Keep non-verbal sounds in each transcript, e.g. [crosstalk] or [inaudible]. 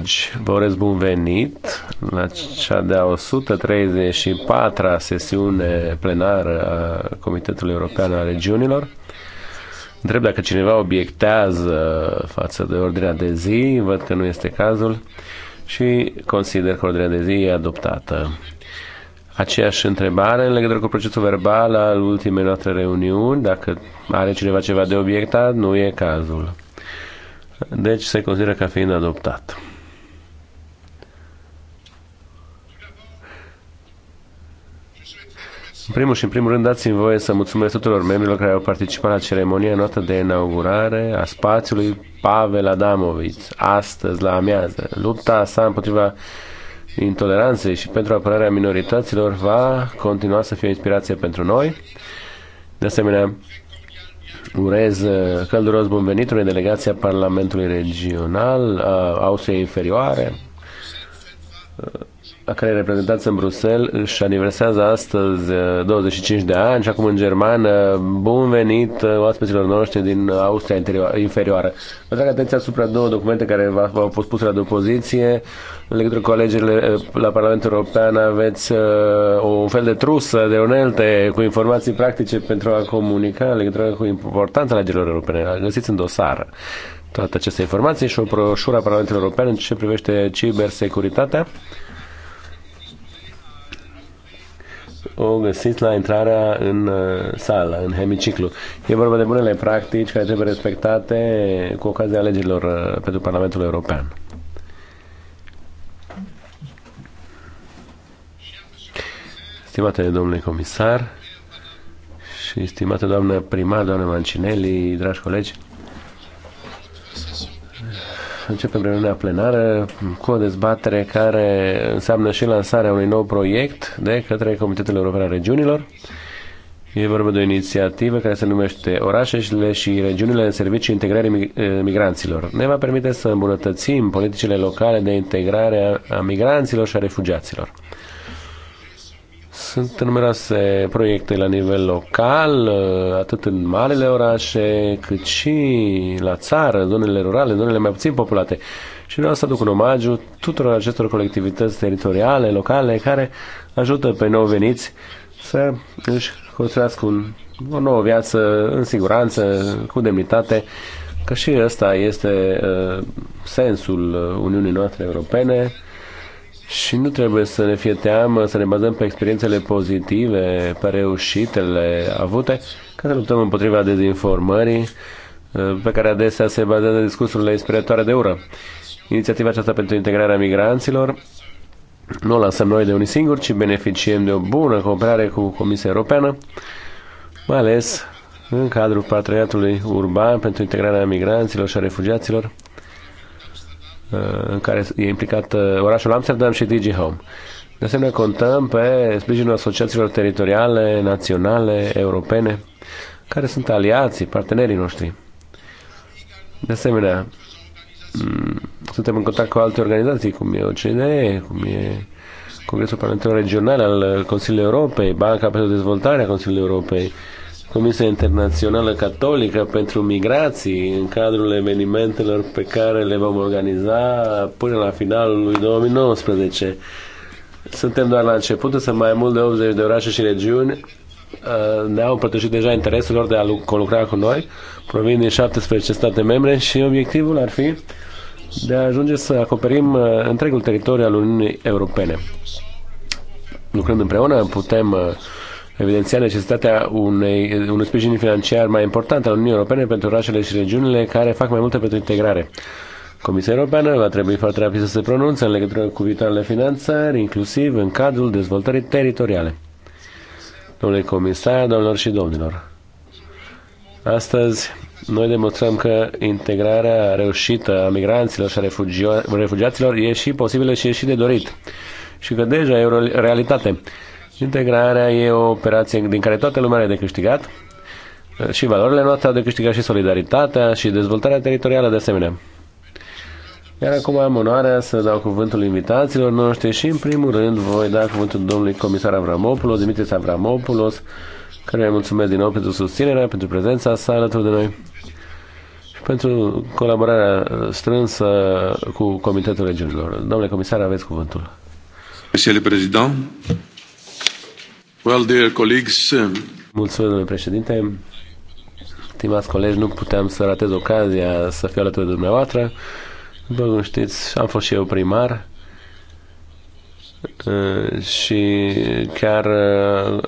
colegi, vă urez bun venit la cea de-a 134-a sesiune plenară a Comitetului European al Regiunilor. Întreb dacă cineva obiectează față de ordinea de zi, văd că nu este cazul și consider că ordinea de zi e adoptată. Aceeași întrebare în legătură cu procesul verbal al ultimei noastre reuniuni, dacă are cineva ceva de obiectat, nu e cazul. Deci se consideră ca fiind adoptat. În primul și în primul rând dați-mi voie să mulțumesc tuturor membrilor care au participat la ceremonia noastră de inaugurare a spațiului Pavel Adamovic, astăzi la amiază. Lupta sa împotriva intoleranței și pentru apărarea minorităților va continua să fie o inspirație pentru noi. De asemenea, urez uh, călduros bun venit unei delegația Parlamentului Regional a uh, Austriei Inferioare, uh, a care reprezentanță în Bruxelles își aniversează astăzi 25 uh, de ani și acum în germană. Bun venit uh, oaspeților noștri din Austria inferioară. Vă trag atenția asupra două documente care v-au fost puse la dispoziție. În legătură cu alegerile uh, la Parlamentul European aveți un fel de trusă de unelte cu informații practice pentru a comunica în legătură cu importanța alegerilor europene. Găsiți în dosar toate aceste informații și o proșură a Parlamentului European în ce privește cibersecuritatea. o găsiți la intrarea în uh, sală, în hemiciclu. E vorba de bunele practici care trebuie respectate cu ocazia alegerilor uh, pentru Parlamentul European. Stimate domnule comisar și stimate doamnă primar, doamnă Mancinelli, dragi colegi, începem reuniunea plenară cu o dezbatere care înseamnă și lansarea unui nou proiect de către Comitetul European al Regiunilor. E vorba de o inițiativă care se numește Orașele și regiunile în Servicii integrării eh, migranților. Ne va permite să îmbunătățim politicile locale de integrare a migranților și a refugiaților. Sunt numeroase proiecte la nivel local, atât în marele orașe, cât și la țară, zonele rurale, zonele mai puțin populate. Și vreau să aduc un omagiu tuturor acestor colectivități teritoriale, locale, care ajută pe nou veniți să își construiască un, o nouă viață în siguranță, cu demnitate, că și ăsta este uh, sensul Uniunii noastre europene, și nu trebuie să ne fie teamă să ne bazăm pe experiențele pozitive, pe reușitele avute, ca să luptăm împotriva dezinformării, eh, pe care adesea se bazează discursurile inspiratoare de ură. Inițiativa aceasta pentru integrarea migranților nu o lansăm noi de unii singuri, ci beneficiem de o bună cooperare cu Comisia Europeană, mai ales în cadrul parteneriatului urban pentru integrarea migranților și a refugiaților, în care e implicat uh, orașul Amsterdam și Digi Home. De asemenea, contăm pe sprijinul asociațiilor teritoriale, naționale, europene, care sunt aliații, partenerii noștri. De asemenea, mm, suntem în contact cu alte organizații, cum e OCDE, cum e Congresul Parlamentar Regional al Consiliului Europei, Banca pentru Dezvoltarea Consiliului Europei, Comisia Internațională Catolică pentru Migrații în cadrul evenimentelor pe care le vom organiza până la finalul lui 2019. Suntem doar la început, sunt mai mult de 80 de orașe și regiuni uh, ne-au împărtășit deja interesul lor de a lucra cu noi, provin din 17 state membre și obiectivul ar fi de a ajunge să acoperim uh, întregul teritoriu al Uniunii Europene. Lucrând împreună putem uh, evidenția necesitatea unei, unui sprijin financiar mai important al Uniunii Europene pentru orașele și regiunile care fac mai multe pentru integrare. Comisia Europeană va trebui foarte rapid să se pronunțe în legătură cu viitoarele finanțări, inclusiv în cadrul dezvoltării teritoriale. Domnule comisar, domnilor și domnilor, astăzi noi demonstrăm că integrarea reușită a migranților și a refugia refugiaților e și posibilă și e și de dorit și că deja e o realitate. Integrarea e o operație din care toată lumea are de câștigat și valorile noastre au de câștigat și solidaritatea și dezvoltarea teritorială de asemenea. Iar acum am onoarea să dau cuvântul invitaților noștri și în primul rând voi da cuvântul domnului comisar Avramopoulos, Dimitris Avramopoulos, care îi mulțumesc din nou pentru susținerea, pentru prezența sa alături de noi și pentru colaborarea strânsă cu Comitetul Regiunilor. Domnule comisar, aveți cuvântul. Monsieur le Président, Well, dear colleagues, um, Mulțumesc, domnule președinte. Stimați colegi, nu puteam să ratez ocazia să fiu alături de dumneavoastră. După cum știți, am fost și eu primar uh, și chiar uh,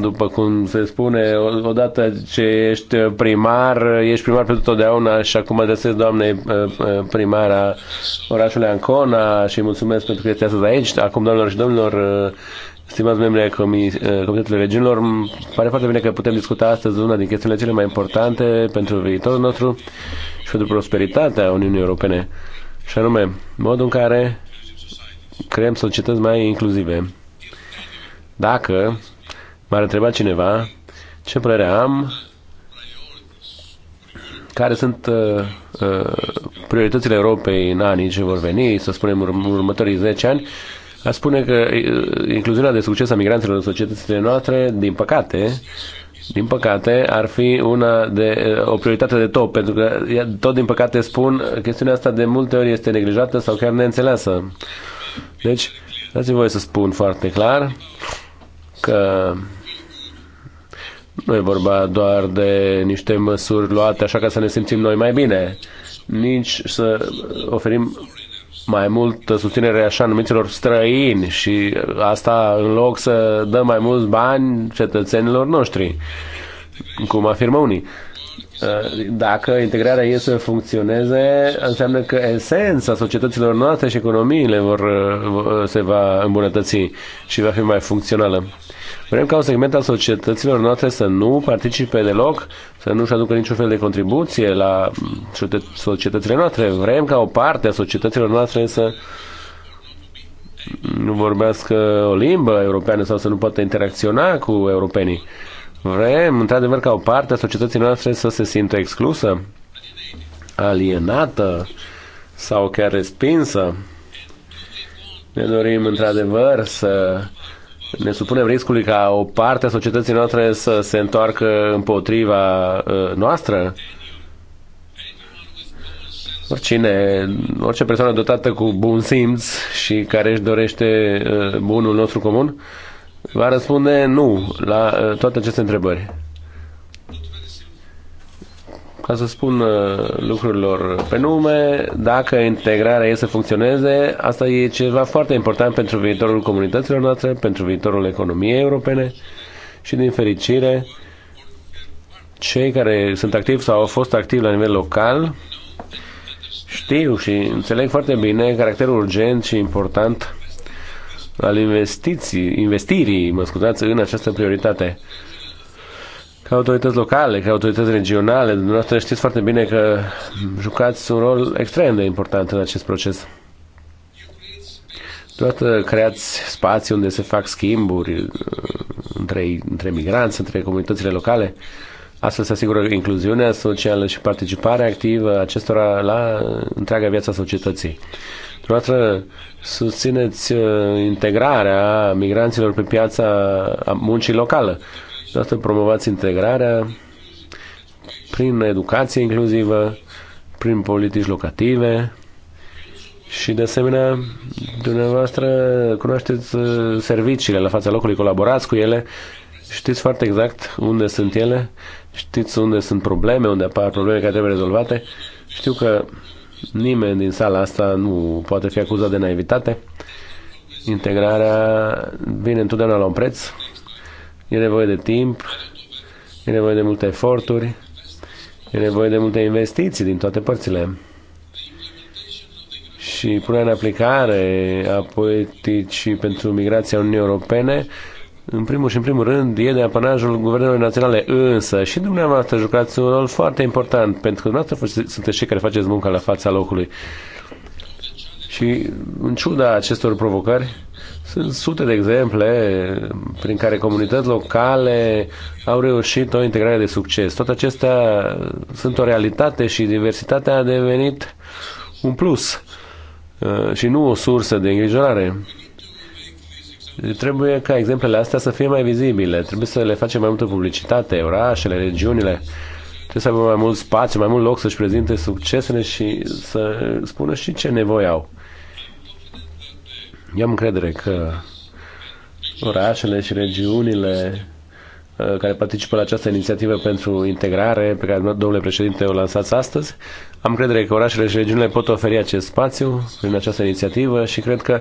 după cum se spune, odată ce ești primar, ești primar pentru totdeauna și acum adresez doamnei uh, primara orașului Ancona și mulțumesc pentru că este astăzi aici. Acum, doamnelor și domnilor, Stimați membri ai eh, Comitetului Regiunilor, pare foarte bine că putem discuta astăzi una din chestiunile cele mai importante pentru viitorul nostru și pentru prosperitatea Uniunii Europene, și anume modul în care creăm societăți mai inclusive. Dacă m-ar întreba cineva ce părere am, care sunt uh, uh, prioritățile Europei în anii ce vor veni, să spunem în următorii 10 ani, uh, a spune că incluziunea de succes a migranților în societățile noastre, din păcate, din păcate, ar fi una de, o prioritate de top, pentru că, tot din păcate spun, chestiunea asta de multe ori este neglijată sau chiar neînțeleasă. Deci, dați-mi voie să spun foarte clar că nu e vorba doar de niște măsuri luate așa ca să ne simțim noi mai bine, nici să oferim mai mult susținere așa numiților străini și asta în loc să dăm mai mulți bani cetățenilor noștri, cum afirmă unii. Dacă integrarea e să funcționeze, înseamnă că esența societăților noastre și economiile vor, se va îmbunătăți și va fi mai funcțională. Vrem ca un segment al societăților noastre să nu participe deloc, să nu-și aducă niciun fel de contribuție la societățile noastre. Vrem ca o parte a societăților noastre să nu vorbească o limbă europeană sau să nu poată interacționa cu europenii. Vrem, într-adevăr, ca o parte a societății noastre să se simtă exclusă, alienată sau chiar respinsă. Ne dorim, într-adevăr, să ne supunem riscului ca o parte a societății noastre să se întoarcă împotriva uh, noastră? Oricine, orice persoană dotată cu bun simț și care își dorește uh, bunul nostru comun, va răspunde nu la uh, toate aceste întrebări ca să spun uh, lucrurilor pe nume, dacă integrarea e să funcționeze, asta e ceva foarte important pentru viitorul comunităților noastre, pentru viitorul economiei europene și, din fericire, cei care sunt activi sau au fost activi la nivel local știu și înțeleg foarte bine caracterul urgent și important al investiții, investirii, mă scuzați, în această prioritate ca autorități locale, ca autorități regionale, dumneavoastră știți foarte bine că jucați un rol extrem de important în acest proces. Dumneavoastră creați spații unde se fac schimburi uh, între, între migranți, între comunitățile locale. Astfel se asigură incluziunea socială și participarea activă acestora la întreaga viața societății. Dumneavoastră susțineți uh, integrarea migranților pe piața muncii locală. Noastră promovați integrarea prin educație inclusivă, prin politici locative și de asemenea dumneavoastră cunoașteți uh, serviciile la fața locului, colaborați cu ele, știți foarte exact unde sunt ele, știți unde sunt probleme, unde apar probleme care trebuie rezolvate. Știu că nimeni din sala asta nu poate fi acuzat de naivitate. Integrarea vine întotdeauna la un preț E nevoie de timp, e nevoie de multe eforturi, e nevoie de multe investiții din toate părțile. Și punerea în aplicare a politicii pentru migrația Uniunii Europene în primul și în primul rând, e de apanajul guvernelor naționale, însă și dumneavoastră jucați un rol foarte important, pentru că dumneavoastră sunteți cei care faceți munca la fața locului. Și în ciuda acestor provocări, sunt sute de exemple prin care comunități locale au reușit o integrare de succes. Toate acestea sunt o realitate și diversitatea a devenit un plus uh, și nu o sursă de îngrijorare. Trebuie ca exemplele astea să fie mai vizibile, trebuie să le facem mai multă publicitate, orașele, regiunile, trebuie să avem mai mult spațiu, mai mult loc să-și prezinte succesele și să spună și ce nevoi au. Eu am încredere că orașele și regiunile uh, care participă la această inițiativă pentru integrare pe care domnule președinte o lansați astăzi. Am credere că orașele și regiunile pot oferi acest spațiu prin această inițiativă și cred că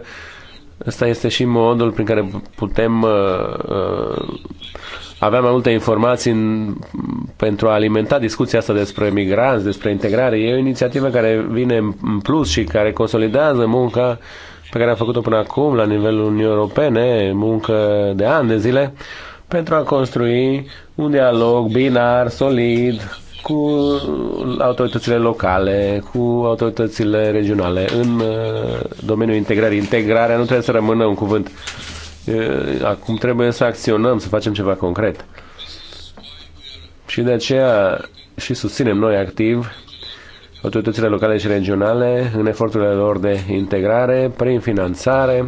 ăsta este și modul prin care putem uh, uh, avea mai multe informații în, pentru a alimenta discuția asta despre migranți, despre integrare. E o inițiativă care vine în plus și care consolidează munca uh, pe care a făcut-o până acum la nivelul Uniunii Europene, muncă de ani de zile, pentru a construi un dialog binar, solid, cu autoritățile locale, cu autoritățile regionale. În uh, domeniul integrării, integrarea nu trebuie să rămână un cuvânt. Uh, acum trebuie să acționăm, să facem ceva concret. Și de aceea și susținem noi activ autoritățile locale și regionale în eforturile lor de integrare prin finanțare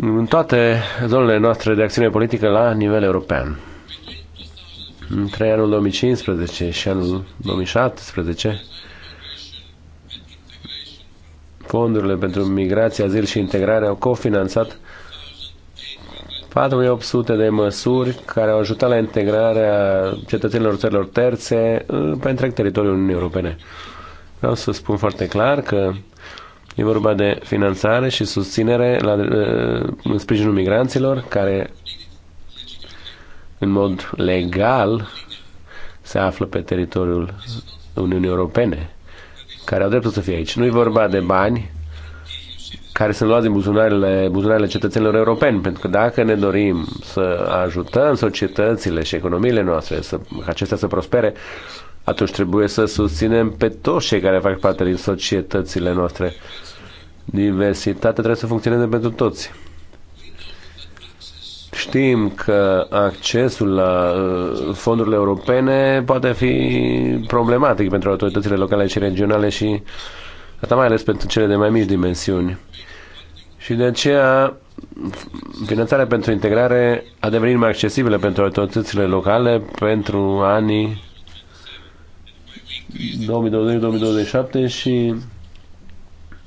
în toate zonele noastre de acțiune politică la nivel european. Între anul 2015 și anul 2017 fondurile pentru migrație, azil și integrare au cofinanțat 4800 de măsuri care au ajutat la integrarea cetățenilor țărilor terțe uh, pe întreg teritoriul Uniunii Europene. Vreau să spun foarte clar că e vorba de finanțare și susținere la, uh, în sprijinul migranților care în mod legal se află pe teritoriul Uniunii Europene, care au dreptul să fie aici. Nu e vorba de bani, care sunt luați din buzunarele, buzunarele cetățenilor europeni. Pentru că dacă ne dorim să ajutăm societățile și economiile noastre, să, acestea să prospere, atunci trebuie să susținem pe toți cei care fac parte din societățile noastre. Diversitatea trebuie să funcționeze pentru toți. Știm că accesul la uh, fondurile europene poate fi problematic pentru autoritățile locale și regionale și asta mai ales pentru cele de mai mici dimensiuni. Și de aceea finanțarea pentru integrare a devenit mai accesibilă pentru autoritățile locale pentru anii 2020-2027 și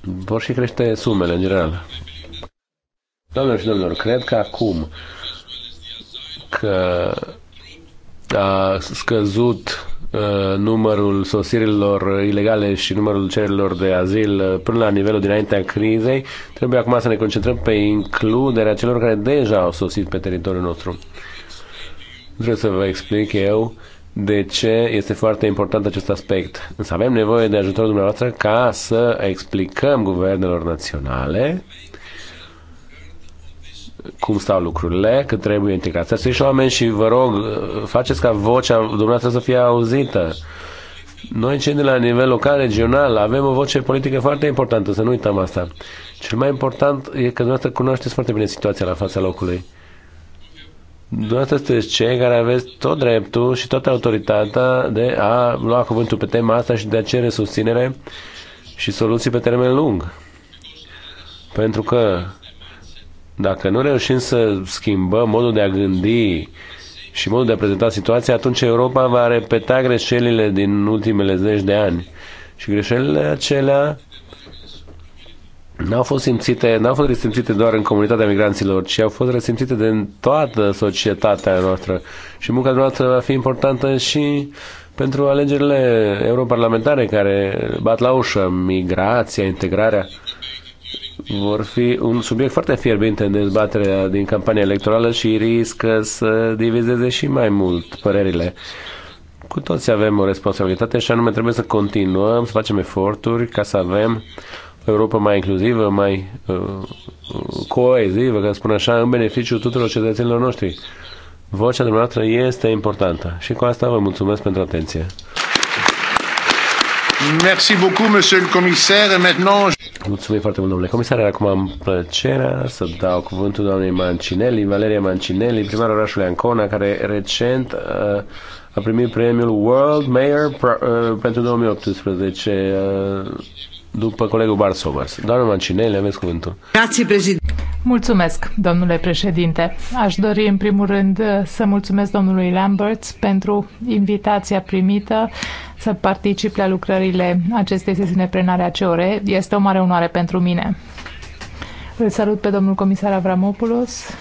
vor și crește sumele în general. Doamnelor și domnilor, cred că acum că a scăzut Uh, numărul sosirilor ilegale și numărul cererilor de azil uh, până la nivelul dinaintea crizei, trebuie acum să ne concentrăm pe includerea celor care deja au sosit pe teritoriul nostru. Trebuie să vă explic eu de ce este foarte important acest aspect. Însă avem nevoie de ajutorul dumneavoastră ca să explicăm guvernelor naționale cum stau lucrurile, că trebuie integrați și oameni și vă rog, faceți ca vocea dumneavoastră să fie auzită. Noi, cei de la nivel local, regional, avem o voce politică foarte importantă, să nu uităm asta. Cel mai important e că dumneavoastră cunoașteți foarte bine situația la fața locului. Dumneavoastră sunteți cei care aveți tot dreptul și toată autoritatea de a lua cuvântul pe tema asta și de a cere susținere și soluții pe termen lung. Pentru că dacă nu reușim să schimbăm modul de a gândi și modul de a prezenta situația, atunci Europa va repeta greșelile din ultimele zeci de ani. Și greșelile acelea n-au fost simțite, n-au fost resimțite doar în comunitatea migranților, ci au fost resimțite de toată societatea noastră. Și munca noastră va fi importantă și pentru alegerile europarlamentare care bat la ușă migrația, integrarea vor fi un subiect foarte fierbinte în dezbaterea din campania electorală și riscă să divizeze și mai mult părerile. Cu toți avem o responsabilitate și anume trebuie să continuăm, să facem eforturi ca să avem o Europa mai inclusivă, mai uh, coezivă, ca să spun așa, în beneficiul tuturor cetățenilor noștri. Vocea dumneavoastră este importantă și cu asta vă mulțumesc pentru atenție. Merci beaucoup, monsieur le commissaire. Et maintenant... Mulțumim foarte mult, domnule comisar. Acum am plăcerea să dau cuvântul doamnei Mancinelli, Valeria Mancinelli, primarul orașului Ancona, care recent uh, a primit premiul World Mayor uh, pentru 2018 după colegul Sobers. Doamna Mancinele, aveți cuvântul. Grazie, președinte. Mulțumesc, domnule președinte. Aș dori, în primul rând, să mulțumesc domnului Lamberts pentru invitația primită să particip la lucrările acestei sesiuni plenare a COR. Este o mare onoare pentru mine. Îl salut pe domnul comisar Avramopoulos.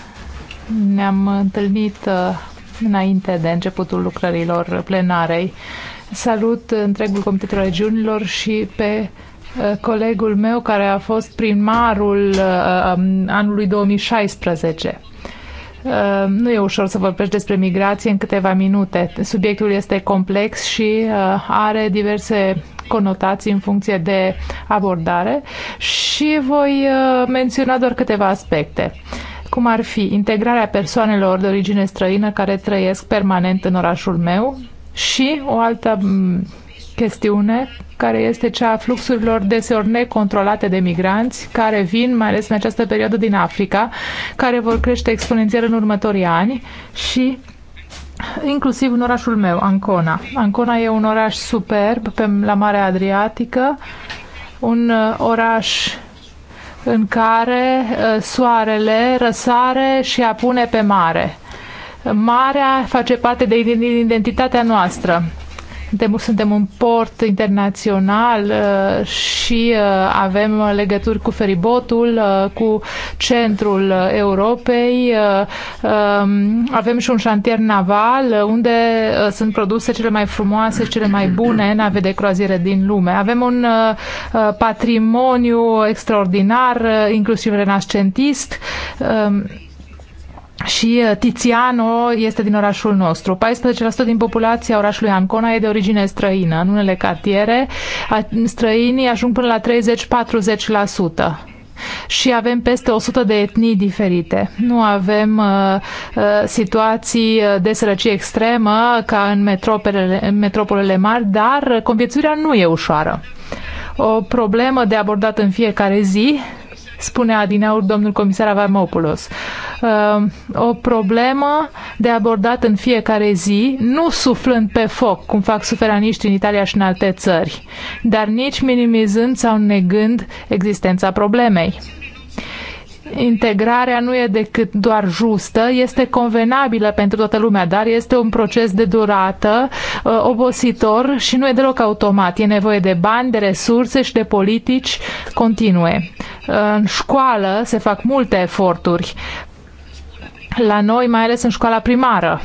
Ne-am întâlnit uh, înainte de începutul lucrărilor plenarei. Salut întregul Comitetul Regiunilor și pe Uh, colegul meu care a fost primarul uh, um, anului 2016. Uh, nu e ușor să vorbești despre migrație în câteva minute. Subiectul este complex și are diverse conotații în funcție de abordare și voi menționa doar câteva aspecte cum ar fi integrarea persoanelor de origine străină care trăiesc permanent în orașul meu și o altă chestiune, care este cea a fluxurilor deseori necontrolate de migranți, care vin, mai ales în această perioadă din Africa, care vor crește exponențial în următorii ani și inclusiv în orașul meu, Ancona. Ancona e un oraș superb pe, la Marea Adriatică, un uh, oraș în care uh, soarele răsare și apune pe mare. Marea face parte de identitatea noastră suntem, suntem un port internațional uh, și uh, avem legături cu feribotul, uh, cu centrul Europei. Um, avem și un șantier naval unde sunt produse cele mai frumoase, cele mai bune nave de croazieră din lume. Avem un patrimoniu extraordinar, inclusiv renascentist um, și uh, Tiziano este din orașul nostru. 14% din populația orașului Ancona e de origine străină. În unele cartiere, străinii ajung până la 30-40%. Și avem peste 100 de etnii diferite. Nu avem uh, uh situații uh, de sărăcie extremă ca în metropolele, în metropolele mari, dar conviețuirea nu e ușoară. O problemă de abordat în fiecare zi spune adineaur domnul comisar Avramopoulos. Ehm, o problemă de abordat în fiecare zi, nu suflând pe foc, cum fac suferaniștii în Italia și în alte țări, dar nici minimizând sau negând existența problemei integrarea nu e decât doar justă, este convenabilă pentru toată lumea, dar este un proces de durată, uh, obositor și nu e deloc automat. E nevoie de bani, de resurse și de politici continue. Uh, în școală se fac multe eforturi. La noi, mai ales în școala primară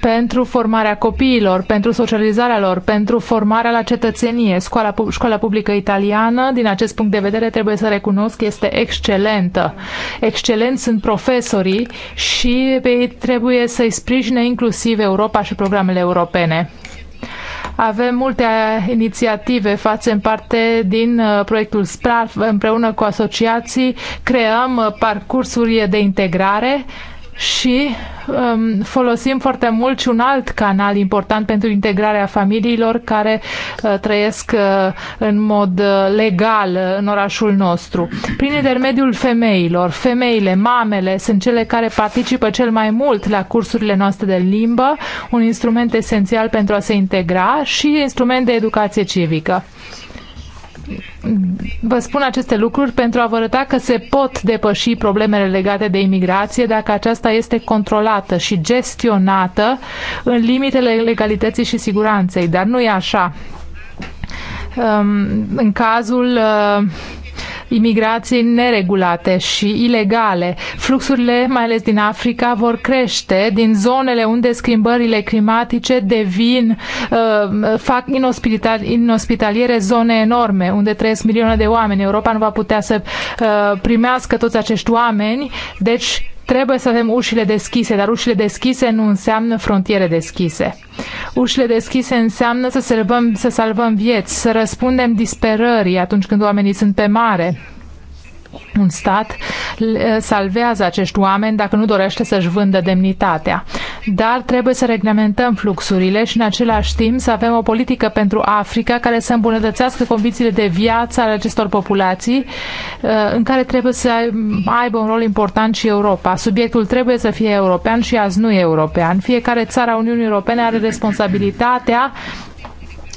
pentru formarea copiilor, pentru socializarea lor, pentru formarea la cetățenie. Școala, școala publică italiană, din acest punct de vedere, trebuie să recunosc, este excelentă. Excelenți sunt profesorii și ei trebuie să-i sprijine inclusiv Europa și programele europene. Avem multe inițiative, facem parte din uh, proiectul SPRAF împreună cu asociații, creăm uh, parcursuri de integrare și um, folosim foarte mult și un alt canal important pentru integrarea familiilor care uh, trăiesc uh, în mod uh, legal uh, în orașul nostru. Prin intermediul femeilor, femeile, mamele sunt cele care participă cel mai mult la cursurile noastre de limbă, un instrument esențial pentru a se integra și instrument de educație civică vă spun aceste lucruri pentru a vă arăta că se pot depăși problemele legate de imigrație dacă aceasta este controlată și gestionată în limitele legalității și siguranței, dar nu e așa. În cazul uh, imigrații neregulate și ilegale. Fluxurile, mai ales din Africa, vor crește din zonele unde schimbările climatice devin, uh, fac inospital, inospitaliere zone enorme, unde trăiesc milioane de oameni. Europa nu va putea să uh, primească toți acești oameni, deci Trebuie să avem ușile deschise, dar ușile deschise nu înseamnă frontiere deschise. Ușile deschise înseamnă să salvăm, să salvăm vieți, să răspundem disperării atunci când oamenii sunt pe mare, un stat eh, salvează acești oameni dacă nu dorește să-și vândă demnitatea. Dar trebuie să reglementăm fluxurile și în același timp să avem o politică pentru Africa care să îmbunătățească condițiile de viață ale acestor populații eh, în care trebuie să aibă un rol important și Europa. Subiectul trebuie să fie european și azi nu e european. Fiecare țară a Uniunii Europene are responsabilitatea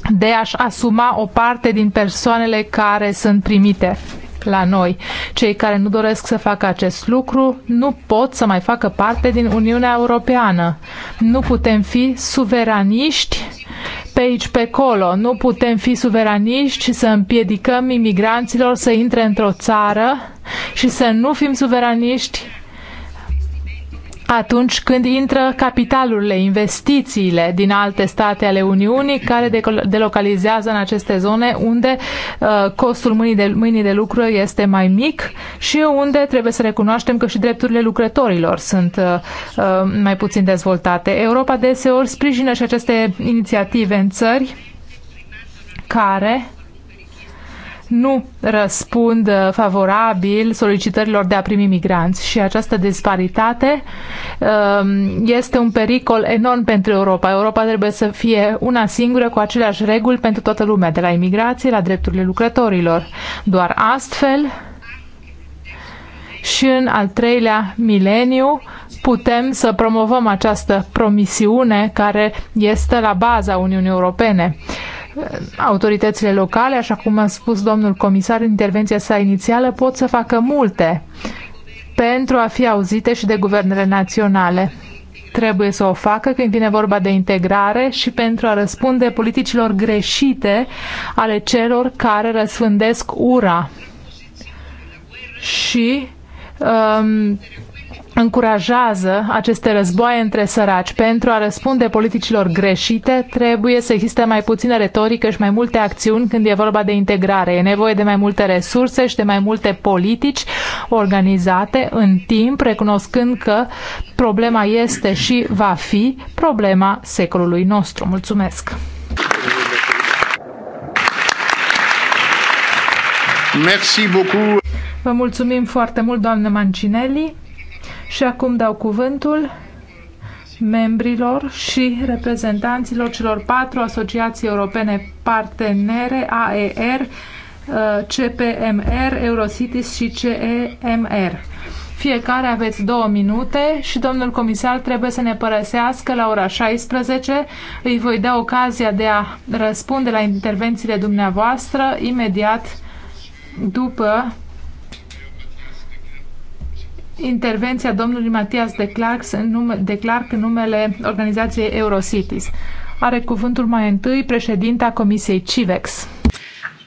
de a-și asuma o parte din persoanele care sunt primite la noi. Cei care nu doresc să facă acest lucru nu pot să mai facă parte din Uniunea Europeană. Nu putem fi suveraniști pe aici, pe acolo. Nu putem fi suveraniști și să împiedicăm imigranților să intre într-o țară și să nu fim suveraniști atunci când intră capitalurile, investițiile din alte state ale Uniunii care delocalizează în aceste zone unde uh, costul mâinii de, mâinii de lucru este mai mic și unde trebuie să recunoaștem că și drepturile lucrătorilor sunt uh, uh, mai puțin dezvoltate. Europa deseori sprijină și aceste inițiative în țări care nu răspund uh, favorabil solicitărilor de a primi migranți și această disparitate um, este un pericol enorm pentru Europa. Europa trebuie să fie una singură cu aceleași reguli pentru toată lumea, de la imigrație la drepturile lucrătorilor. Doar astfel și în al treilea mileniu putem să promovăm această promisiune care este la baza Uniunii Europene autoritățile locale, așa cum a spus domnul comisar în intervenția sa inițială, pot să facă multe pentru a fi auzite și de guvernele naționale. Trebuie să o facă când vine vorba de integrare și pentru a răspunde politicilor greșite ale celor care răsfândesc ura și um, încurajează aceste războaie între săraci. Pentru a răspunde politicilor greșite, trebuie să existe mai puțină retorică și mai multe acțiuni când e vorba de integrare. E nevoie de mai multe resurse și de mai multe politici organizate în timp, recunoscând că problema este și va fi problema secolului nostru. Mulțumesc! Merci beaucoup. Vă mulțumim foarte mult, doamnă Mancinelli. Și acum dau cuvântul membrilor și reprezentanților celor patru asociații europene partenere AER, uh, CPMR, Eurocities și CEMR. Fiecare aveți două minute și domnul comisar trebuie să ne părăsească la ora 16. Îi voi da ocazia de a răspunde la intervențiile dumneavoastră imediat după intervenția domnului Matias de Clark, nume, de Clark în numele organizației Eurocities. Are cuvântul mai întâi președinta Comisiei CIVEX.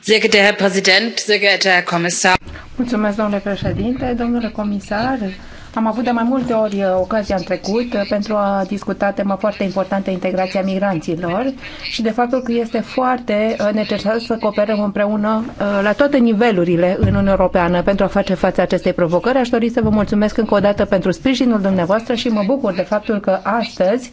Sehr geehrter Herr Präsident, sehr geehrter Herr Kommissar. Mulțumesc, domnule președinte, domnule comisar, am avut de mai multe ori uh, ocazia în trecut uh, pentru a discuta tema foarte importantă integrația migranților și de faptul că este foarte uh, necesar să cooperăm împreună la toate nivelurile în Uniunea Europeană pentru a face față acestei provocări. Aș dori să vă mulțumesc încă o dată pentru sprijinul dumneavoastră și mă bucur de faptul că astăzi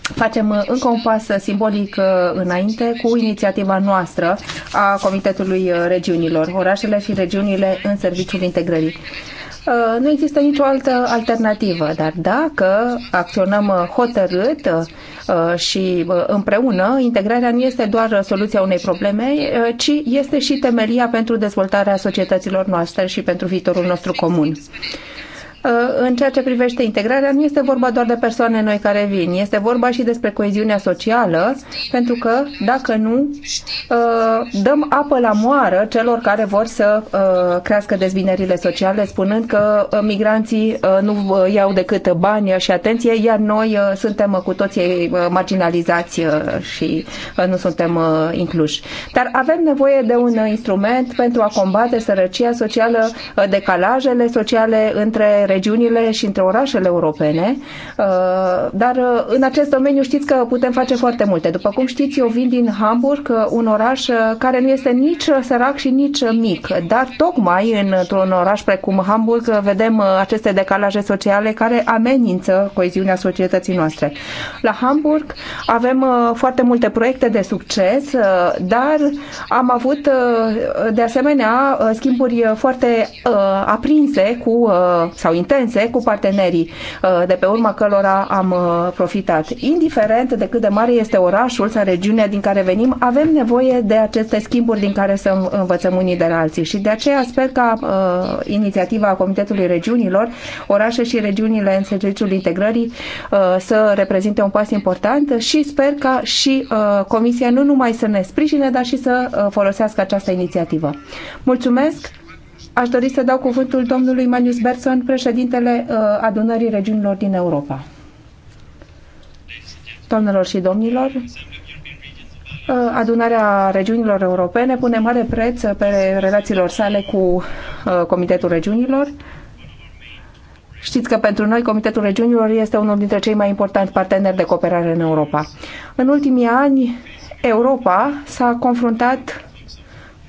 facem încă un pas simbolic înainte cu inițiativa noastră a Comitetului Regiunilor, orașele și regiunile în serviciul integrării. Uh, nu există nicio altă alternativă, dar dacă acționăm uh, hotărât uh, și împreună, integrarea nu este doar soluția unei probleme, ci este și temelia pentru dezvoltarea societăților noastre și pentru viitorul nostru comun. Uh, în ceea ce privește integrarea, nu este vorba doar de persoane noi care vin, este vorba și despre coeziunea socială, pentru că dacă nu, uh, dăm apă la moară celor care vor să uh, crească dezbinerile sociale, spunând că migranții nu iau decât bani și atenție, iar noi suntem cu toții marginalizați și nu suntem incluși. Dar avem nevoie de un instrument pentru a combate sărăcia socială, decalajele sociale între regiunile și între orașele europene, uh, dar uh, în acest domeniu știți că putem face foarte multe. După cum știți, eu vin din Hamburg, uh, un oraș care nu este nici sărac și nici mic, dar tocmai într-un oraș precum Hamburg vedem aceste decalaje sociale care amenință coeziunea societății noastre. La Hamburg avem foarte multe proiecte de succes, dar am avut de asemenea schimburi foarte aprinse cu sau intense cu partenerii uh, de pe urma cărora am uh, profitat. Indiferent de cât de mare este orașul sau regiunea din care venim, avem nevoie de aceste schimburi din care să învățăm unii de la alții și de aceea sper ca uh, inițiativa a Comitetului Regiunilor, orașe și regiunile în serviciul integrării uh, să reprezinte un pas important și sper ca și uh, Comisia nu numai să ne sprijine, dar și să uh, folosească această inițiativă. Mulțumesc! Aș dori să dau cuvântul domnului Manius Berson, președintele uh, adunării regiunilor din Europa. Domnilor și domnilor, uh, Adunarea regiunilor europene pune mare preț pe relațiilor sale cu uh, Comitetul Regiunilor. Știți că pentru noi Comitetul Regiunilor este unul dintre cei mai importanti parteneri de cooperare în Europa. În ultimii ani, Europa s-a confruntat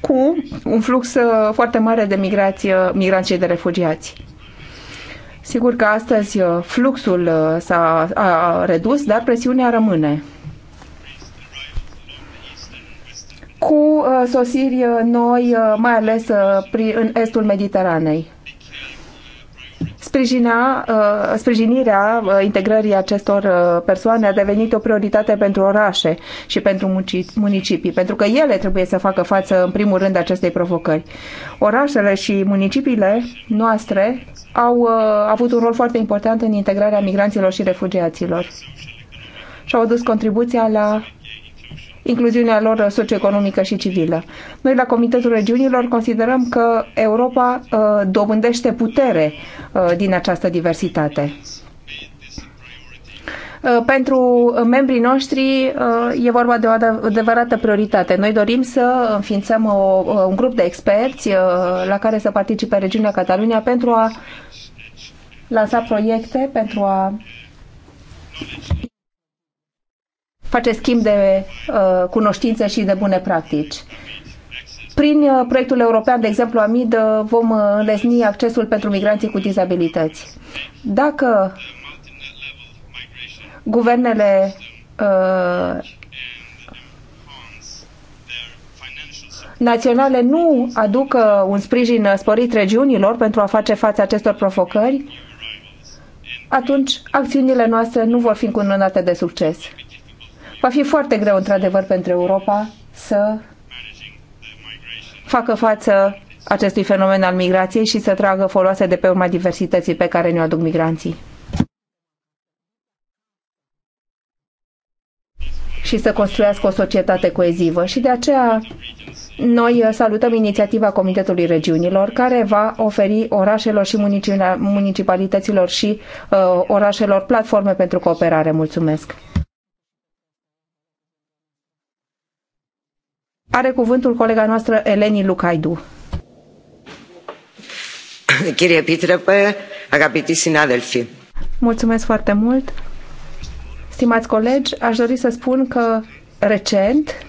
cu un flux uh, foarte mare de migrație, migranți și de refugiați. Sigur că astăzi uh, fluxul uh, s-a a redus, dar presiunea rămâne. Cu sosiri noi, mai ales în estul Mediteranei. Sprijina, uh, sprijinirea uh, integrării acestor uh, persoane a devenit o prioritate pentru orașe și pentru municipii, pentru că ele trebuie să facă față, în primul rând, acestei provocări. Orașele și municipiile noastre au avut un rol foarte important în integrarea migranților și refugiaților și au adus contribuția la incluziunea lor socioeconomică și civilă. Noi la Comitetul Regiunilor considerăm că Europa uh, dobândește putere uh, din această diversitate uh, pentru membrii noștri e vorba de o adevărată prioritate. Noi dorim să înființăm o, un grup de experți la care să participe regiunea Catalunia pentru a lansa proiecte, pentru a face schimb de uh, cunoștințe și de bune practici. Prin uh, proiectul european, de exemplu, AMID, uh, vom uh, înlesni accesul pentru migranții cu dizabilități. Dacă guvernele naționale nu aduc un sprijin sporit regiunilor pentru a face față acestor provocări, atunci acțiunile noastre nu vor fi încununate de succes. Va fi foarte greu, într-adevăr, pentru Europa să facă față acestui fenomen al migrației și să tragă foloase de pe urma diversității pe care ne-o aduc migranții. și să construiască o societate coezivă. Și de aceea noi salutăm inițiativa Comitetului Regiunilor, care va oferi orașelor și municipalităților și uh, orașelor platforme pentru cooperare. Mulțumesc! Are cuvântul colega noastră Eleni Lucaidu. Chirie Pitrepe, agapiti sinadelfi. Mulțumesc foarte mult. Stimați colegi, aș dori să spun că recent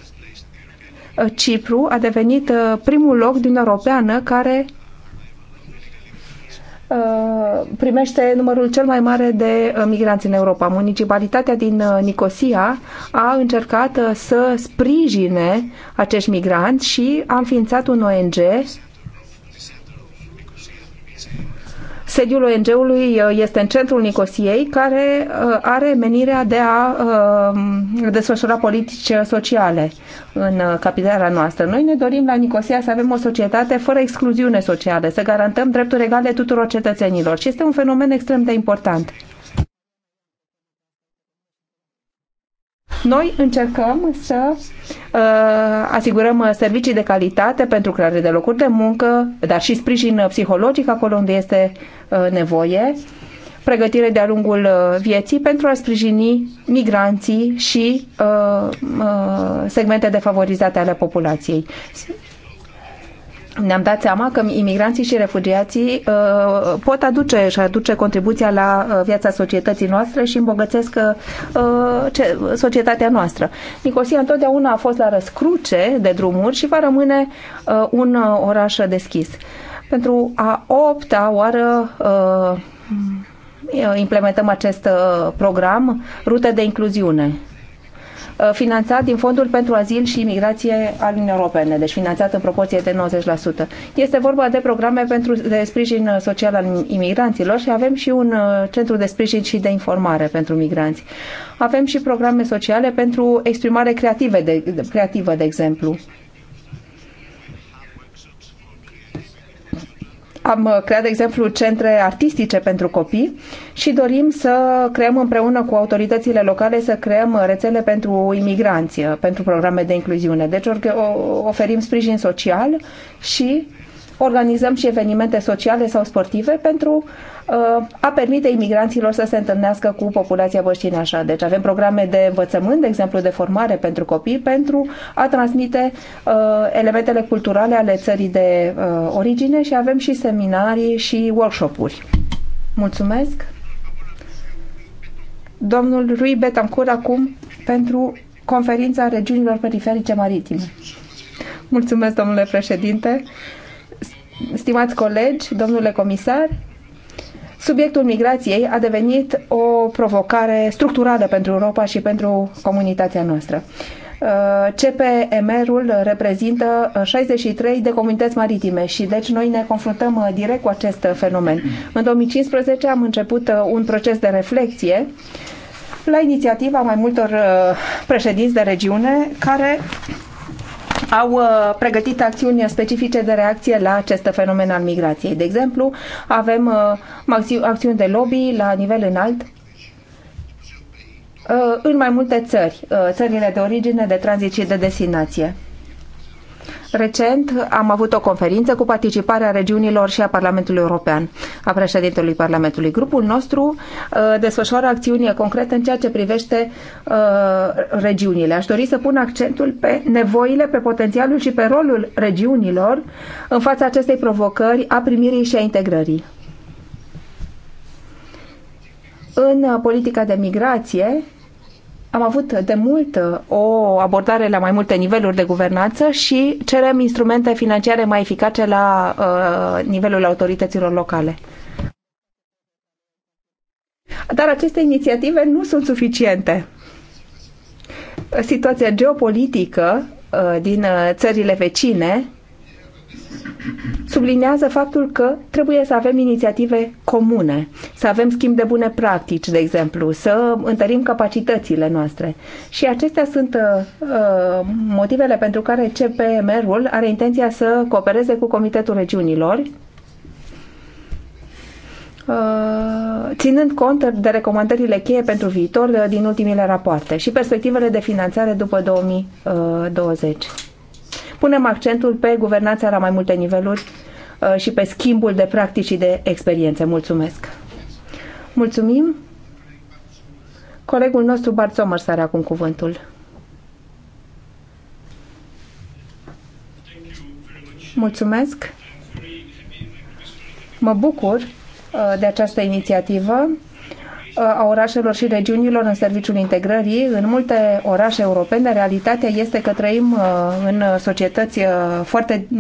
Cipru a devenit uh, primul loc din Europeană care Uh, primește numărul cel mai mare de uh, migranți în Europa. Municipalitatea din uh, Nicosia a încercat să sprijine acești migranți și a înființat un ONG Sediul ONG-ului uh, este în centrul Nicosiei, care uh, are menirea de a uh, desfășura politici sociale în capitala noastră. Noi ne dorim la Nicosia să avem o societate fără excluziune socială, să garantăm drepturi egale tuturor cetățenilor și este un fenomen extrem de important. Noi încercăm să uh, asigurăm servicii de calitate pentru creare de locuri de muncă, dar și sprijin psihologic acolo unde este uh, nevoie, pregătire de-a lungul uh, vieții pentru a sprijini migranții și uh, uh, segmente defavorizate ale populației ne-am dat seama că imigranții și refugiații uh, pot aduce și aduce contribuția la uh, viața societății noastre și îmbogățesc uh, ce, societatea noastră. Nicosia întotdeauna a fost la răscruce de drumuri și va rămâne uh, un uh, oraș deschis. Pentru a opta oară uh, implementăm acest program, rute de incluziune Uh, finanțat din Fondul pentru Azil și Imigrație al Uniunii Europene, deci finanțat în proporție de 90%. Este vorba de programe pentru de sprijin uh, social al imigranților și avem și un uh, centru de sprijin și de informare pentru migranți. Avem și programe sociale pentru exprimare creative de, creativă, de exemplu Am uh, creat, de exemplu, centre artistice pentru copii și dorim să creăm împreună cu autoritățile locale să creăm uh, rețele pentru imigranți, uh, pentru programe de incluziune. Deci oferim sprijin social și organizăm și evenimente sociale sau sportive pentru uh, a permite imigranților să se întâlnească cu populația așa. Deci avem programe de învățământ, de exemplu de formare pentru copii, pentru a transmite uh, elementele culturale ale țării de uh, origine și avem și seminarii și workshop-uri. Mulțumesc! Domnul Rui Betancur acum pentru conferința regiunilor periferice maritime. Mulțumesc, domnule președinte! stimați colegi, domnule comisar, subiectul migrației a devenit o provocare structurală pentru Europa și pentru comunitatea noastră. Uh, CPMR-ul reprezintă 63 de comunități maritime și deci noi ne confruntăm uh, direct cu acest fenomen. În 2015 am început uh, un proces de reflexie la inițiativa mai multor președinți de regiune care au uh, pregătit acțiuni specifice de reacție la acest fenomen al migrației. De exemplu, avem uh, acțiuni de lobby la nivel înalt uh, în mai multe țări, țările de origine, de tranzit și de destinație. Recent am avut o conferință cu participarea regiunilor și a Parlamentului European, a președintelui Parlamentului. Grupul nostru uh, desfășoară acțiuni concrete în ceea ce privește uh, regiunile. Aș dori să pun accentul pe nevoile, pe potențialul și pe rolul regiunilor în fața acestei provocări a primirii și a integrării. În politica de migrație, am avut de mult uh, o abordare la mai multe niveluri de guvernanță și cerem instrumente financiare mai eficace la uh, nivelul autorităților locale. Dar aceste inițiative nu sunt suficiente. Situația geopolitică uh, din uh, țările vecine sublinează faptul că trebuie să avem inițiative comune, să avem schimb de bune practici, de exemplu, să întărim capacitățile noastre. Și acestea sunt uh, uh motivele pentru care CPMR-ul are intenția să coopereze cu Comitetul Regiunilor, uh, ținând cont de recomandările cheie pentru viitor uh, din ultimile rapoarte și perspectivele de finanțare după 2020 punem accentul pe guvernația la mai multe niveluri uh, și pe schimbul de practici și de experiențe. Mulțumesc! Mulțumim! Colegul nostru Bart Somers are acum cuvântul. Mulțumesc! Mă bucur uh, de această inițiativă a orașelor și regiunilor în serviciul integrării. În multe orașe europene, realitatea este că trăim uh, în societăți uh, foarte uh,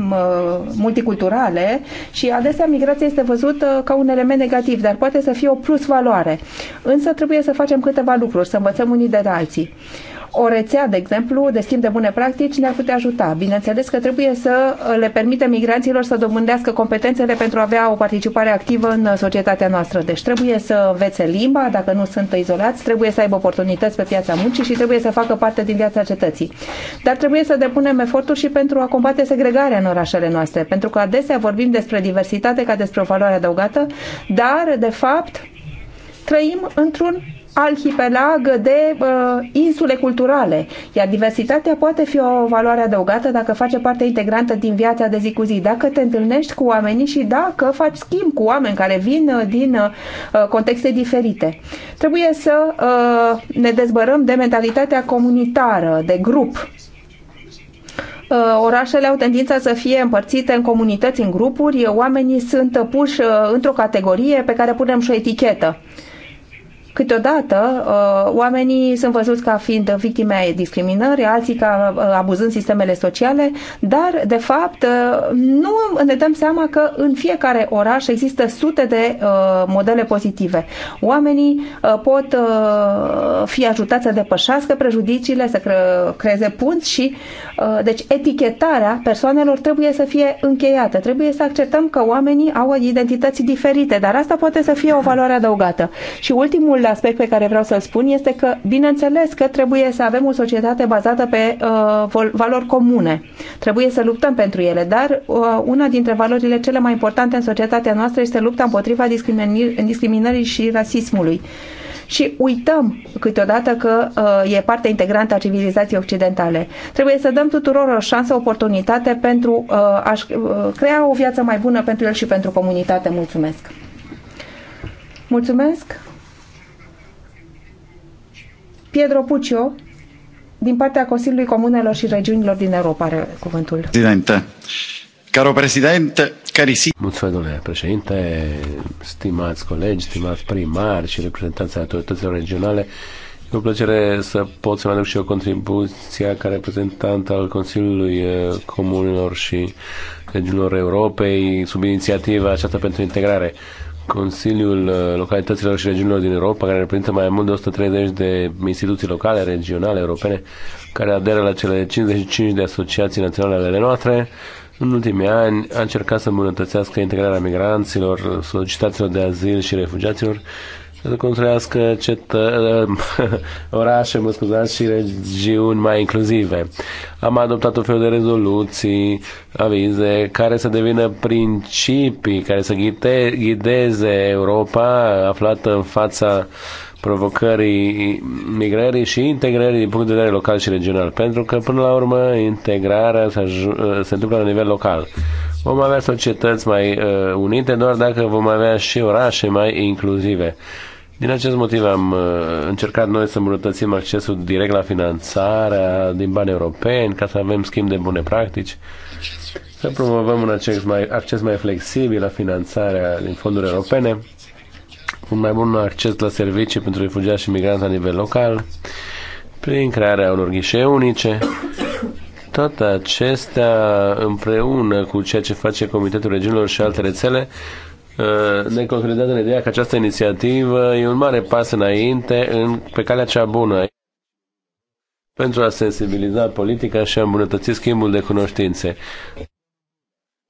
multiculturale și adesea migrația este văzută ca un element negativ, dar poate să fie o plus valoare. Însă trebuie să facem câteva lucruri, să învățăm unii de alții o rețea, de exemplu, de schimb de bune practici ne-ar putea ajuta. Bineînțeles că trebuie să uh, le permite migranților să domândească competențele pentru a avea o participare activă în uh, societatea noastră. Deci trebuie să învețe limba, dacă nu sunt izolați, trebuie să aibă oportunități pe piața muncii și trebuie să facă parte din viața cetății. Dar trebuie să depunem eforturi și pentru a combate segregarea în orașele noastre, pentru că adesea vorbim despre diversitate ca despre o valoare adăugată, dar, de fapt, trăim într-un arhipelag de uh, insule culturale, iar diversitatea poate fi o valoare adăugată dacă face parte integrantă din viața de zi cu zi, dacă te întâlnești cu oamenii și dacă faci schimb cu oameni care vin uh, din uh, contexte diferite. Trebuie să uh, ne dezbărăm de mentalitatea comunitară, de grup, uh, orașele au tendința să fie împărțite în comunități, în grupuri, oamenii sunt puși uh, într-o categorie pe care punem și o etichetă. Câteodată uh, oamenii sunt văzuți ca fiind victime ai discriminării, alții ca uh, abuzând sistemele sociale, dar de fapt uh, nu ne dăm seama că în fiecare oraș există sute de modele pozitive. Oamenii pot fi ajutați să depășească prejudiciile, să creeze punți și deci etichetarea persoanelor trebuie să fie încheiată. Trebuie să acceptăm că oamenii au identități diferite, dar asta poate să fie o valoare adăugată. Și ultimul Ultimul aspect pe care vreau să-l spun este că, bineînțeles, că trebuie să avem o societate bazată pe uh, valori comune. Trebuie să luptăm pentru ele, dar uh, una dintre valorile cele mai importante în societatea noastră este lupta împotriva discriminării și rasismului. Și uităm câteodată că uh, e parte integrantă a civilizației occidentale. Trebuie să dăm tuturor o șansă, o oportunitate pentru uh, a uh, crea o viață mai bună pentru el și pentru comunitate. Mulțumesc! Mulțumesc! Pietro Puccio, din partea Consiliului Comunelor și Regiunilor din Europa, are cuvântul. Presidente. Caro președinte, carisi... Mulțumesc, domnule președinte, stimați colegi, stimați primari și reprezentanții autorităților regionale. E o plăcere să pot să mă aduc și eu contribuția ca reprezentant al Consiliului eh, Comunilor și Regiunilor Europei sub inițiativa aceasta pentru integrare. Consiliul uh, Localităților și Regiunilor din Europa, care reprezintă mai mult de 130 de instituții locale, regionale, europene, care aderă la cele 55 de asociații naționale ale noastre. În ultimii ani a încercat să îmbunătățească integrarea migranților, solicitaților de azil și refugiaților să construiască cetă, [laughs] orașe, mă scuzați, și regiuni mai inclusive. Am adoptat o fel de rezoluții, avize, care să devină principii, care să ghide, ghideze Europa aflată în fața provocării migrării și integrării din punct de vedere local și regional. Pentru că, până la urmă, integrarea se, se întâmplă la nivel local. Vom avea societăți mai uh, unite doar dacă vom avea și orașe mai inclusive. Din acest motiv am uh, încercat noi să îmbunătățim accesul direct la finanțarea din bani europeni, ca să avem schimb de bune practici, să promovăm un acces mai, acces mai flexibil la finanțarea din fonduri europene, un mai bun acces la servicii pentru refugiați și migranți la nivel local, prin crearea unor ghișee unice, toate acestea împreună cu ceea ce face Comitetul Regiunilor și alte rețele Uh, ne concretează în ideea că această inițiativă e un mare pas înainte în, pe calea cea bună pentru a sensibiliza politica și a îmbunătăți schimbul de cunoștințe.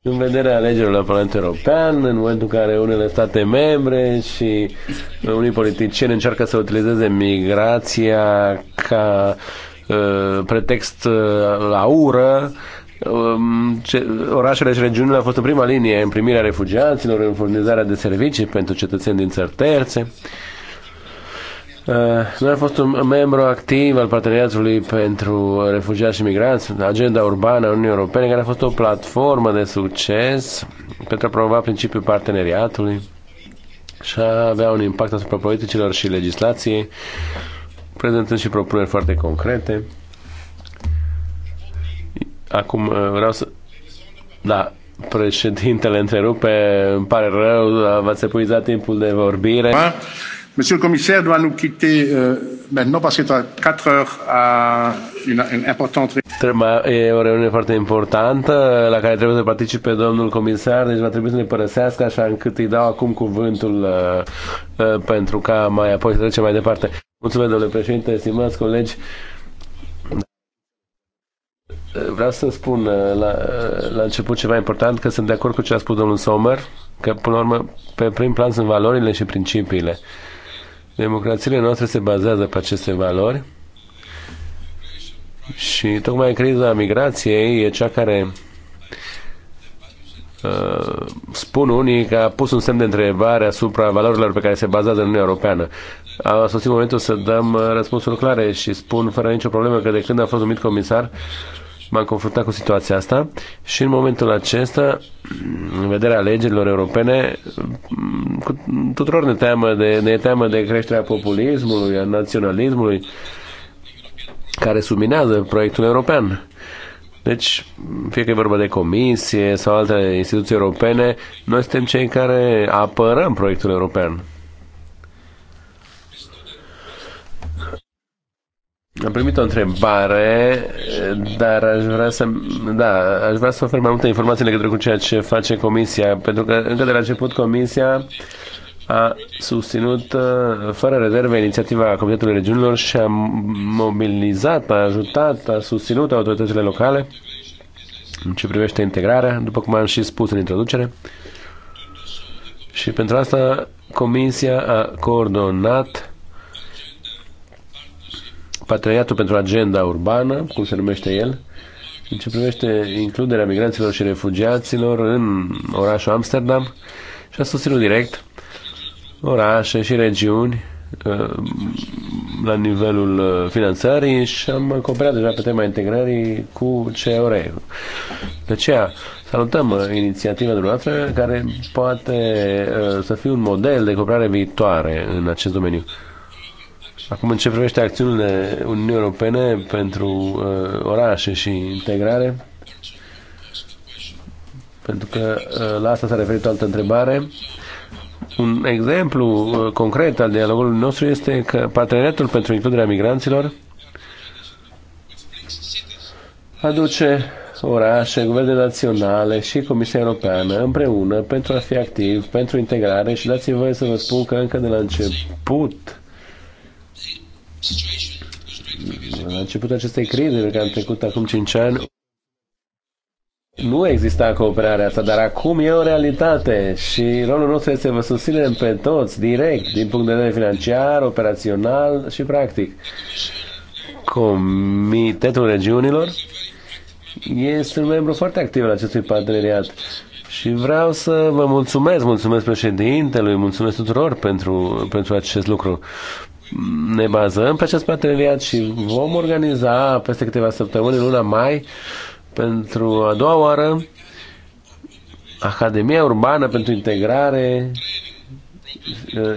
În vederea alegerilor la Parlamentul European, în momentul în care unele state membre și unii politicieni încearcă să utilizeze migrația ca uh, pretext uh, la ură, Um, orașele și regiunile au fost în prima linie în primirea refugiaților, în furnizarea de servicii pentru cetățeni din țări terțe. Uh, noi am fost un membru activ al Parteneriatului pentru Refugiați și Migranți, agenda urbană a Uniunii Europene, care a fost o platformă de succes pentru a promova principiul parteneriatului și a avea un impact asupra politicilor și legislației, prezentând și propuneri foarte concrete. Acum uh, vreau să... Da, președintele întrerupe, îmi pare rău, v-ați epuizat timpul de vorbire. Monsieur le commissaire doit nous quitter euh, maintenant parce qu'il est à 4 heures à une, une importante Trebuie, e o reuniune foarte importantă la care trebuie să participe domnul comisar, deci va trebui să ne părăsească așa încât îi dau acum cuvântul uh, uh, pentru ca mai apoi să trecem mai departe. Mulțumesc, domnule președinte, stimați colegi vreau să spun uh, la, uh, la început ceva important, că sunt de acord cu ce a spus domnul Sommer, că până la urmă pe prim plan sunt valorile și principiile. Democrațiile noastre se bazează pe aceste valori și tocmai criza migrației e cea care uh, spun unii că a pus un semn de întrebare asupra valorilor pe care se bazează Uniunea Europeană. A sosit momentul să dăm uh, răspunsuri clare și spun fără nicio problemă că de când a fost numit comisar uh, m-am confruntat cu situația asta și în momentul acesta, în vederea alegerilor europene, cu tuturor ne, teamă de, ne teamă de creșterea populismului, a naționalismului, care subminează proiectul european. Deci, fie că e vorba de comisie sau alte instituții europene, noi suntem cei care apărăm proiectul european. Am primit o întrebare, dar aș vrea să, da, aș vrea să ofer mai multe informații în legătură cu ceea ce face Comisia, pentru că încă de la început Comisia a susținut uh, fără rezerve inițiativa Comitetului Regiunilor și a mobilizat, a ajutat, a susținut autoritățile locale în ce privește integrarea, după cum am și spus în introducere. Și pentru asta Comisia a coordonat Patriatul pentru Agenda Urbană, cum se numește el, în ce privește includerea migranților și refugiaților în orașul Amsterdam și a susținut direct orașe și regiuni uh, la nivelul uh, finanțării și am cooperat deja pe tema integrării cu CEOR. De aceea salutăm uh, inițiativa dumneavoastră care poate să fie un model de cooperare viitoare în acest domeniu. Acum, în ce privește acțiunile Uniunii Europene pentru uh, orașe și integrare, pentru că uh, la asta s-a referit o altă întrebare, un exemplu uh, concret al dialogului nostru este că parteneriatul pentru includerea migranților aduce orașe, guverne naționale și Comisia Europeană împreună pentru a fi activ, pentru integrare și dați-mi voie să vă spun că încă de la început la începutul acestei crize care am trecut acum 5 ani, nu exista cooperarea asta, dar acum e o realitate și rolul nostru este să vă susținem pe toți, direct, din punct de vedere financiar, operațional și practic. Comitetul Regiunilor este un membru foarte activ al acestui parteneriat și vreau să vă mulțumesc, mulțumesc președintelui, mulțumesc tuturor pentru, pentru acest lucru ne bazăm pe acest parteneriat și vom organiza peste câteva săptămâni, luna mai, pentru a doua oară, Academia Urbană pentru Integrare.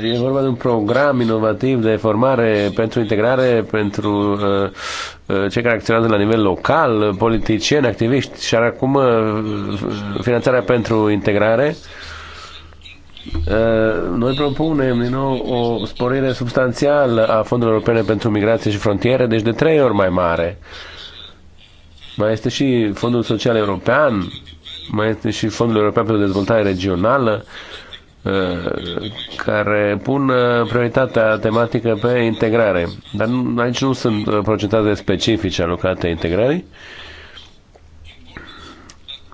E vorba de un program inovativ de formare pentru integrare pentru uh, uh, cei care acționează la nivel local, politicieni, activiști și acum uh, finanțarea pentru integrare noi propunem din nou o sporire substanțială a fondurilor europene pentru migrație și frontiere, deci de trei ori mai mare. Mai este și Fondul Social European, mai este și Fondul European pentru Dezvoltare Regională, uh, care pun uh, prioritatea tematică pe integrare. Dar aici nu sunt uh, procentate specifice alocate integrării,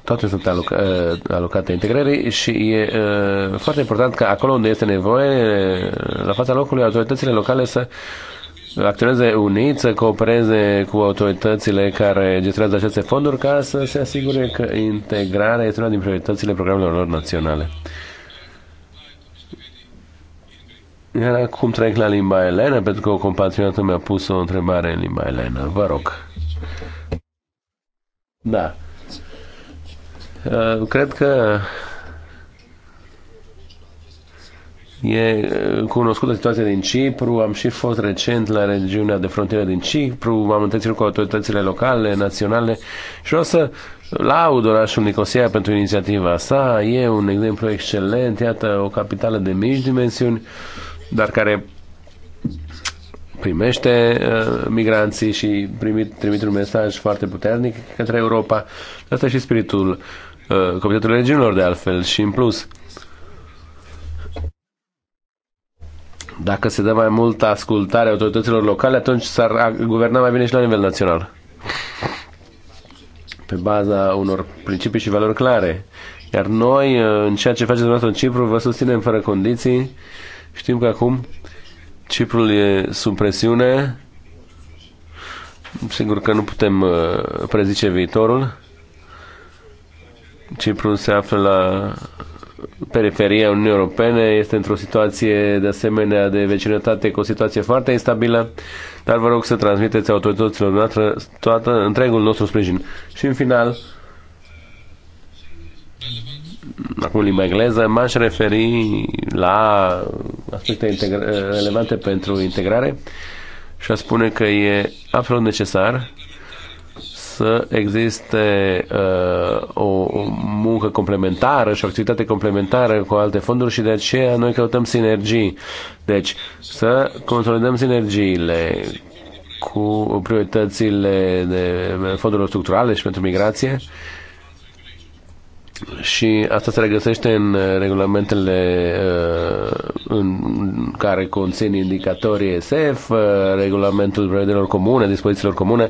toate sunt aloc, eh, alocate integrării și e eh, foarte important ca acolo unde este nevoie, la fața locului, autoritățile locale să acționeze unit, să coopereze cu autoritățile care gestionează aceste fonduri ca să se asigure că integrarea este una din prioritățile programelor lor naționale. Iar acum trec la limba elenă, pentru că o compatriotă mi-a pus o întrebare în limba elenă. Vă rog. Da. Uh, cred că E uh, cunoscută situația din Cipru, am și fost recent la regiunea de frontieră din Cipru, m-am întâlnit cu autoritățile locale, naționale și vreau să laud orașul Nicosia pentru inițiativa sa. E un exemplu excelent, iată, o capitală de mici dimensiuni, dar care primește uh, migranții și primit, trimit un mesaj foarte puternic către Europa. Asta e și spiritul uh, Uh, Comitetul Regiunilor de altfel și în plus. Dacă se dă mai multă ascultare autorităților locale, atunci s-ar guverna mai bine și la nivel național. Pe baza unor principii și valori clare. Iar noi, uh, în ceea ce faceți dumneavoastră în Cipru, vă susținem fără condiții. Știm că acum Ciprul e sub presiune. Sigur că nu putem uh, prezice viitorul. Cipru se află la periferia Uniunii Europene, este într-o situație de asemenea de vecinătate cu o situație foarte instabilă, dar vă rog să transmiteți autorităților noastre toată, întregul nostru sprijin. Și în final, acum limba engleză, m-aș referi la aspecte relevante pentru integrare și a spune că e absolut necesar să existe uh, o, o muncă complementară și o activitate complementară cu alte fonduri și de aceea noi căutăm sinergii. Deci să consolidăm sinergiile cu prioritățile de fondurilor structurale și pentru migrație și asta se regăsește în regulamentele uh, în care conțin indicatorii SF, uh, regulamentul prevederilor comune, dispozițiilor comune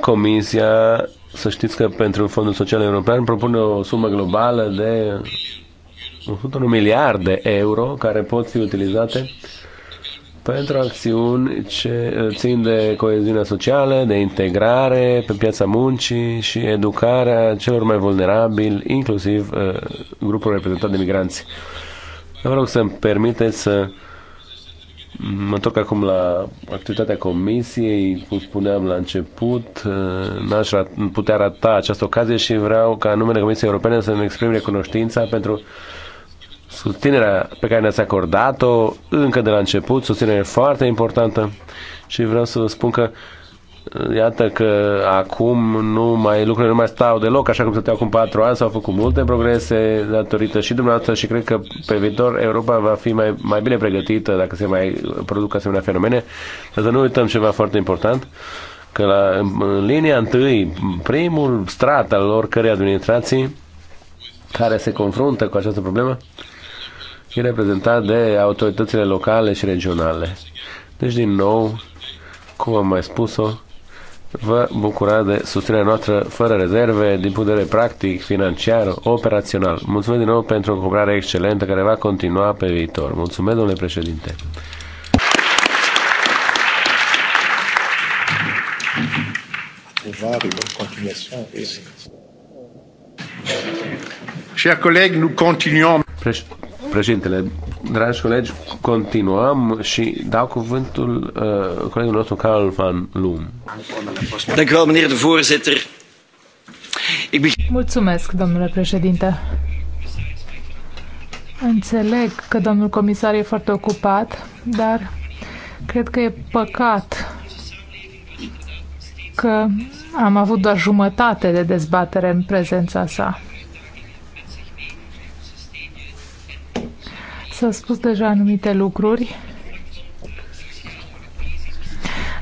Comisia, să știți că pentru Fondul Social European propune o sumă globală de 101 miliarde de euro care pot fi utilizate pentru acțiuni ce țin de coeziunea socială, de integrare pe piața muncii și educarea celor mai vulnerabili, inclusiv uh, grupul reprezentat de migranți. Vă rog să-mi permiteți să Mă întorc acum la activitatea comisiei, cum spuneam la început, eh, n-aș putea rata această ocazie și vreau ca numele Comisiei Europene să ne exprim recunoștința pentru susținerea pe care ne-ați acordat-o încă de la început, susținere foarte importantă și vreau să vă spun că uh, iată că acum nu mai, lucrurile nu mai stau deloc așa cum se acum patru ani, s-au făcut multe progrese datorită și dumneavoastră și cred că pe viitor Europa va fi mai, mai bine pregătită dacă se mai produc asemenea fenomene. Dar să nu uităm ceva foarte important, că la, în linia întâi, primul strat al oricărei administrații care se confruntă cu această problemă e reprezentat de autoritățile locale și regionale. Deci, din nou, cum am mai spus-o, vă bucura de susținerea noastră fără rezerve din punct de vedere practic, financiar, operațional. Mulțumesc din nou pentru o cooperare excelentă care va continua pe viitor. Mulțumesc, domnule președinte. Chers collègues, nous continuons. Președintele, Dragi colegi, continuăm și dau cuvântul uh, colegul nostru Carl van Loom. Mulțumesc, domnule președinte. Înțeleg că domnul comisar e foarte ocupat, dar cred că e păcat că am avut doar jumătate de dezbatere în prezența sa. S-au spus deja anumite lucruri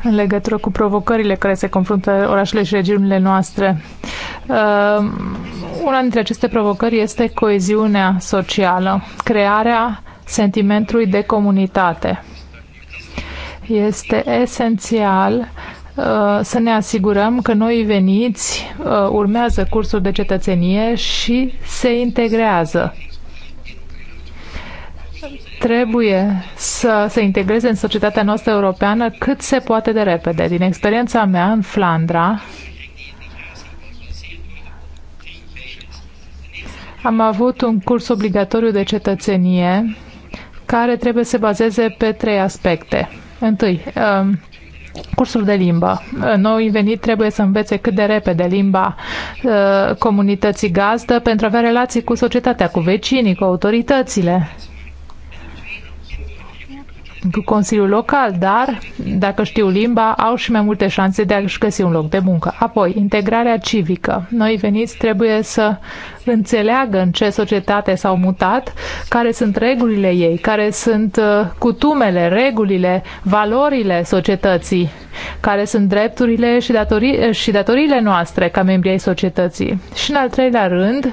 în legătură cu provocările care se confruntă orașele și regiunile noastre. Uh, una dintre aceste provocări este coeziunea socială, crearea sentimentului de comunitate. Este esențial uh, să ne asigurăm că noi veniți uh, urmează cursul de cetățenie și se integrează trebuie să se integreze în societatea noastră europeană cât se poate de repede. Din experiența mea în Flandra, am avut un curs obligatoriu de cetățenie care trebuie să se bazeze pe trei aspecte. Întâi, um, cursul de limbă. Noi venit trebuie să învețe cât de repede limba uh, comunității gazdă pentru a avea relații cu societatea, cu vecinii, cu autoritățile cu Consiliul Local, dar, dacă știu limba, au și mai multe șanse de a-și găsi un loc de muncă. Apoi, integrarea civică. Noi veniți trebuie să înțeleagă în ce societate s-au mutat, care sunt regulile ei, care sunt uh, cutumele, regulile, valorile societății, care sunt drepturile și, datorii, uh, și datoriile noastre ca membri ai societății. Și în al treilea rând,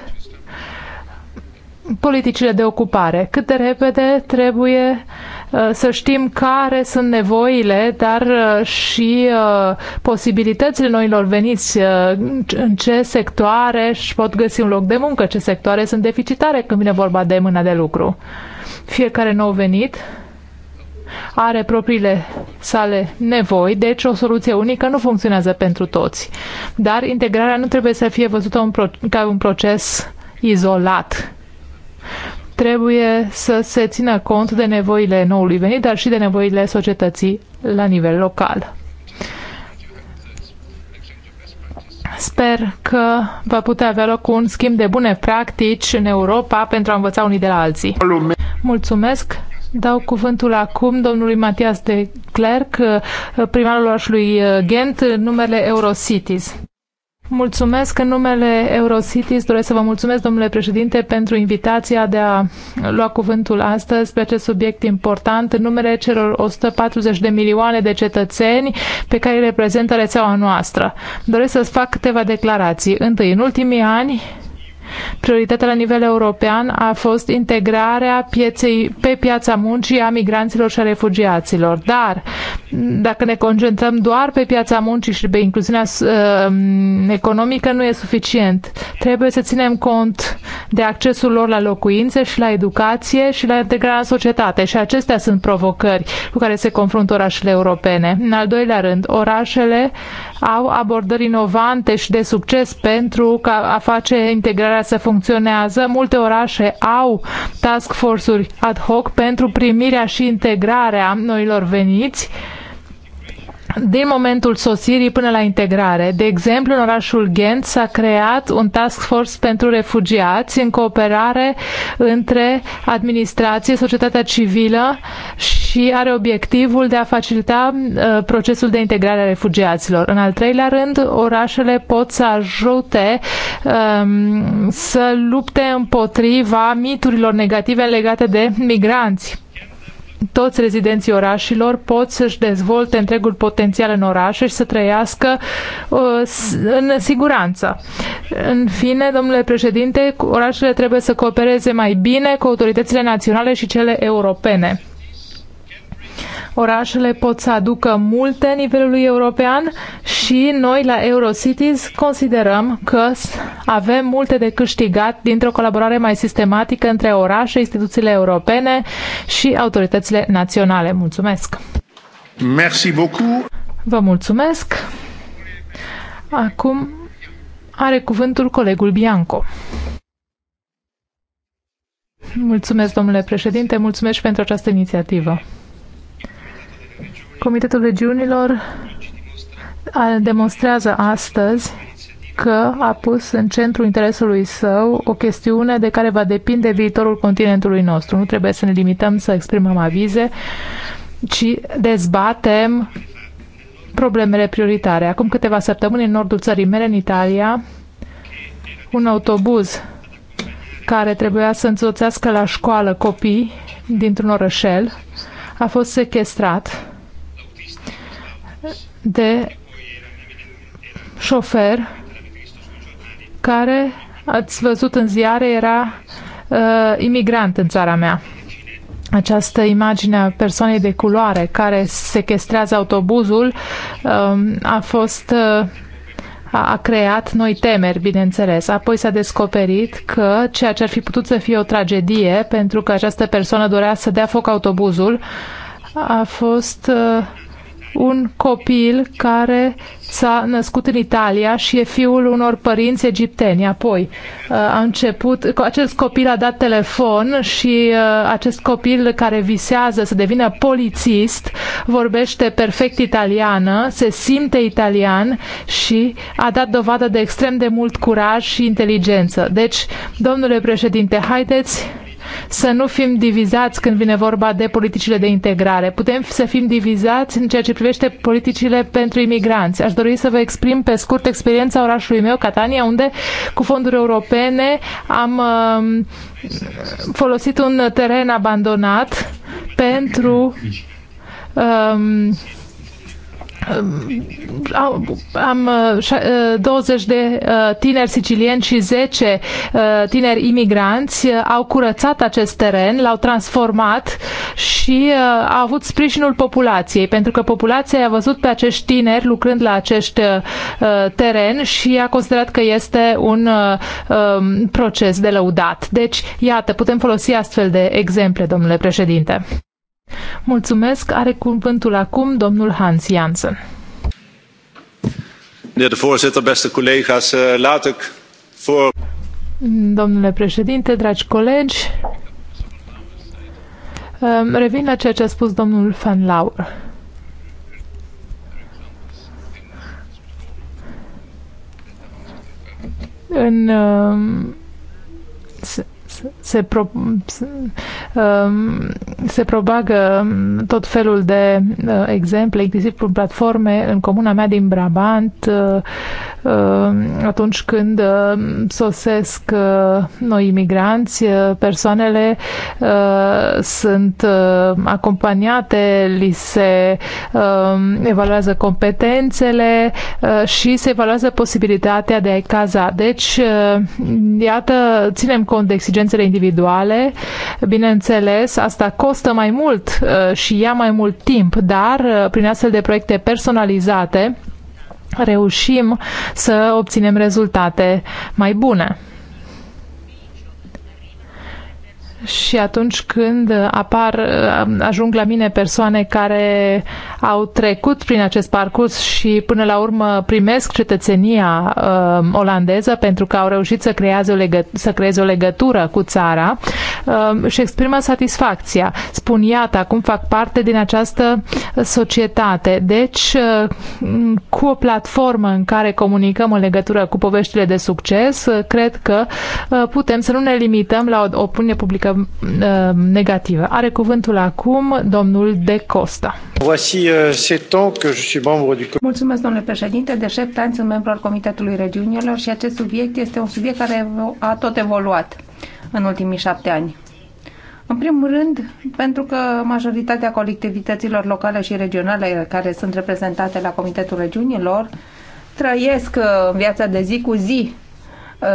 politicile de ocupare. Cât de repede trebuie Uh, să știm care sunt nevoile, dar uh, și uh, posibilitățile noilor veniți, în ce sectoare își pot găsi un loc de muncă, ce sectoare sunt deficitare când vine vorba de mâna de lucru. Fiecare nou venit are propriile sale nevoi, deci o soluție unică nu funcționează pentru toți. Dar integrarea nu trebuie să fie văzută un ca un proces izolat trebuie să se țină cont de nevoile noului venit, dar și de nevoile societății la nivel local. Sper că va putea avea loc un schimb de bune practici în Europa pentru a învăța unii de la alții. Mulțumesc! Dau cuvântul acum domnului Matias de Clerc, primarul orașului Ghent, numele Eurocities. Mulțumesc în numele Eurocities. Doresc să vă mulțumesc, domnule președinte, pentru invitația de a lua cuvântul astăzi pe acest subiect important în numele celor 140 de milioane de cetățeni pe care îi reprezintă rețeaua noastră. Doresc să fac câteva declarații. Întâi, în ultimii ani, Prioritatea la nivel european a fost integrarea pieței, pe piața muncii a migranților și a refugiaților. Dar dacă ne concentrăm doar pe piața muncii și pe incluziunea uh, economică, nu e suficient. Trebuie să ținem cont de accesul lor la locuințe și la educație și la integrarea în societate. Și acestea sunt provocări cu care se confruntă orașele europene. În al doilea rând, orașele uh, au abordări inovante și de succes pentru ca a face integrarea să funcționează. Multe orașe au task force-uri ad hoc pentru primirea și integrarea noilor veniți din momentul sosirii până la integrare. De exemplu, în orașul Ghent s-a creat un task force pentru refugiați în cooperare între administrație, societatea civilă și are obiectivul de a facilita uh, procesul de integrare a refugiaților. În al treilea rând, orașele pot să ajute um, să lupte împotriva miturilor negative legate de migranți toți rezidenții orașilor pot să-și dezvolte întregul potențial în orașe și să trăiască uh, în siguranță. În fine, domnule președinte, orașele trebuie să coopereze mai bine cu autoritățile naționale și cele europene. Orașele pot să aducă multe nivelului european și noi la Eurocities considerăm că avem multe de câștigat dintr-o colaborare mai sistematică între orașe, instituțiile europene și autoritățile naționale. Mulțumesc! Merci beaucoup. Vă mulțumesc! Acum are cuvântul colegul Bianco. Mulțumesc, domnule președinte, mulțumesc și pentru această inițiativă. Comitetul Regiunilor demonstrează astăzi că a pus în centrul interesului său o chestiune de care va depinde viitorul continentului nostru. Nu trebuie să ne limităm să exprimăm avize, ci dezbatem problemele prioritare. Acum câteva săptămâni, în nordul țării mele, în Italia, un autobuz care trebuia să însoțească la școală copii dintr-un orășel a fost sequestrat de șofer care, ați văzut în ziare, era uh, imigrant în țara mea. Această imagine a persoanei de culoare care sequestrează autobuzul uh, a fost uh, a, creat noi temeri, bineînțeles. Apoi s-a descoperit că ceea ce ar fi putut să fie o tragedie, pentru că această persoană dorea să dea foc autobuzul, a fost uh, un copil care s-a născut în Italia și e fiul unor părinți egipteni. Apoi uh, a început, acest copil a dat telefon și uh, acest copil care visează să devină polițist vorbește perfect italiană, se simte italian și a dat dovadă de extrem de mult curaj și inteligență. Deci, domnule președinte, haideți să nu fim divizați când vine vorba de politicile de integrare. Putem să fim divizați în ceea ce privește politicile pentru imigranți. Aș dori să vă exprim pe scurt experiența orașului meu, Catania, unde cu fonduri europene am um, folosit un teren abandonat pentru um, am 20 eh, de eh, tineri sicilieni și 10 eh, tineri imigranți au curățat acest teren, l-au transformat și au avut sprijinul populației, pentru că populația a văzut pe acești tineri lucrând la acest teren și a considerat că este un um, proces de lăudat. Deci, iată, putem folosi astfel de exemple, domnule președinte. Mulțumesc. Are cuvântul acum domnul Hans Janssen. Meneer de voorzitter, beste collega's, eh, laat ik voor... Domnule președinte, dragi colegi, eh, revin la ceea ce a spus domnul Van Lauer. În eh, se, pro, se um, propagă um, tot felul de uh, exemple, inclusiv prin platforme în comuna mea din Brabant, uh, um, atunci când sosesc uh, noi imigranți, persoanele sunt acompaniate, li se evaluează competențele și se evaluează posibilitatea de a-i caza. Deci, iată, ținem cont de exigențe competențele individuale. Bineînțeles, asta costă mai mult uh, și ia mai mult timp, dar uh, prin astfel de proiecte personalizate reușim să obținem rezultate mai bune și atunci când apar, ajung la mine persoane care au trecut prin acest parcurs și până la urmă primesc cetățenia uh, olandeză pentru că au reușit să, creează o legă, să creeze o legătură cu țara uh, și exprimă satisfacția. Spun, iată, acum fac parte din această societate. Deci, uh, cu o platformă în care comunicăm o legătură cu poveștile de succes, uh, cred că uh, putem să nu ne limităm la o opinie publică uh, negativă. Are cuvântul acum domnul De Costa. Uh, Mulțumesc, domnule președinte. De șapte ani sunt membru al Comitetului Regiunilor și acest subiect este un subiect care a tot evoluat în ultimii șapte ani. În primul rând, pentru că majoritatea colectivităților locale și regionale care sunt reprezentate la Comitetul Regiunilor trăiesc în uh, viața de zi cu zi Uh,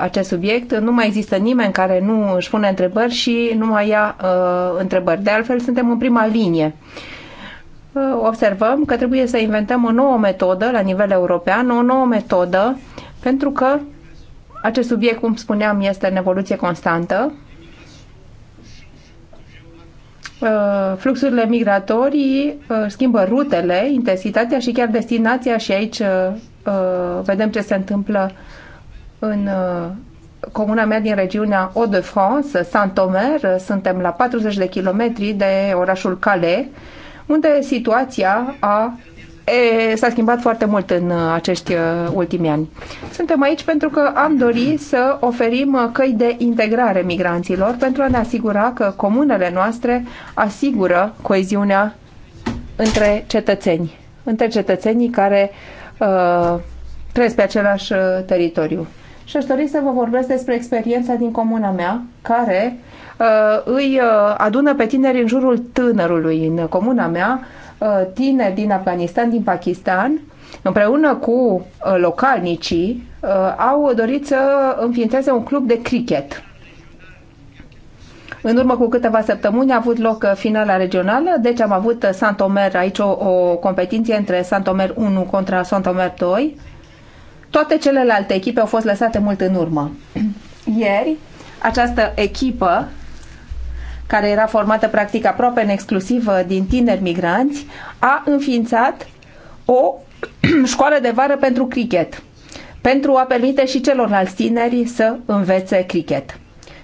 acest subiect. Nu mai există nimeni care nu își pune întrebări și nu mai ia uh, întrebări. De altfel, suntem în prima linie uh, observăm că trebuie să inventăm o nouă metodă la nivel european, o nouă metodă, pentru că acest subiect, cum spuneam, este în evoluție constantă. Fluxurile migratorii schimbă rutele, intensitatea și chiar destinația și aici vedem ce se întâmplă în uh, comuna mea din regiunea Hauts-de-France, Saint-Omer, suntem la 40 de kilometri de orașul Calais, unde situația a s-a schimbat foarte mult în uh, acești uh, ultimi ani. Suntem aici pentru că am dorit să oferim căi de integrare migranților pentru a ne asigura că comunele noastre asigură coeziunea între cetățeni, între cetățenii care uh, trăiesc pe același teritoriu și aș dori să vă vorbesc despre experiența din comuna mea, care uh, îi uh, adună pe tineri în jurul tânărului în comuna mea, uh, tineri din Afganistan, din Pakistan, împreună cu uh, localnicii, uh, au dorit să înființeze un club de cricket. În urmă cu câteva săptămâni a avut loc uh, finala regională, deci am avut uh, Santomer aici o, o competiție între Santomer 1 contra Santomer 2 toate celelalte echipe au fost lăsate mult în urmă. [clears throat] Ieri, această echipă, care era formată practic aproape în exclusiv uh, din tineri migranți, a înființat o [clears throat] școală de vară pentru cricket, pentru a permite și celorlalți tineri să învețe cricket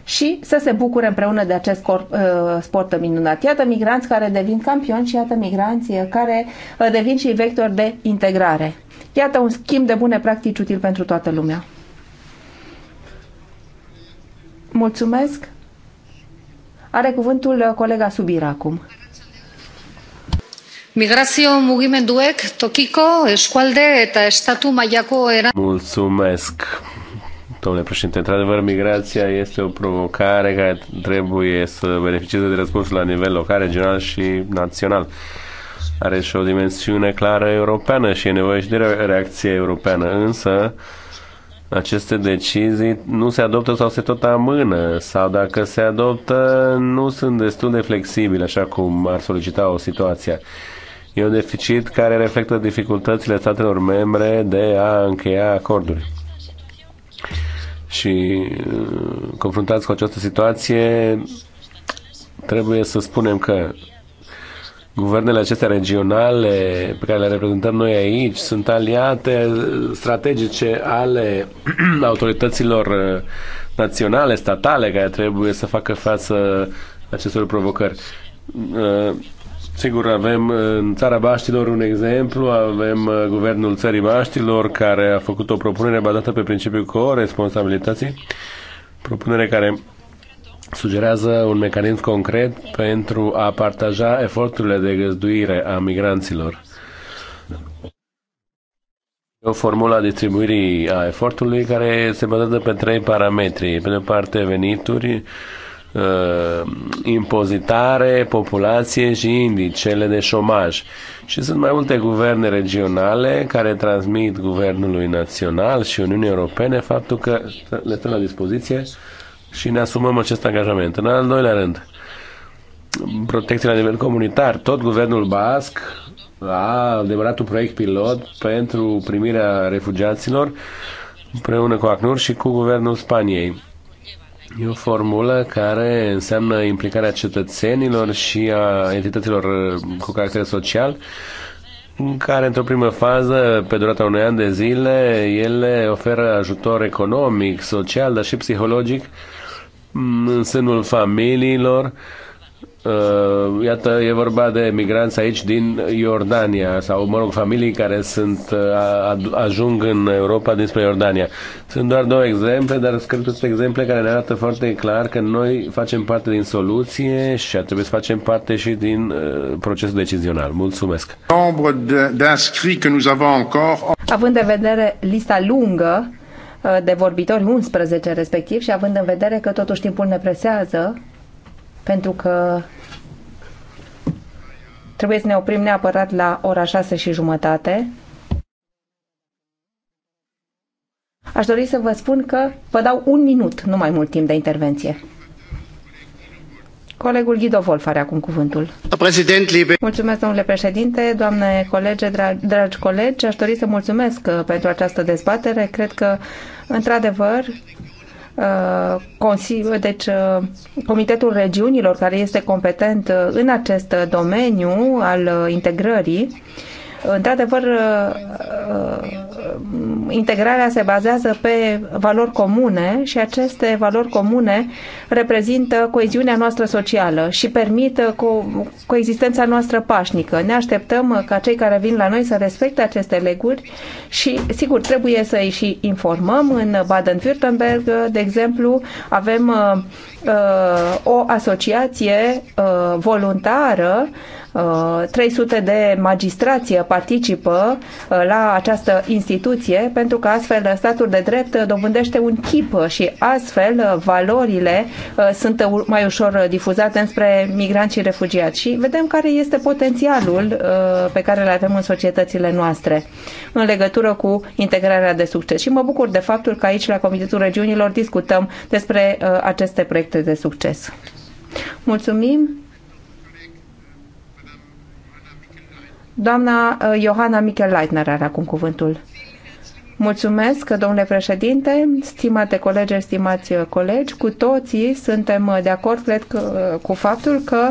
și să se bucure împreună de acest corp, uh, sport minunat. Iată migranți care devin campioni și iată migranți uh, care uh, devin și vectori de integrare. Iată un schimb de bune practici util pentru toată lumea. Mulțumesc. Are cuvântul colega Subira acum. Migrazio mugimenduek tokiko, eskualde eta estatu mailako era... Mulțumesc domnule președinte. Într-adevăr, migrația este o provocare care trebuie să beneficieze de răspunsul la nivel local, regional și național. Are și o dimensiune clară europeană și e nevoie și de reacție europeană, însă aceste decizii nu se adoptă sau se tot amână sau dacă se adoptă nu sunt destul de flexibile așa cum ar solicita o situație. E un deficit care reflectă dificultățile statelor membre de a încheia acorduri și uh, confruntați cu această situație, trebuie să spunem că guvernele acestea regionale pe care le reprezentăm noi aici sunt aliate strategice ale [clears throat] autorităților uh, naționale, statale, care trebuie să facă față acestor provocări. Uh, Sigur, avem uh, în țara Baștilor un exemplu, avem uh, guvernul țării Baștilor care a făcut o propunere bazată pe principiul co-responsabilității, propunere care sugerează un mecanism concret pentru a partaja eforturile de găzduire a migranților. o formulă a distribuirii a efortului care se bazează pe trei parametri. Pe de o parte venituri, uh, impozitare, populație și indicele de șomaj. Și sunt mai multe guverne regionale care transmit Guvernului Național și Uniunii Europene faptul că le stăm la dispoziție și ne asumăm acest angajament. În al doilea rând, protecția la nivel comunitar. Tot guvernul basc a demarat un proiect pilot pentru primirea refugiaților împreună cu ACNUR și cu guvernul Spaniei E o formulă care înseamnă implicarea cetățenilor și a entităților cu caracter social în care, într-o primă fază, pe durata unui an de zile, ele oferă ajutor economic, social, dar și psihologic în sânul familiilor Uh, iată, e vorba de migranți aici din Iordania sau, mă rog, familii care sunt, uh, ajung în Europa dinspre Iordania. Sunt doar două exemple, dar cred că sunt exemple care ne arată foarte clar că noi facem parte din soluție și ar trebui să facem parte și din uh, procesul decizional. Mulțumesc! Având în vedere lista lungă de vorbitori, 11 respectiv, și având în vedere că totuși timpul ne presează, pentru că trebuie să ne oprim neapărat la ora 6 și jumătate. Aș dori să vă spun că vă dau un minut, nu mai mult timp de intervenție. Colegul Ghido Wolf are acum cuvântul. Mulțumesc, domnule președinte, doamne colege, dragi, dragi colegi. Aș dori să mulțumesc uh, pentru această dezbatere. Cred că, într-adevăr, Uh, deci, uh, Comitetul Regiunilor, care este competent uh, în acest domeniu al integrării, Într-adevăr, uh, uh, integrarea se bazează pe valori comune și aceste valori comune reprezintă coeziunea noastră socială și permit uh, co- coexistența noastră pașnică. Ne așteptăm ca cei care vin la noi să respecte aceste leguri și, sigur, trebuie să îi și informăm. În Baden-Württemberg, de exemplu, avem o asociație voluntară 300 uh, de magistrați participă uh, la această instituție pentru că astfel statul de drept dobândește un chip și astfel uh, valorile sunt mai ușor difuzate înspre migranți și refugiați și vedem care este potențialul pe care îl avem în societățile noastre în legătură cu integrarea de succes. Și mă bucur de faptul că aici la Comitetul Regiunilor discutăm despre aceste proiecte de succes. Mulțumim! Doamna uh, Johanna Michel-Leitner are acum cuvântul. Mulțumesc, domnule președinte, stimate colegi, stimați uh, colegi, cu toții suntem uh, de acord, cred, că, cu faptul că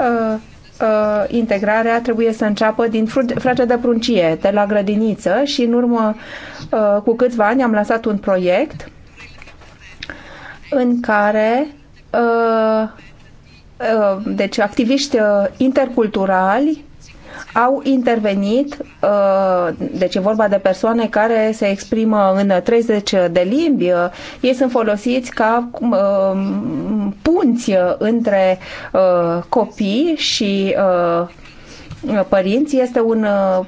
uh, uh, integrarea trebuie să înceapă din frage de pruncie, de la grădiniță și în urmă uh, cu câțiva ani am lansat un proiect în care uh, uh, deci activiști interculturali au intervenit, uh, deci e vorba de persoane care se exprimă în 30 de limbi, uh, ei sunt folosiți ca uh, punți între copii și Uh, părinți este un uh,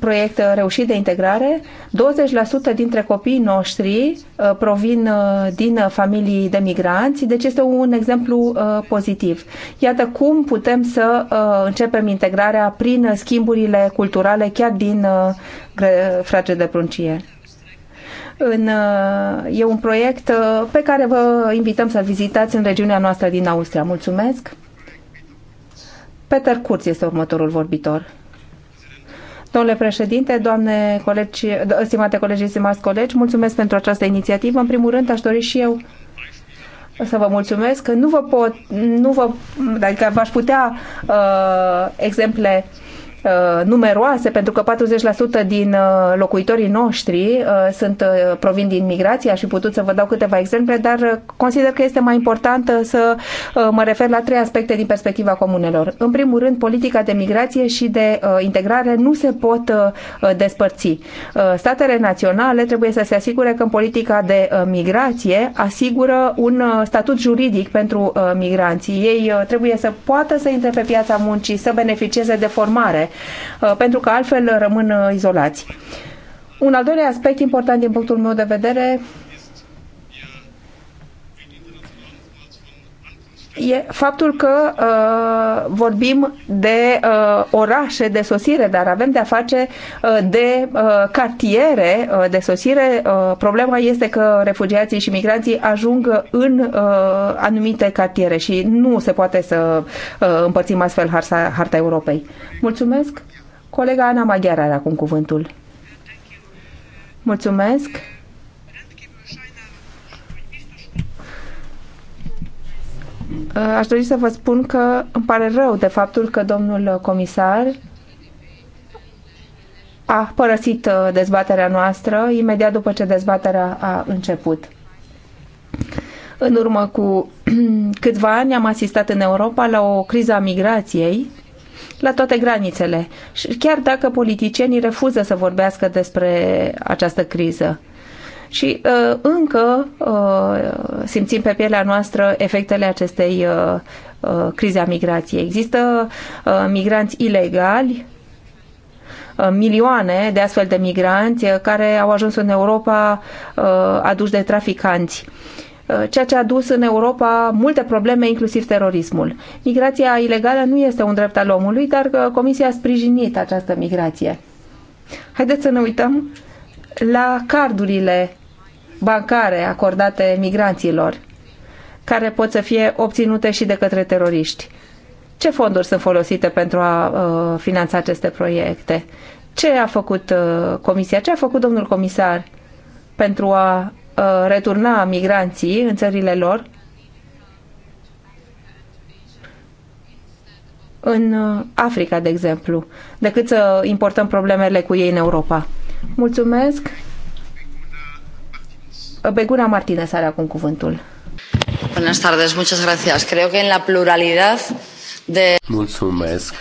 proiect uh, reușit de integrare. 20% dintre copiii noștri provin din familii de migranți, deci este un exemplu pozitiv. Iată cum putem să începem integrarea prin schimburile culturale chiar din frage de pruncie în, e un proiect pe care vă invităm să-l vizitați în regiunea noastră din Austria. Mulțumesc! Peter Kurz este următorul vorbitor. Domnule președinte, doamne colegi, stimate colegi, stimați colegi, mulțumesc pentru această inițiativă. În primul rând, aș dori și eu să vă mulțumesc că nu vă pot, nu vă, adică v-aș putea uh, exemple uh, Uh, numeroase, pentru că 40% din uh, locuitorii noștri uh, sunt provin din migrație, aș fi putut să vă dau câteva exemple, dar consider că este mai important să mă refer la trei aspecte din perspectiva comunelor. În primul rând, politica de migrație și de integrare nu se pot despărți. Statele naționale trebuie să se asigure că în politica de migrație asigură un statut juridic pentru migranții. Ei trebuie să poată să intre pe piața muncii, să beneficieze de formare, Uh, pentru că altfel rămân uh, izolați. Un al doilea aspect important din punctul meu de vedere e faptul că uh, vorbim de uh, orașe de sosire, dar avem de-a face uh, de uh, cartiere uh, de sosire. Uh, problema este că refugiații și migranții ajung în uh, anumite cartiere și nu se poate să uh, împărțim astfel harta, harta Europei. Mulțumesc! Colega Ana Maghiar are acum cuvântul. Mulțumesc! Aș dori să vă spun că îmi pare rău de faptul că domnul comisar a părăsit uh, dezbaterea noastră imediat după ce dezbaterea a început. În urmă cu [clears throat] câțiva ani am asistat în Europa la o criză a migrației la toate granițele. Și chiar dacă politicienii refuză să vorbească despre această criză și uh, încă uh, simțim pe pielea noastră efectele acestei uh, uh, crize a migrației. Există uh, migranți ilegali, uh, milioane de astfel de migranți uh, care au ajuns în Europa uh, aduși de traficanți ceea ce a dus în Europa multe probleme, inclusiv terorismul. Migrația ilegală nu este un drept al omului, dar Comisia a sprijinit această migrație. Haideți să ne uităm la cardurile bancare acordate migranților, care pot să fie obținute și de către teroriști. Ce fonduri sunt folosite pentru a uh, finanța aceste proiecte? Ce a făcut uh, Comisia? Ce a făcut domnul comisar pentru a uh, returna migranții în țările lor? În uh, Africa, de exemplu, decât să importăm problemele cu ei în Europa. Mulțumesc. Beguna Martínez are acum cuvântul. Buenas tardes, muchas gracias. Creo que en la pluralidad de... Mulțumesc.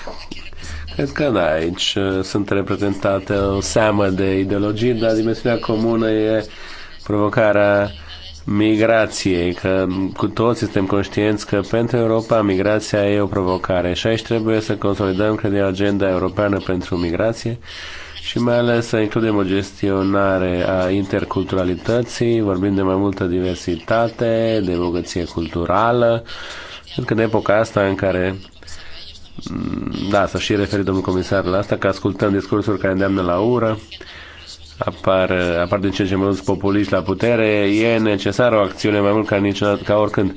Cred că da, aici uh, sunt reprezentate o seamă de ideologii, dar dimensiunea comună e provocarea migrației, că cu toți suntem conștienți că pentru Europa migrația e o provocare și aici trebuie să consolidăm, cred eu, agenda europeană pentru migrație și mai ales să includem o gestionare a interculturalității, vorbim de mai multă diversitate, de bogăție culturală. pentru că în epoca asta în care mm, da, să și referi domnul comisar la asta, că ascultăm discursuri care îndeamnă la ură, apar, apar din ce în ce mai mulți populiști la putere, e necesară o acțiune mai mult ca niciodată, ca oricând.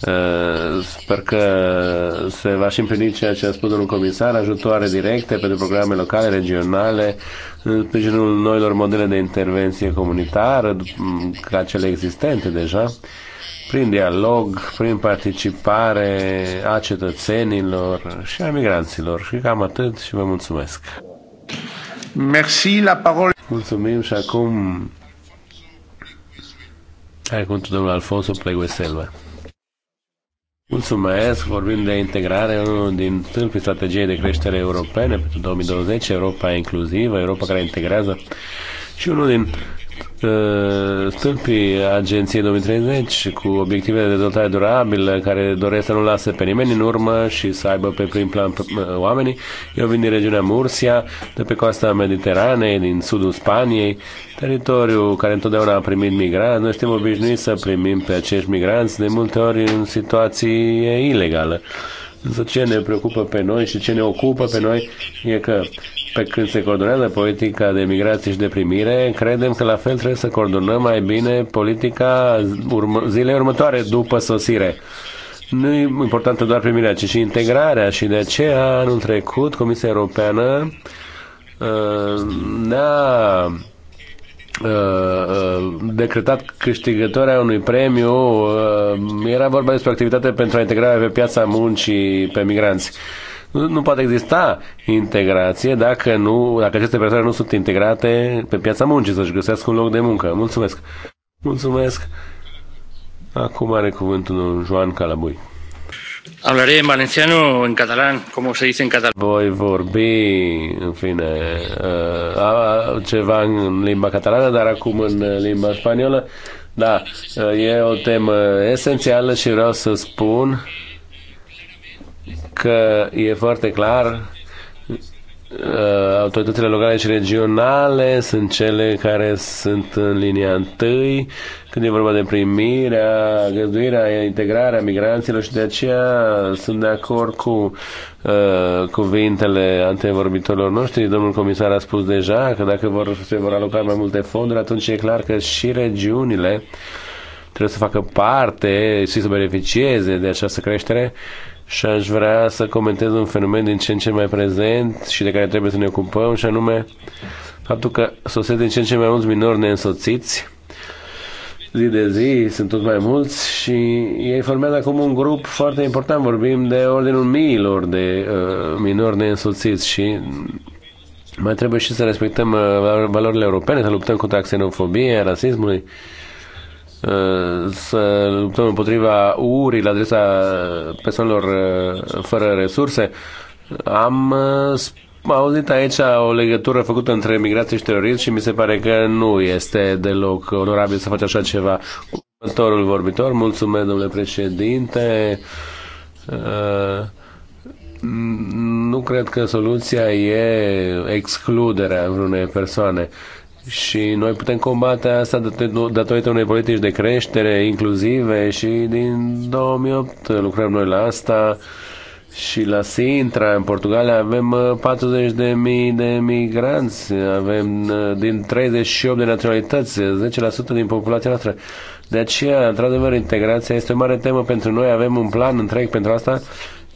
Uh, sper că se va și împlini ceea ce a spus domnul comisar, ajutoare directe pentru programe locale, regionale, în uh, sprijinul noilor modele de intervenție comunitară, mm, ca cele existente deja, prin dialog, prin participare a cetățenilor și a migranților. Și cam atât și vă mulțumesc. Merci, la parole. Mulțumim și acum ai cuvântul domnul Alfonso Plegueselva. Mulțumesc, vorbim de integrare, unul din stâlpii strategiei de creștere europene pentru 2020, Europa inclusivă, Europa care integrează și unul din stâlpii Agenției 2030 cu obiective de dezvoltare durabilă care doresc să nu lase pe nimeni în urmă și să aibă pe prim plan uh, oamenii. Eu vin din regiunea Mursia, de pe coasta Mediteranei, din sudul Spaniei, teritoriu care întotdeauna a primit migranți. Noi suntem obișnuiți să primim pe acești migranți de multe ori în situație ilegală. Însă ce ne preocupă pe noi și ce ne ocupă pe noi e că pe când se coordonează politica de migrație și de primire, credem că la fel trebuie să coordonăm mai bine politica urmă, zilei următoare după sosire. Nu e importantă doar primirea, ci și integrarea și de aceea anul trecut Comisia Europeană uh, ne-a uh, uh, decretat câștigătoarea unui premiu. Uh, era vorba despre activitate pentru a integra pe piața muncii pe migranți. Nu, poate exista integrație dacă, nu, dacă aceste persoane nu sunt integrate pe piața muncii, să-și găsească un loc de muncă. Mulțumesc! Mulțumesc! Acum are cuvântul Joan Calabui. Hablaré în valenciano în catalan, cum se dice în catalan. Voi vorbi, în fine, uh, ceva în limba catalană, dar acum în limba spaniolă. Da, uh, e o temă esențială și vreau să spun că e foarte clar uh, autoritățile locale și regionale sunt cele care sunt în linia întâi când e vorba de primirea, găzduirea, integrarea migranților și de aceea sunt de acord cu uh, cuvintele antevorbitorilor noștri. Domnul comisar a spus deja că dacă vor, se vor aloca mai multe fonduri, atunci e clar că și regiunile trebuie să facă parte și să beneficieze de această creștere uh, și aș vrea să comentez un fenomen din ce în ce mai prezent și de care trebuie să ne ocupăm și anume faptul că sosesc din ce în ce mai mulți minori neînsoțiți zi de zi, sunt tot mai mulți și ei formează acum un grup foarte important, vorbim de ordinul miilor de uh, minori neînsoțiți și mai trebuie și să respectăm uh, valorile europene, să luptăm contra xenofobie, rasismului Eh, să luptăm împotriva urii la adresa persoanelor eh, fără resurse. Eh, am auzit aici o legătură făcută între migrație și terorism și mi se pare că nu este deloc onorabil să faci așa ceva. Următorul vorbitor, mulțumesc, domnule președinte. Nu cred că soluția e excluderea vreunei persoane și noi putem combate asta datorită unei politici de creștere inclusive și din 2008 lucrăm noi la asta și la Sintra, în Portugalia, avem 40.000 uh, de migranți, avem uh, din 38 de naționalități, 10% din populația noastră. De aceea, într-adevăr, integrația este o mare temă pentru noi, avem un plan întreg pentru asta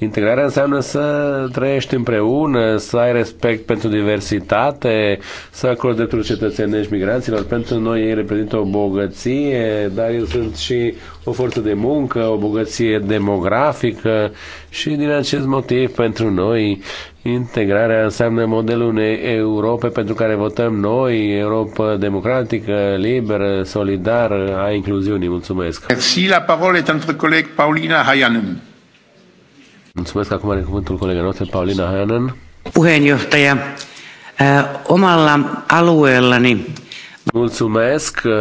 Integrarea înseamnă să trăiești împreună, să ai respect pentru diversitate, să acordi drepturile cetățenești migranților. Pentru noi ei reprezintă o bogăție, dar ei sunt și o forță de muncă, o bogăție demografică și din acest motiv pentru noi integrarea înseamnă modelul unei Europe pentru care votăm noi, Europa democratică, liberă, solidară, a incluziunii. Mulțumesc! Merci, la parole est notre collègue Paulina Hayanen. Mulțumesc, acum are cuvântul colega noastră, Paulina Hainen. Puheenjohtaja, eh, omalla alueellani Mulțumesc, eh,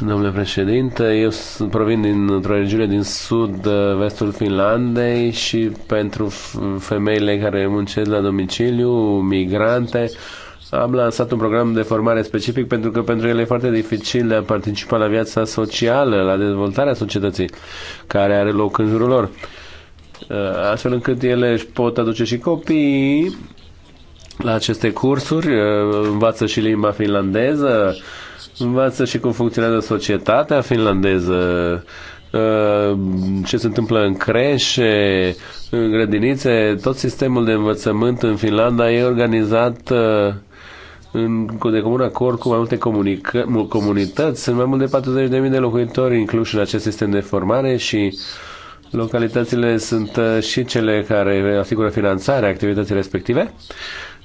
domnule președinte. Eu provin dintr-o regiune din sud-vestul eh, Finlandei și pentru femeile care muncesc la domiciliu, migrante, am lansat un program de formare specific pentru că pentru ele e foarte dificil de a participa la viața socială, la dezvoltarea societății care are loc în jurul lor. Uh, astfel încât ele își pot aduce și copii la aceste cursuri, uh, învață și limba finlandeză, învață și cum funcționează societatea finlandeză, uh, ce se întâmplă în creșe, în grădinițe, tot sistemul de învățământ în Finlanda e organizat în, de comun acord cu mai multe comunică, comunități. Sunt mai mult de 40.000 de locuitori incluși în acest sistem de formare și uh, Localitățile sunt uh, și cele care asigură finanțarea activității respective.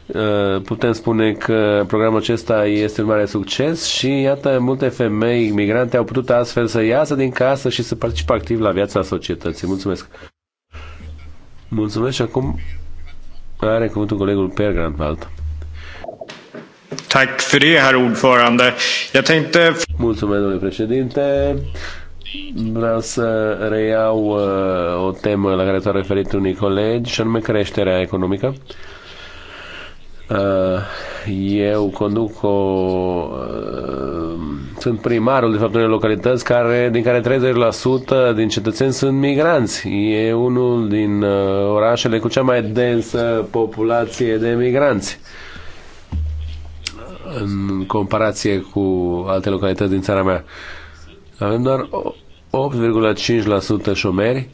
Uh, putem spune că programul acesta este un mare succes și iată multe femei migrante au putut astfel să iasă din casă și să participe activ la viața societății. Mulțumesc! Mulțumesc și acum are cuvântul colegul Per Grandvald. Mulțumesc, domnule președinte. Vreau să reiau uh, o temă la care s a referit unii colegi, și anume creșterea economică. Uh, eu conduc o... Uh, sunt primarul, de fapt, unei localități care, din care 30% din cetățeni sunt migranți. E unul din uh, orașele cu cea mai densă populație de migranți în comparație cu alte localități din țara mea. Avem doar 8,5% șomeri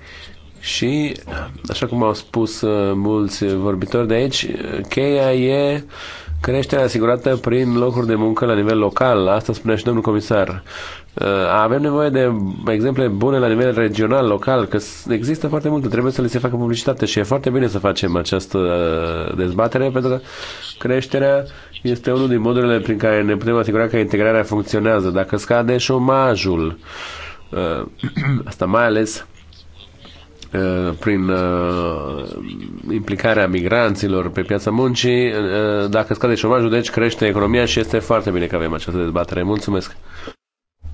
și, așa cum au spus uh, mulți vorbitori de aici, cheia e creșterea asigurată prin locuri de muncă la nivel local. Asta spunea și domnul comisar. Uh, avem nevoie de exemple bune la nivel regional, local, că există foarte multe, trebuie să le se facă publicitate și e foarte bine să facem această uh, dezbatere, pentru că creșterea este unul din modurile prin care ne putem asigura că integrarea funcționează. Dacă scade șomajul, Uh, [clears throat] asta mai ales uh, prin uh, implicarea migranților pe piața muncii. Dacă scade șomajul, deci crește economia și este foarte bine că avem această dezbatere. Mulțumesc!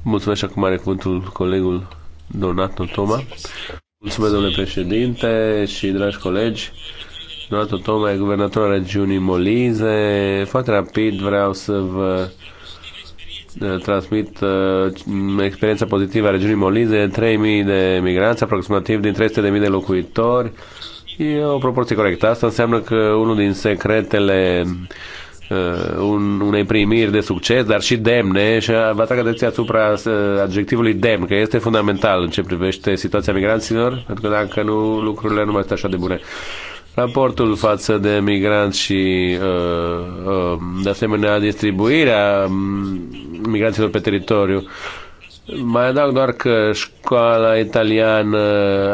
Mulțumesc și acum are cuvântul colegul Donato Toma. Mulțumesc, domnule președinte și dragi colegi. Donato Toma e guvernatorul regiunii Molize. Foarte rapid vreau să vă uh, Eh, transmit eh, experiența pozitivă a regiunii Molize, 3.000 de migranți, aproximativ din 300.000 de locuitori. E o proporție corectă. Asta înseamnă că unul din secretele eh, un, unei primiri de succes, dar și demne și vă atrag atenția asupra adjectivului demn, că este fundamental în ce privește situația migranților, pentru că dacă nu, lucrurile nu mai sunt așa de bune. Uh, raportul față de migranți și uh, uh, de asemenea distribuirea mm, migranților pe teritoriu. Mai adaug doar că școala italiană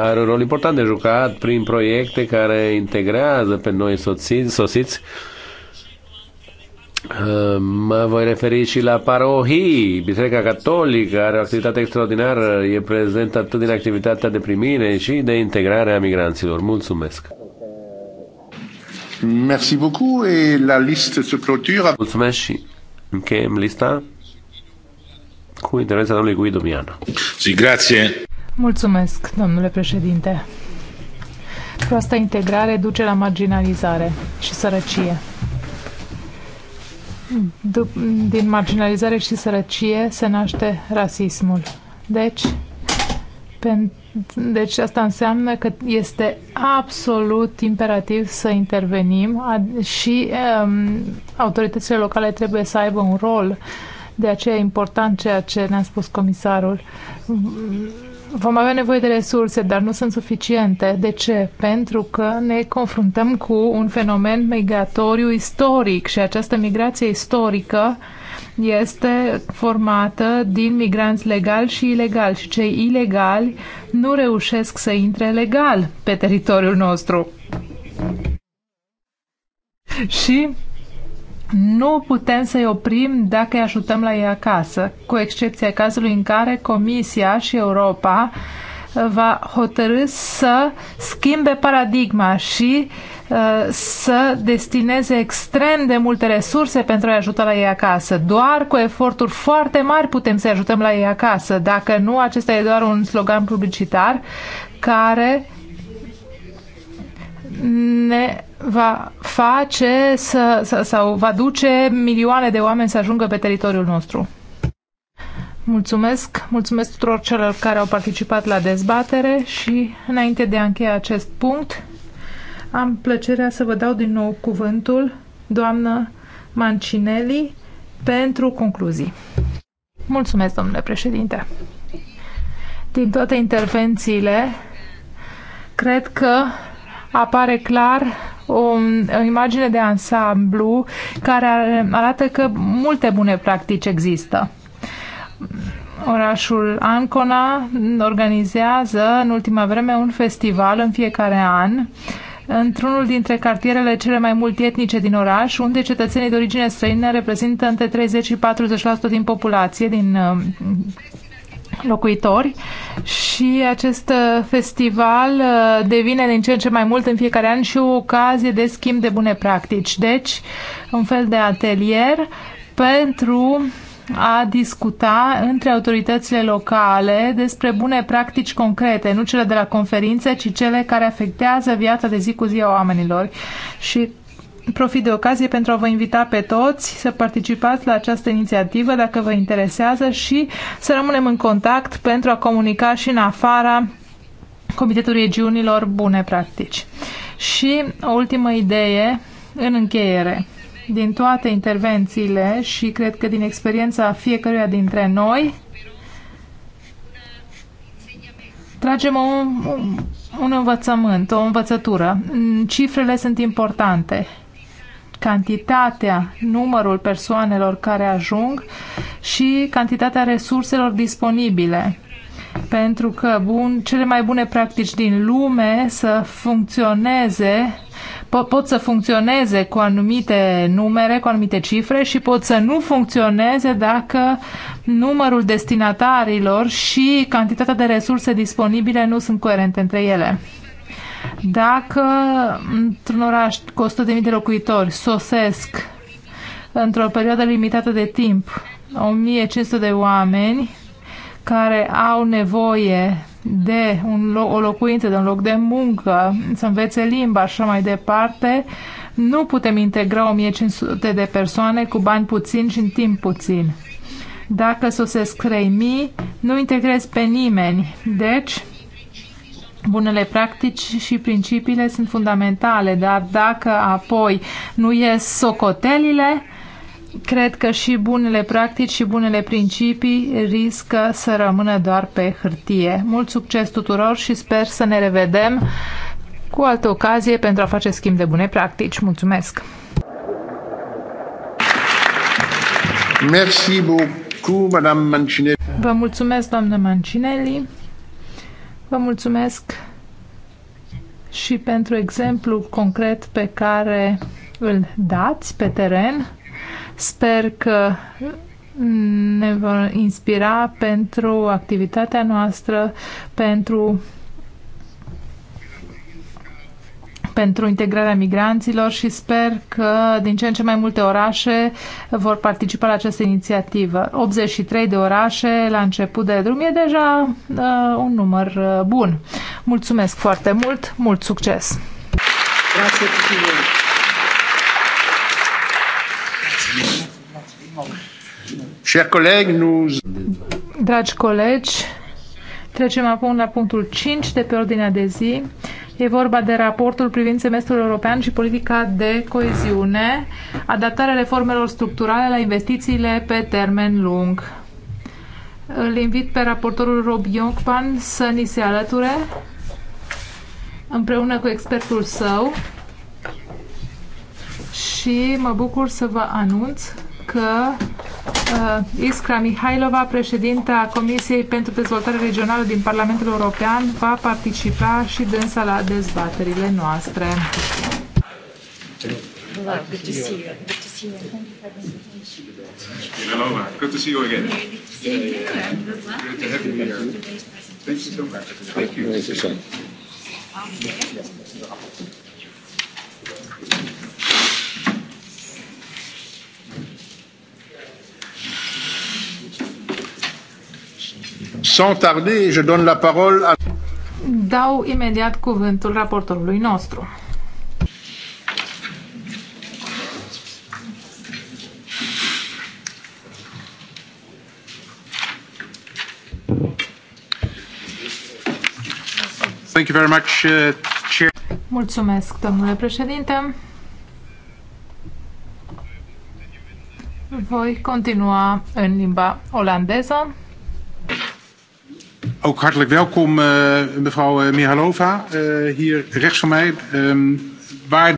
are un rol important de jucat prin proiecte care integrează pe noi soții, sosiți. Uh, mă voi referi și la parohii. Biserica Catolică are o activitate extraordinară, e prezentă atât din activitatea de primire și de integrare a migranților. Mulțumesc! Merci beaucoup et la liste se clôture. Mulțumesc și încheiem lista cu intervenția domnului Guido Miana. Si, grație. Mulțumesc, domnule președinte. Proasta integrare duce la marginalizare și sărăcie. Din marginalizare și sărăcie se naște rasismul. Deci, pentru deci asta înseamnă că este absolut imperativ să intervenim și um, autoritățile locale trebuie să aibă un rol. De aceea e important ceea ce ne-a spus comisarul. Vom avea nevoie de resurse, dar nu sunt suficiente. De ce? Pentru că ne confruntăm cu un fenomen migratoriu istoric și această migrație istorică uh, este formată din migranți legali și ilegali și cei ilegali nu reușesc să intre legal pe teritoriul nostru. Și nu putem să-i oprim dacă îi ajutăm la ei acasă, cu excepția cazului în care Comisia și Europa va hotărâ să schimbe paradigma și uh, Uh, să destineze extrem de multe resurse pentru a ajuta la ei acasă. Doar cu eforturi foarte mari putem să ajutăm la ei acasă. Dacă nu, acesta e doar un slogan publicitar care ne va face să, să, sau va duce milioane de oameni să ajungă pe teritoriul nostru. Mulțumesc, mulțumesc tuturor celor care au participat la dezbatere și înainte de a încheia acest punct, am plăcerea să vă dau din nou cuvântul, doamnă Mancinelli, pentru concluzii. Mulțumesc, domnule președinte. Din toate intervențiile, cred că apare clar o, o imagine de ansamblu care arată că multe bune practici există. Orașul Ancona organizează în ultima vreme un festival în fiecare an uh, într-unul dintre cartierele cele mai multietnice din oraș, unde cetățenii de origine străină reprezintă între 30 și 40% din populație, din uh, locuitori și acest uh, festival uh, devine din ce în ce mai mult în fiecare an și o ocazie de schimb de bune practici. Deci, un fel de atelier pentru a discuta între autoritățile locale despre bune practici concrete, nu cele de la conferințe, ci cele care afectează viața de zi cu zi a oamenilor. Și profit de ocazie pentru a vă invita pe toți să participați la această inițiativă dacă vă interesează și să rămânem în contact pentru a comunica și în afara Comitetul Regiunilor Bune Practici. Și o ultimă idee în încheiere din toate intervențiile și cred că din experiența fiecăruia dintre noi tragem o, un, un învățământ, o învățătură. Cifrele sunt importante. Cantitatea, numărul persoanelor care ajung și cantitatea resurselor disponibile pentru că bun, cele mai bune practici din lume să funcționeze po- pot să funcționeze cu anumite numere, cu anumite cifre și pot să nu funcționeze dacă numărul destinatarilor și cantitatea de resurse disponibile nu sunt coerente între ele. Dacă într-un oraș cu 100.000 de locuitori sosesc într-o perioadă limitată de timp 1500 de oameni care au nevoie de un lo- o locuință, de un loc de muncă, să învețe limba și așa mai departe, nu putem integra 1500 de persoane cu bani puțin și în timp puțin. Dacă sosesc 3000, nu integrez pe nimeni. Deci, Bunele practici și principiile sunt fundamentale, dar dacă apoi nu ies socotelile, cred că și bunele practici și bunele principii riscă să rămână doar pe hârtie. Mult succes tuturor și sper să ne revedem cu altă ocazie pentru a face schimb de bune practici. Mulțumesc! Merci beaucoup, Madame Mancinelli. Vă mulțumesc, doamnă Mancinelli. Vă mulțumesc și pentru exemplu concret pe care îl dați pe teren Sper că ne vor inspira pentru activitatea noastră, pentru pentru integrarea migranților și sper că din ce în ce mai multe orașe vor participa la această inițiativă. 83 de orașe la început de drum e deja uh, un număr uh, bun. Mulțumesc foarte mult, mult succes! Grazie Chers collègues, nous... Dragi colegi, trecem acum la punctul 5 de pe ordinea de zi. E vorba de raportul privind semestrul european și politica de coeziune, adaptarea reformelor structurale la investițiile pe termen lung. Îl invit pe raportorul Rob Yonkman să ni se alăture împreună cu expertul său și mă bucur să vă anunț că uh, Iskra Mihailova, președinta Comisiei pentru Dezvoltare Regională din Parlamentul European, va participa și dânsa la dezbaterile noastre. Hello, good to see you. Good to see you. Thank you good to see you again. Good to have you here. Thank you so much. Thank you. Thank you. Sans tarder, je donne la parole à... Dau imediat cuvântul raportorului nostru. Thank you very much, uh, Chair. Mulțumesc, domnule președinte. Voi continua în limba olandeză. Ook hartelijk welkom, uh, mevrouw eh, Mihalova, uh, hier rechts van mij. Um, waar...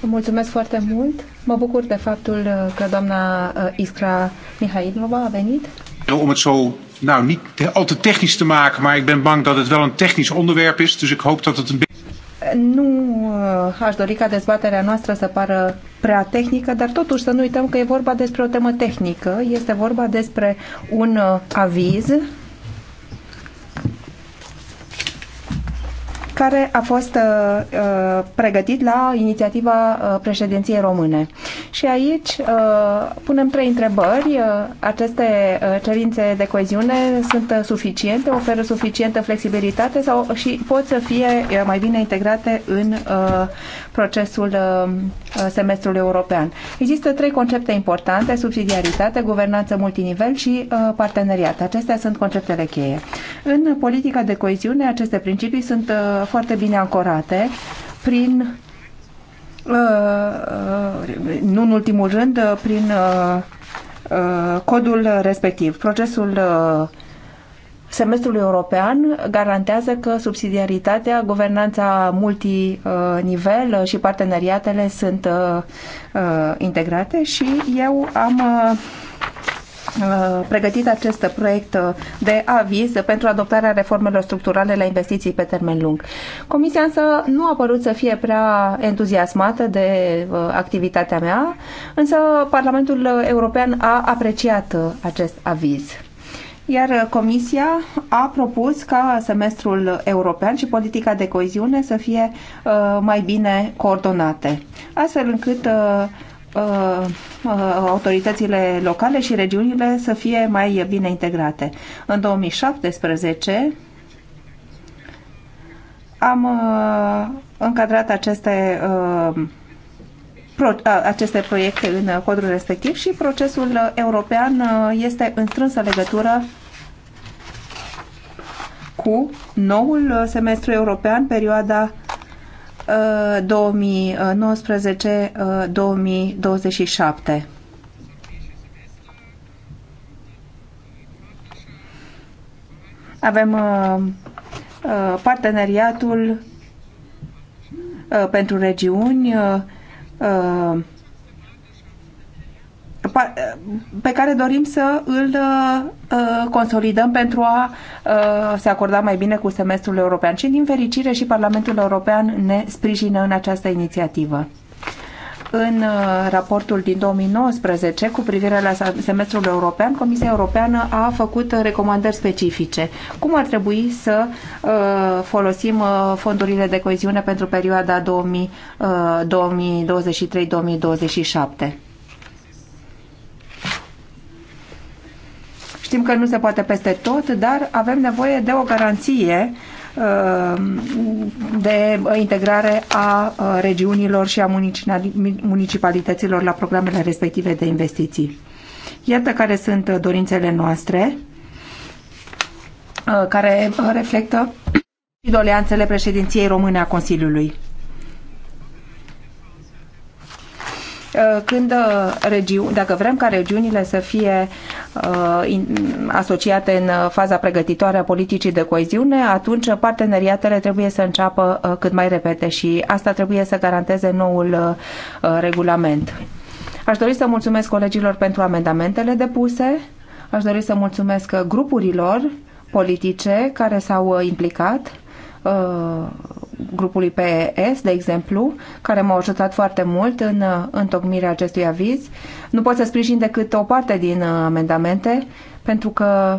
Vă mulțumesc foarte mult. Mă bucur de faptul că doamna Iskra Mihailova a venit. Om het zo nou, niet te, al te technisch te maken, maar ik ben bang dat het wel een technisch onderwerp is. Dus ik hoop dat het een beetje... Nu aș dori ca dezbaterea noastră să pară prea tehnică, dar totuși să nu uităm că e vorba despre o temă tehnică. Este vorba despre un aviz care a fost uh, uh pregătit la inițiativa uh, președinției române. Și aici uh, punem trei întrebări. Uh, aceste cerințe de coeziune sunt suficiente, oferă suficientă flexibilitate sau și pot să fie mai bine integrate în uh, procesul uh, semestrului european. Există trei concepte importante, subsidiaritate, guvernanță multinivel și uh, parteneriat. Acestea sunt conceptele cheie. În politica de coeziune, aceste principii sunt uh, foarte bine ancorate prin, uh, uh, nu în ultimul rând, uh, prin codul respectiv. Procesul semestrului european garantează că subsidiaritatea, guvernanța multinivel și parteneriatele sunt integrate și eu am Uh, pregătit acest proiect uh, de aviz pentru adoptarea reformelor structurale la investiții pe termen lung. Comisia însă nu a părut să fie prea entuziasmată de uh, activitatea mea, însă Parlamentul European a apreciat acest aviz iar Comisia a propus ca semestrul european și politica de coeziune să fie mai bine coordonate, astfel încât Uh, uh, autoritățile locale și regiunile să fie mai bine integrate. În 2017 am uh, încadrat aceste aceste proiecte în codul respectiv și procesul european este în strânsă legătură cu noul semestru european, perioada 2021 2020 2019-2027. Avem uh, uh, parteneriatul uh, pentru regiuni, pe care dorim să îl uh, consolidăm pentru a uh, se acorda mai bine cu semestrul european. Și din fericire și Parlamentul European ne sprijină în această inițiativă în uh, raportul din 2019 cu privire la semestrul european, Comisia Europeană a făcut recomandări specifice. Cum ar trebui să folosim fondurile de coeziune pentru perioada 2023-2027? Știm că nu se poate peste tot, dar avem nevoie de o garanție uh, de integrare a uh, regiunilor și a municipalităților la programele respective de investiții. Iată care sunt uh, dorințele noastre, care reflectă și doleanțele președinției române a Consiliului. Uh, când uh, regiu- dacă vrem ca regiunile să fie uh, asociate în faza pregătitoare a politicii de coeziune, atunci parteneriatele trebuie să înceapă cât mai repede și asta trebuie să garanteze noul regulament. Aș dori să mulțumesc colegilor pentru amendamentele depuse, aș dori să mulțumesc grupurilor politice care s-au implicat grupului PES, de exemplu, care m-au ajutat foarte mult în uh, întocmirea acestui aviz. Nu pot să sprijin decât o parte din uh, amendamente, pentru că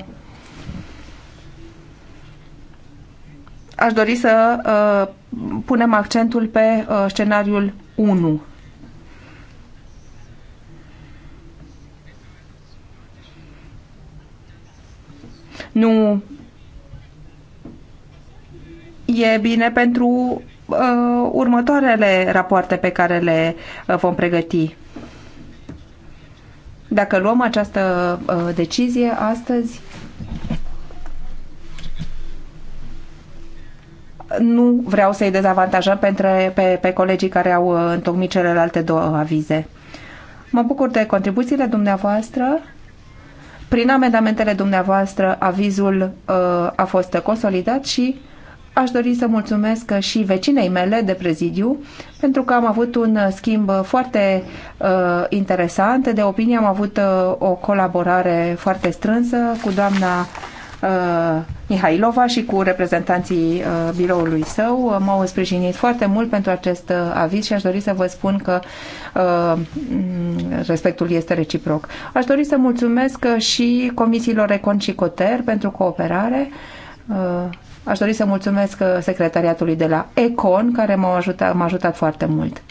aș dori să uh, punem accentul pe uh, scenariul 1. Nu e bine pentru uh, următoarele rapoarte pe care le uh, vom pregăti. Dacă luăm această uh, decizie astăzi, nu vreau să-i dezavantajăm pentru, pe, pe colegii care au uh, întocmit celelalte două avize. Mă bucur de contribuțiile dumneavoastră. Prin amendamentele dumneavoastră, avizul uh, a fost consolidat și uh, Aș dori să mulțumesc și vecinei mele de prezidiu, pentru că am avut un schimb foarte uh, interesant de opinie. Am avut uh, o colaborare foarte strânsă cu doamna uh, Mihailova și cu reprezentanții uh, biroului său. M-au sprijinit foarte mult pentru acest uh, aviz și aș dori să vă spun că uh, respectul este reciproc. Aș dori să mulțumesc și comisiilor Econ și Coter pentru cooperare. Uh, Aș dori să mulțumesc uh, secretariatului de la Econ, care m-a ajutat, m-a ajutat foarte mult.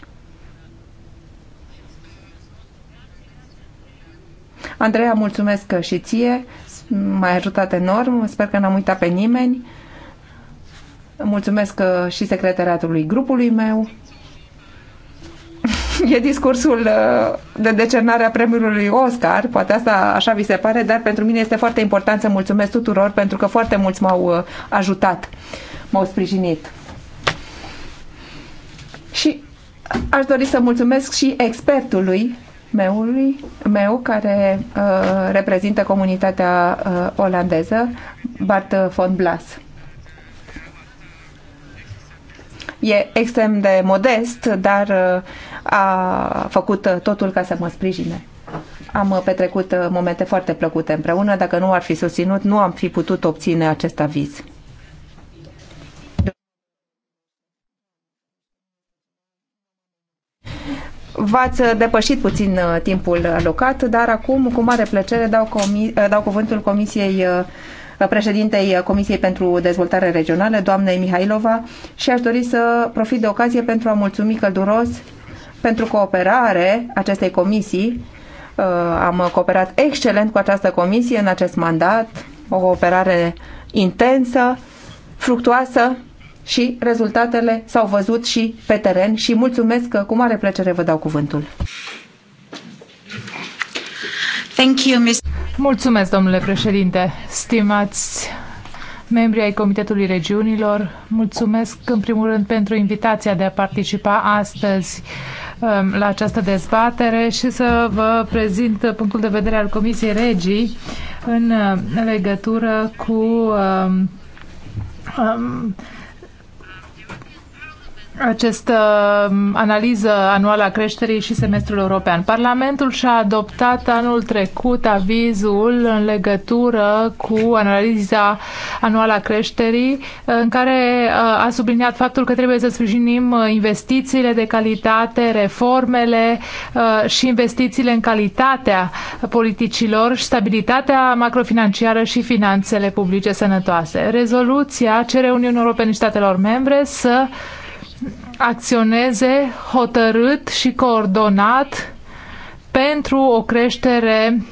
Andreea, mulțumesc și ție, m-ai ajutat enorm, sper că n-am uitat pe nimeni. Mulțumesc uh, și secretariatului grupului meu. [laughs] e discursul uh, de decernare a premiului Oscar, poate asta așa vi se pare, dar pentru mine este foarte important să mulțumesc tuturor pentru că foarte mulți m-au uh, ajutat, m-au sprijinit. Și aș dori să mulțumesc și expertului meului, meu care uh, reprezintă comunitatea uh, olandeză, Bart von Blas. E extrem de modest, dar uh, a făcut uh, totul ca să mă sprijine. Am uh, petrecut uh, momente foarte plăcute împreună. Dacă nu ar fi susținut, nu am fi putut obține acest aviz. V-ați depășit puțin timpul alocat, dar acum, cu mare plăcere, dau, comi dau cuvântul Comisiei președintei Comisiei pentru Dezvoltare Regională, doamnei Mihailova, și aș dori să profit de ocazie pentru a mulțumi călduros pentru cooperare acestei comisii. Uh, am cooperat excelent cu această comisie în acest mandat, o cooperare intensă, fructuoasă și rezultatele s-au văzut și pe teren și mulțumesc că uh, cu mare plăcere vă dau cuvântul. Thank you, Ms. Mulțumesc, domnule președinte, stimați membri ai Comitetului Regiunilor, mulțumesc în primul rând pentru invitația de a participa astăzi Um, la această dezbatere și să vă prezint punctul de vedere al Comisiei Regii în uh, legătură cu um, um, această um, analiză anuală a creșterii și semestrul european. Parlamentul și-a adoptat anul trecut avizul în legătură cu analiza anuală a creșterii, în care uh, a subliniat faptul că trebuie să sprijinim uh, investițiile de calitate, reformele uh, și investițiile în calitatea politicilor și stabilitatea macrofinanciară și finanțele publice sănătoase. Rezoluția cere Uniunii Europene și statelor membre să acționeze hotărât și coordonat pentru o creștere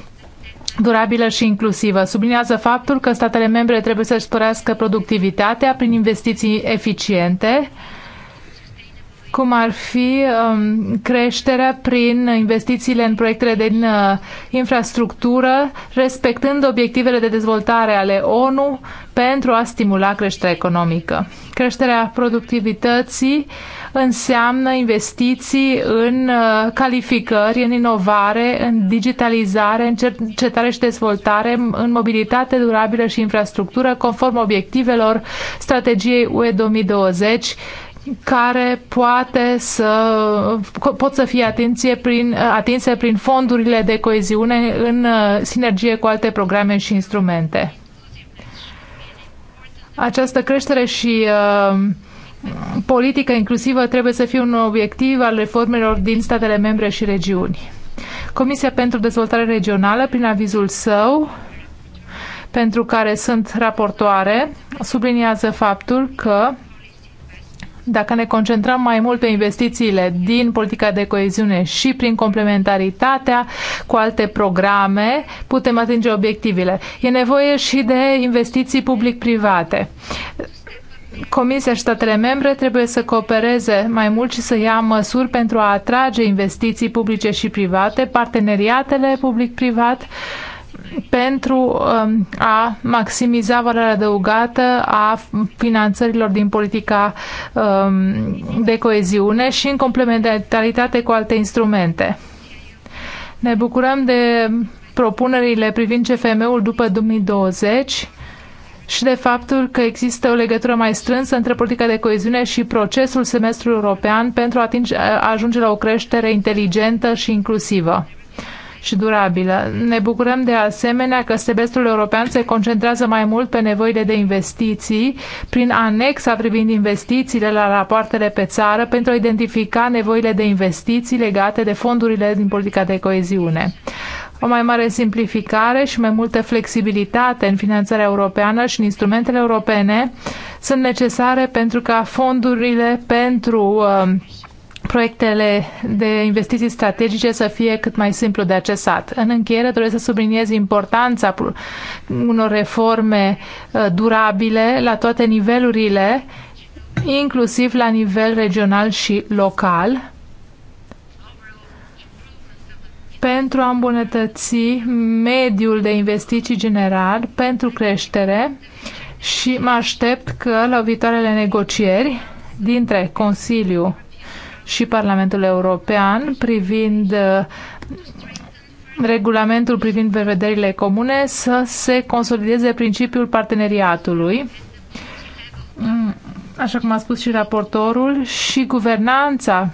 durabilă și inclusivă. Sublinează faptul că statele membre trebuie să-și sporească productivitatea prin investiții eficiente, cum ar fi um, creșterea prin investițiile în proiectele de uh, infrastructură, respectând obiectivele de dezvoltare ale ONU pentru a stimula creșterea economică. Creșterea productivității înseamnă investiții în uh, calificări, în inovare, în digitalizare, în cercetare și dezvoltare, în mobilitate durabilă și infrastructură, conform obiectivelor strategiei UE 2020 care poate să, pot să fie atinse prin, atinse prin fondurile de coeziune în uh, sinergie cu alte programe și instrumente. Această creștere și uh, politică inclusivă trebuie să fie un obiectiv al reformelor din statele membre și regiuni. Comisia pentru Dezvoltare Regională, prin avizul său, pentru care sunt raportoare, subliniază faptul că dacă ne concentrăm mai mult pe investițiile din politica de coeziune și prin complementaritatea cu alte programe, putem atinge obiectivele. E nevoie și de investiții public-private. Comisia și statele membre trebuie să coopereze mai mult și să ia măsuri pentru a atrage investiții publice și private, parteneriatele public-privat, uh, pentru um, a maximiza valoarea adăugată a finanțărilor din politica um, de coeziune și în complementaritate cu alte instrumente. Ne bucurăm de propunerile privind CFM-ul după 2020 și de faptul că există o legătură mai strânsă între politica de coeziune și procesul semestrului european pentru a, a ajunge la o creștere inteligentă și inclusivă și durabilă. Ne bucurăm de asemenea că semestrul european se concentrează mai mult pe nevoile de investiții prin anexa privind investițiile la rapoartele pe țară pentru a identifica nevoile de investiții legate de fondurile din politica de coeziune o mai mare simplificare și mai multă flexibilitate în finanțarea europeană și în instrumentele europene sunt necesare pentru ca fondurile pentru uh, proiectele de investiții strategice să fie cât mai simplu de accesat. În încheiere doresc să subliniez importanța unor reforme uh, durabile la toate nivelurile, inclusiv la nivel regional și local, pentru a îmbunătăți mediul de investiții general pentru creștere și mă aștept că la viitoarele negocieri dintre Consiliu și Parlamentul European privind uh, regulamentul privind prevederile comune să se consolideze principiul parteneriatului mm, așa cum a spus și raportorul, și guvernanța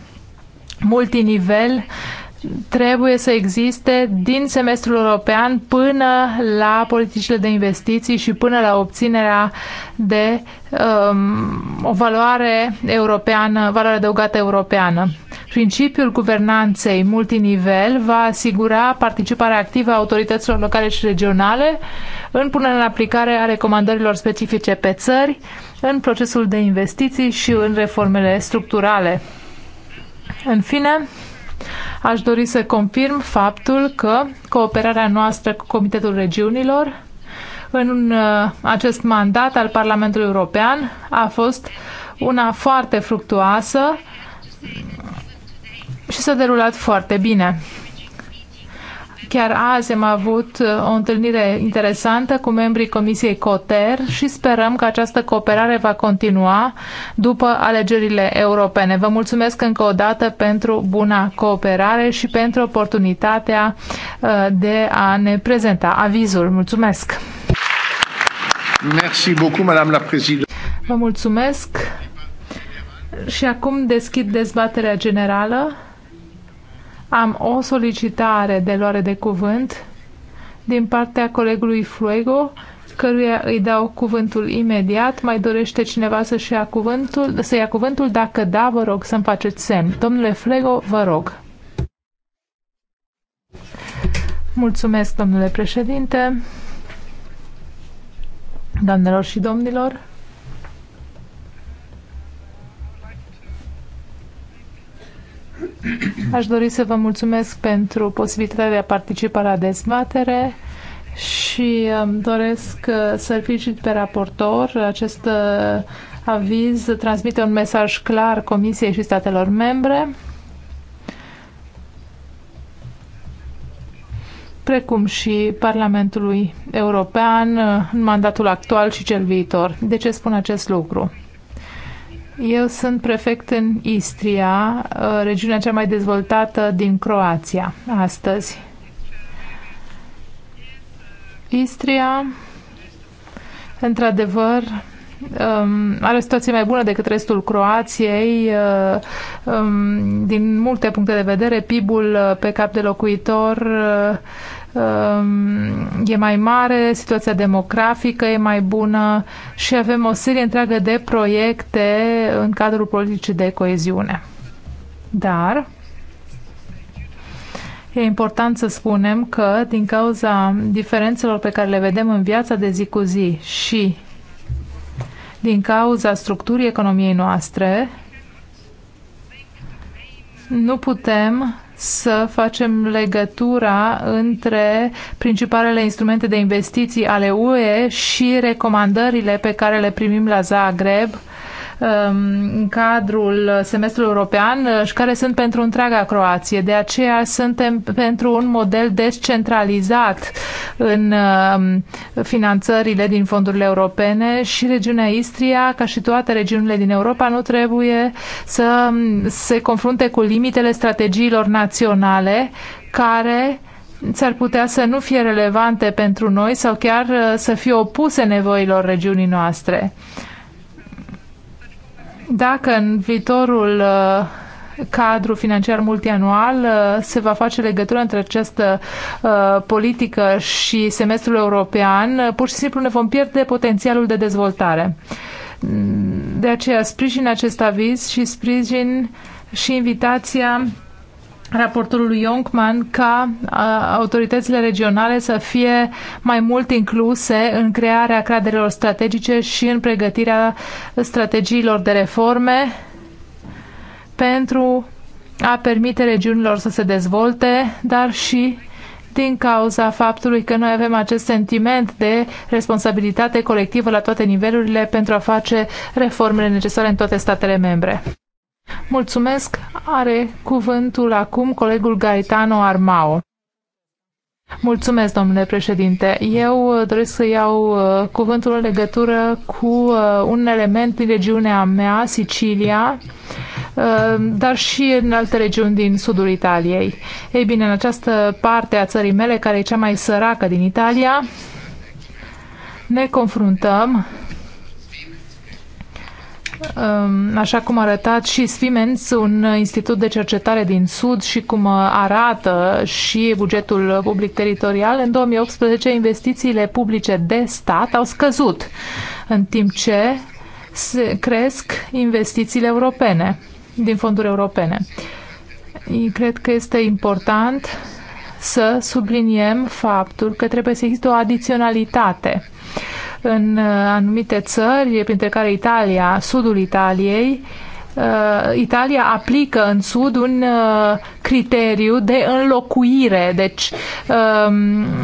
multinivel trebuie să existe din semestrul european până la politicile de investiții și până la obținerea de um, o valoare europeană, valoare adăugată europeană. Principiul guvernanței multinivel va asigura participarea activă a autorităților locale și regionale în punerea în aplicare a recomandărilor specifice pe țări, în procesul de investiții și în reformele structurale. În fine, Aș dori să confirm faptul că cooperarea noastră cu Comitetul Regiunilor în uh, acest mandat al Parlamentului European a fost una foarte fructuoasă și s-a derulat foarte bine. Chiar azi am avut uh, o întâlnire interesantă cu membrii Comisiei COTER și sperăm că această cooperare va continua după alegerile europene. Vă mulțumesc încă o dată pentru buna cooperare și pentru oportunitatea uh, de a ne prezenta avizul. Mulțumesc! Merci beaucoup, Madame la Vă mulțumesc și acum deschid dezbaterea generală. Am o solicitare de luare de cuvânt din partea colegului Fluego, căruia îi dau cuvântul imediat. Mai dorește cineva să-și ia cuvântul? Să ia cuvântul? Dacă da, vă rog să-mi faceți semn. Domnule Fluego, vă rog. Mulțumesc, domnule președinte. Doamnelor și domnilor, Aș dori să vă mulțumesc pentru posibilitatea de a participa la dezbatere și um, doresc uh, să-l felicit pe raportor. Acest uh, aviz transmite un mesaj clar Comisiei și statelor membre, precum și Parlamentului European uh, în mandatul actual și cel viitor. De ce spun acest lucru? Eu sunt prefect în Istria, uh, regiunea cea mai dezvoltată din Croația astăzi. Istria, într-adevăr, um, are o situație mai bună decât restul Croației uh, um, din multe puncte de vedere. PIB-ul uh, pe cap de locuitor Um, e mai mare, situația demografică e mai bună și avem o serie întreagă de proiecte în cadrul politicii de coeziune. Dar e important să spunem că din cauza diferențelor pe care le vedem în viața de zi cu zi și din cauza structurii economiei noastre, nu putem să facem legătura între principalele instrumente de investiții ale UE și recomandările pe care le primim la Zagreb Um, în cadrul semestrului european uh, și care sunt pentru întreaga Croație. De aceea suntem pentru un model descentralizat în um, finanțările din fondurile europene și regiunea Istria, ca și toate regiunile din Europa, nu trebuie să um, se confrunte cu limitele strategiilor naționale care s-ar putea să nu fie relevante pentru noi sau chiar uh, să fie opuse nevoilor regiunii noastre dacă în viitorul uh, cadru financiar multianual uh, se va face legătură între această uh, politică și semestrul european, pur și simplu ne vom pierde potențialul de dezvoltare. Mm, de aceea sprijin acest aviz și sprijin și invitația raportul lui Youngman ca autoritățile regionale să fie mai mult incluse în crearea cadrelor strategice și în pregătirea strategiilor de reforme pentru a permite regiunilor să se dezvolte, dar și din cauza faptului că noi avem acest sentiment de responsabilitate colectivă la toate nivelurile pentru a face reformele necesare în toate statele membre. Mulțumesc. Are cuvântul acum colegul Gaetano Armao. Mulțumesc, domnule președinte. Eu uh, doresc să iau uh, cuvântul în legătură cu uh, un element din regiunea mea, Sicilia, dar și în alte regiuni din sudul Italiei. Ei bine, în această parte a țării mele, care e cea mai săracă din Italia, ne confruntăm Um, așa cum a arătat și Siemens, un institut de cercetare din Sud și cum arată și bugetul public teritorial, în 2018 investițiile publice de stat au scăzut, în timp ce cresc investițiile europene, din fonduri europene. Cred că este important să subliniem faptul că trebuie să există o adiționalitate în uh, anumite țări, printre care Italia, sudul Italiei, Uh, Italia aplică în Sud un uh, criteriu de înlocuire. Deci, um,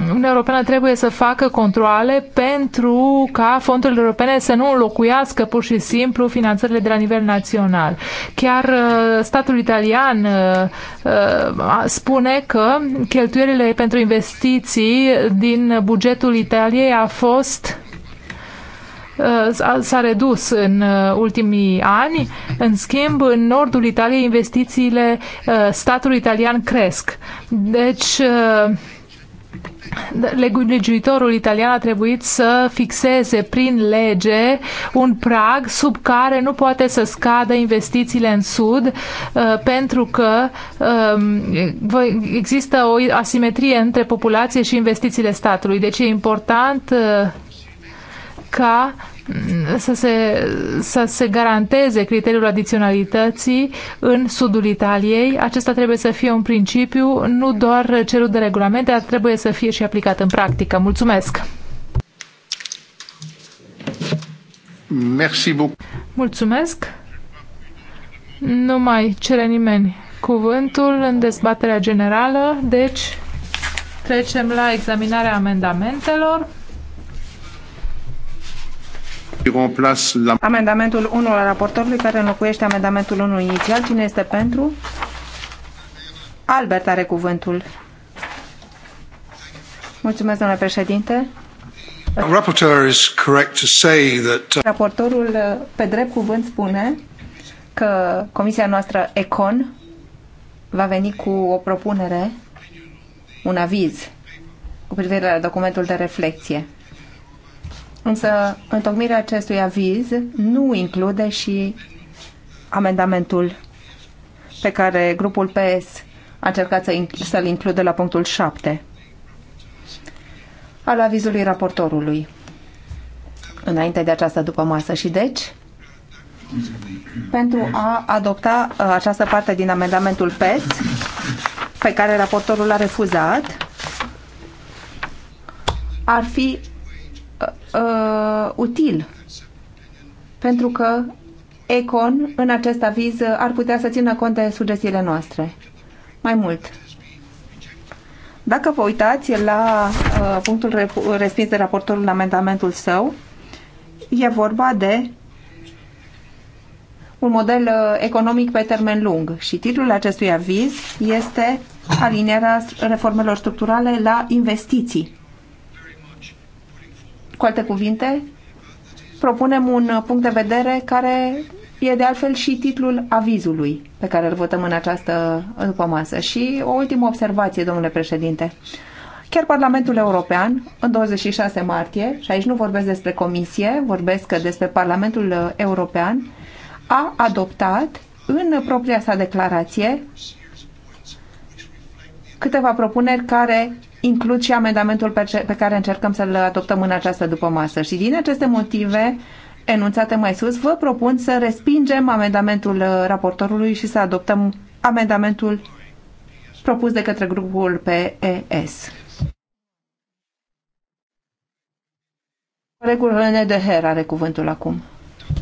Uniunea Europeană trebuie să facă controle pentru ca fondurile europene să nu înlocuiască pur și simplu finanțările de la nivel național. Chiar uh, statul italian spune că cheltuielile pentru investiții din bugetul Italiei a fost s-a redus în uh, ultimii ani. În schimb, în nordul Italiei investițiile uh, statului italian cresc. Deci, uh, legiuitorul italian a trebuit să fixeze prin lege un prag sub care nu poate să scadă investițiile în Sud pentru că um, există o asimetrie între populație și investițiile statului. Deci e important ca să se, să se garanteze criteriul adiționalității în sudul Italiei. Acesta trebuie să fie un principiu, nu doar cerut de regulamente, dar trebuie să fie și aplicat în practică. Mulțumesc! Merci beaucoup. Mulțumesc! Nu mai cere nimeni cuvântul în dezbaterea generală, deci trecem la examinarea amendamentelor. Amendamentul 1 al raportorului care înlocuiește amendamentul 1 inițial. Cine este pentru? Albert are cuvântul. Mulțumesc, domnule președinte. Uh, Raportorul uh, pe drept cuvânt spune că comisia noastră ECON va veni cu o propunere, un aviz cu privire la documentul de reflecție. Însă, întocmirea acestui aviz nu include și amendamentul pe care grupul PS a încercat să l includă la punctul 7 al avizului raportorului înainte de această după masă și deci pentru a adopta uh, această parte din amendamentul PES pe care raportorul l-a refuzat ar fi Uh, uh, util, pentru că Econ, în acest aviz, uh, ar putea să țină cont de sugestiile noastre. Mai mult, dacă vă uitați la uh, punctul respins de raportorul în amendamentul său, e vorba de un model uh, economic pe termen lung și titlul acestui aviz este alinierea reformelor structurale la investiții. Cu alte cuvinte, propunem un punct de vedere care e de altfel și titlul avizului pe care îl votăm în această după masă. Și o ultimă observație, domnule președinte. Chiar Parlamentul European, în 26 martie, și aici nu vorbesc despre Comisie, vorbesc despre Parlamentul European, a adoptat în propria sa declarație câteva propuneri care includ și amendamentul pe care încercăm să-l adoptăm în această după masă. Și din aceste motive enunțate mai sus, vă propun să respingem amendamentul uh, raportorului și să adoptăm amendamentul propus de către grupul PES. Colegul René de Her are cuvântul acum.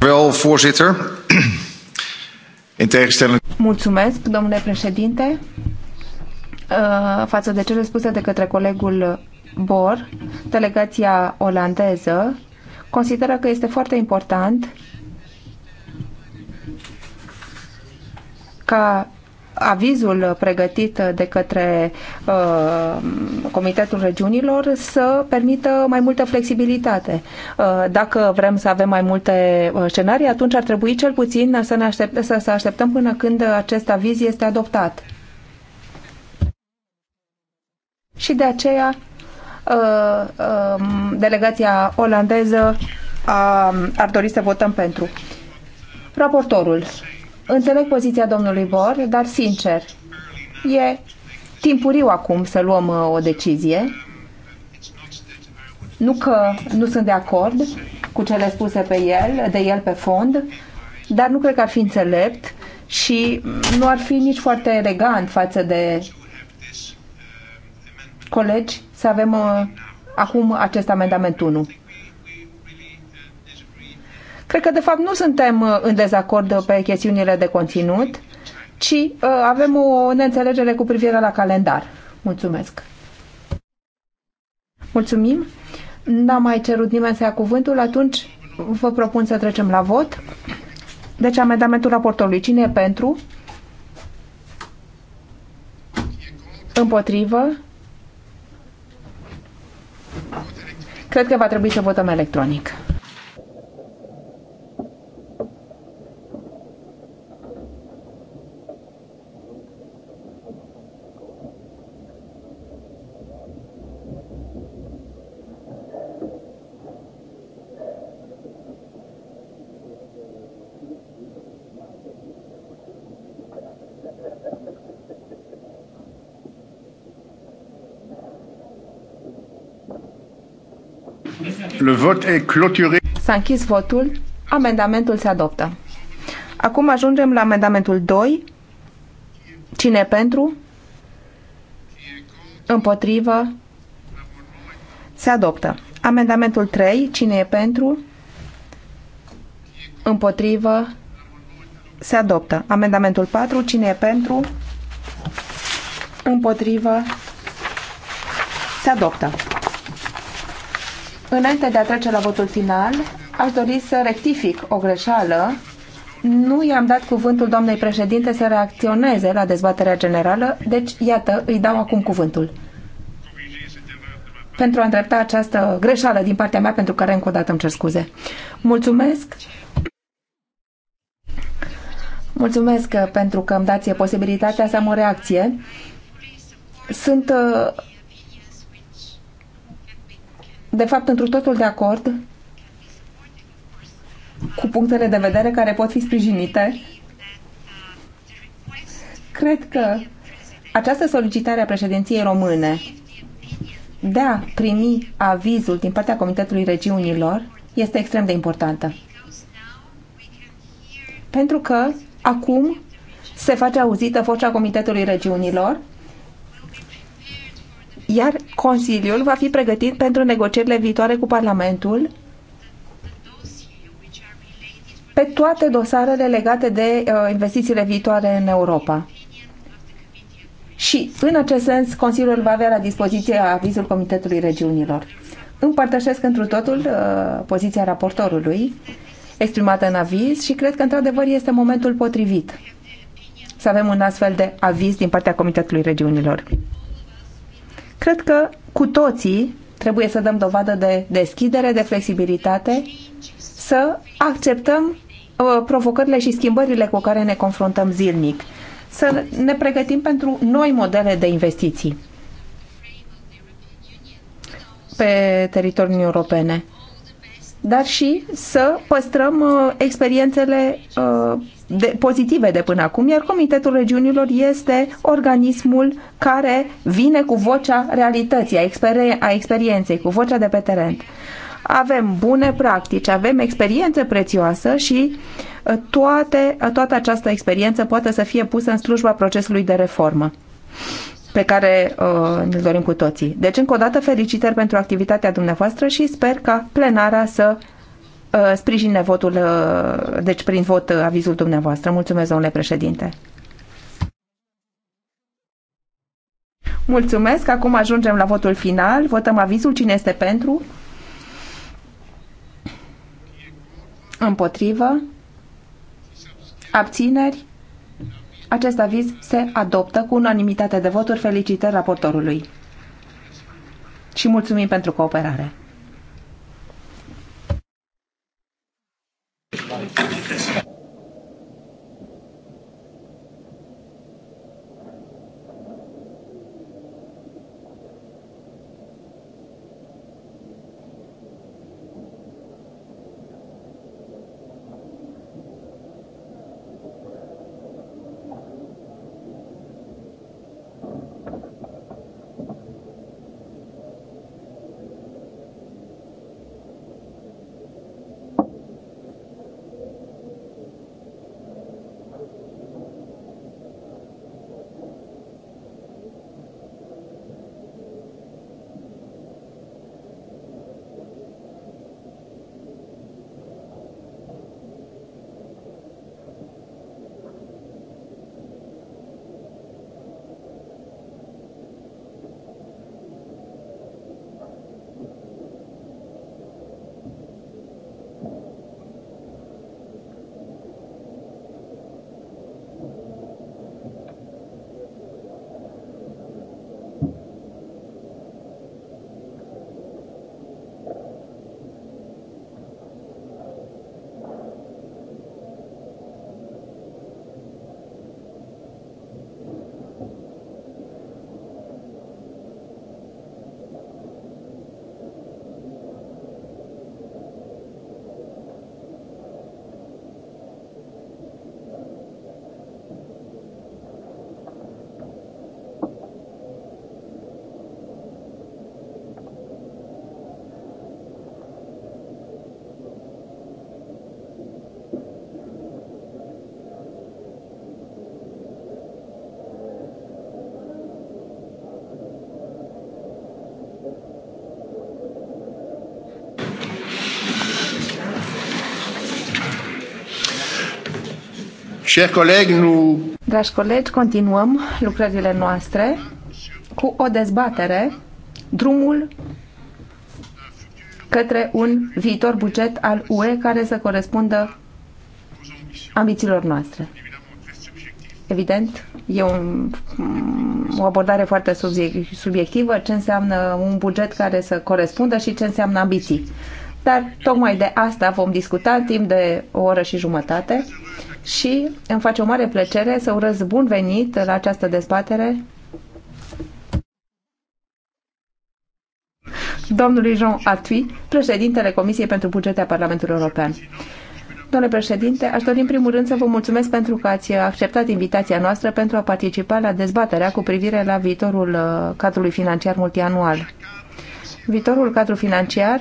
Wel, voorzitter. [clears throat] Mulțumesc, domnule președinte. Uh, față de cele spuse de către colegul Bor, delegația olandeză consideră că este foarte important ca avizul pregătit de către uh, Comitetul Regiunilor să permită mai multă flexibilitate. Uh, dacă vrem să avem mai multe uh, scenarii, atunci ar trebui cel puțin să, ne aștept, să, să așteptăm până când acest aviz este adoptat. Și de aceea uh, um, delegația olandeză ar dori să votăm pentru. Raportorul. Înțeleg poziția domnului Bor, dar sincer, e timpuriu acum să luăm uh, o decizie. Nu că nu sunt de acord cu cele spuse pe el, de el pe fond, dar nu cred că ar fi înțelept și nu ar fi nici foarte elegant față de colegi, să avem uh, acum acest amendament 1. Cred că, de fapt, nu suntem uh, în dezacord pe chestiunile de conținut, ci uh, avem o neînțelegere cu privire la calendar. Mulțumesc! Mulțumim! N-a mai cerut nimeni să ia cuvântul, atunci vă propun să trecem la vot. Deci, amendamentul raportorului. Cine e pentru? Împotrivă? Cred că va trebui să votăm electronic. Le vote est clôturé. S-a închis votul. Amendamentul se adoptă. Acum ajungem la amendamentul 2. Cine pentru? Împotrivă? Se adoptă. Amendamentul 3. Cine e pentru? Împotrivă? Se adoptă. Amendamentul 4. Cine e pentru? Împotrivă? Se adoptă. Înainte de a trece la votul final, aș dori să rectific o greșeală. Nu i-am dat cuvântul doamnei președinte să reacționeze la dezbaterea generală, deci, iată, îi dau acum cuvântul. Pentru a îndrepta această greșeală din partea mea, pentru care încă o dată îmi cer scuze. Mulțumesc! Mulțumesc pentru că îmi dați posibilitatea să am o reacție. Sunt uh, de fapt, într totul de acord cu punctele de vedere care pot fi sprijinite. Cred că această solicitare a președinției române de a primi avizul din partea Comitetului Regiunilor este extrem de importantă. Pentru că acum se face auzită vocea Comitetului Regiunilor iar Consiliul va fi pregătit pentru negocierile viitoare cu Parlamentul pe toate dosarele legate de uh, investițiile viitoare în Europa. Și, în acest sens, Consiliul va avea la dispoziție avizul Comitetului Regiunilor. Împărtășesc întru totul uh, poziția raportorului exprimată în aviz și cred că, într-adevăr, este momentul potrivit să avem un astfel de aviz din partea Comitetului Regiunilor. Cred că cu toții trebuie să dăm dovadă de deschidere, de flexibilitate, să acceptăm uh, provocările și schimbările cu care ne confruntăm zilnic, să ne pregătim pentru noi modele de investiții pe teritoriul europene, dar și să păstrăm uh, experiențele uh, de, pozitive de până acum, iar Comitetul Regiunilor este organismul care vine cu vocea realității, a, exper- a experienței, cu vocea de pe teren. Avem bune practici, avem experiență prețioasă și ă, toate, ă, toată această experiență poate să fie pusă în slujba procesului de reformă pe care uh, ă, ne dorim cu toții. Deci, încă o dată, felicitări pentru activitatea dumneavoastră și sper ca plenara să Uh, sprijine votul, uh, deci prin vot uh, avizul dumneavoastră. Mulțumesc, domnule președinte. Mulțumesc. Acum ajungem la votul final. Votăm avizul. Cine este pentru? Împotrivă? Abțineri? Acest aviz se adoptă cu unanimitate de voturi. Felicitări raportorului. Și mulțumim pentru cooperare. Bye. Chers collègues, nous... Dragi colegi, continuăm lucrările noastre cu o dezbatere, drumul către un viitor buget al UE care să corespundă ambițiilor noastre. Evident, e un, o abordare foarte subiectivă, ce înseamnă un buget care să corespundă și ce înseamnă ambiții. Dar tocmai de asta vom discuta timp de o oră și jumătate și îmi face o mare plăcere să urez bun venit la această dezbatere domnului Jean Atui, președintele Comisiei pentru Bugete a Parlamentului European. Domnule președinte, aș dori în primul rând să vă mulțumesc pentru că ați acceptat invitația noastră pentru a participa la dezbaterea cu privire la viitorul uh, cadrului financiar multianual. Viitorul cadru financiar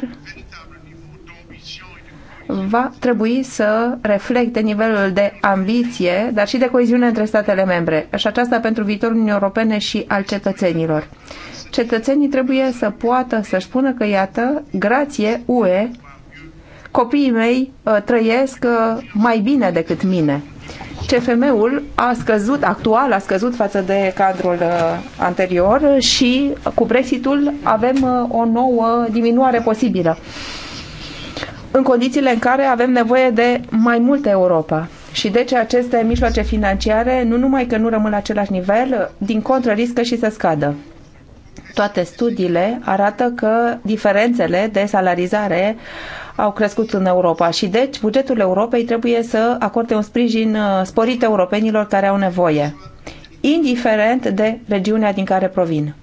va trebui să reflecte nivelul de ambiție, dar și de coeziune între statele membre, și aceasta pentru viitorul Uniunii Europene și al cetățenilor. Cetățenii trebuie să poată să-și spună că, iată, grație UE, copiii mei uh, trăiesc uh, mai bine decât mine. CFM-ul a scăzut, actual a scăzut față de cadrul uh, anterior și cu Brexit-ul avem o nouă diminuare posibilă în condițiile în care avem nevoie de mai multă Europa. Și deci aceste mijloace financiare nu numai că nu rămân la același nivel, din contră riscă și să scadă. Toate studiile arată că diferențele de salarizare au crescut în Europa și deci bugetul Europei trebuie să acorde un sprijin uh, sporit europenilor care au nevoie, indiferent de regiunea din care provin.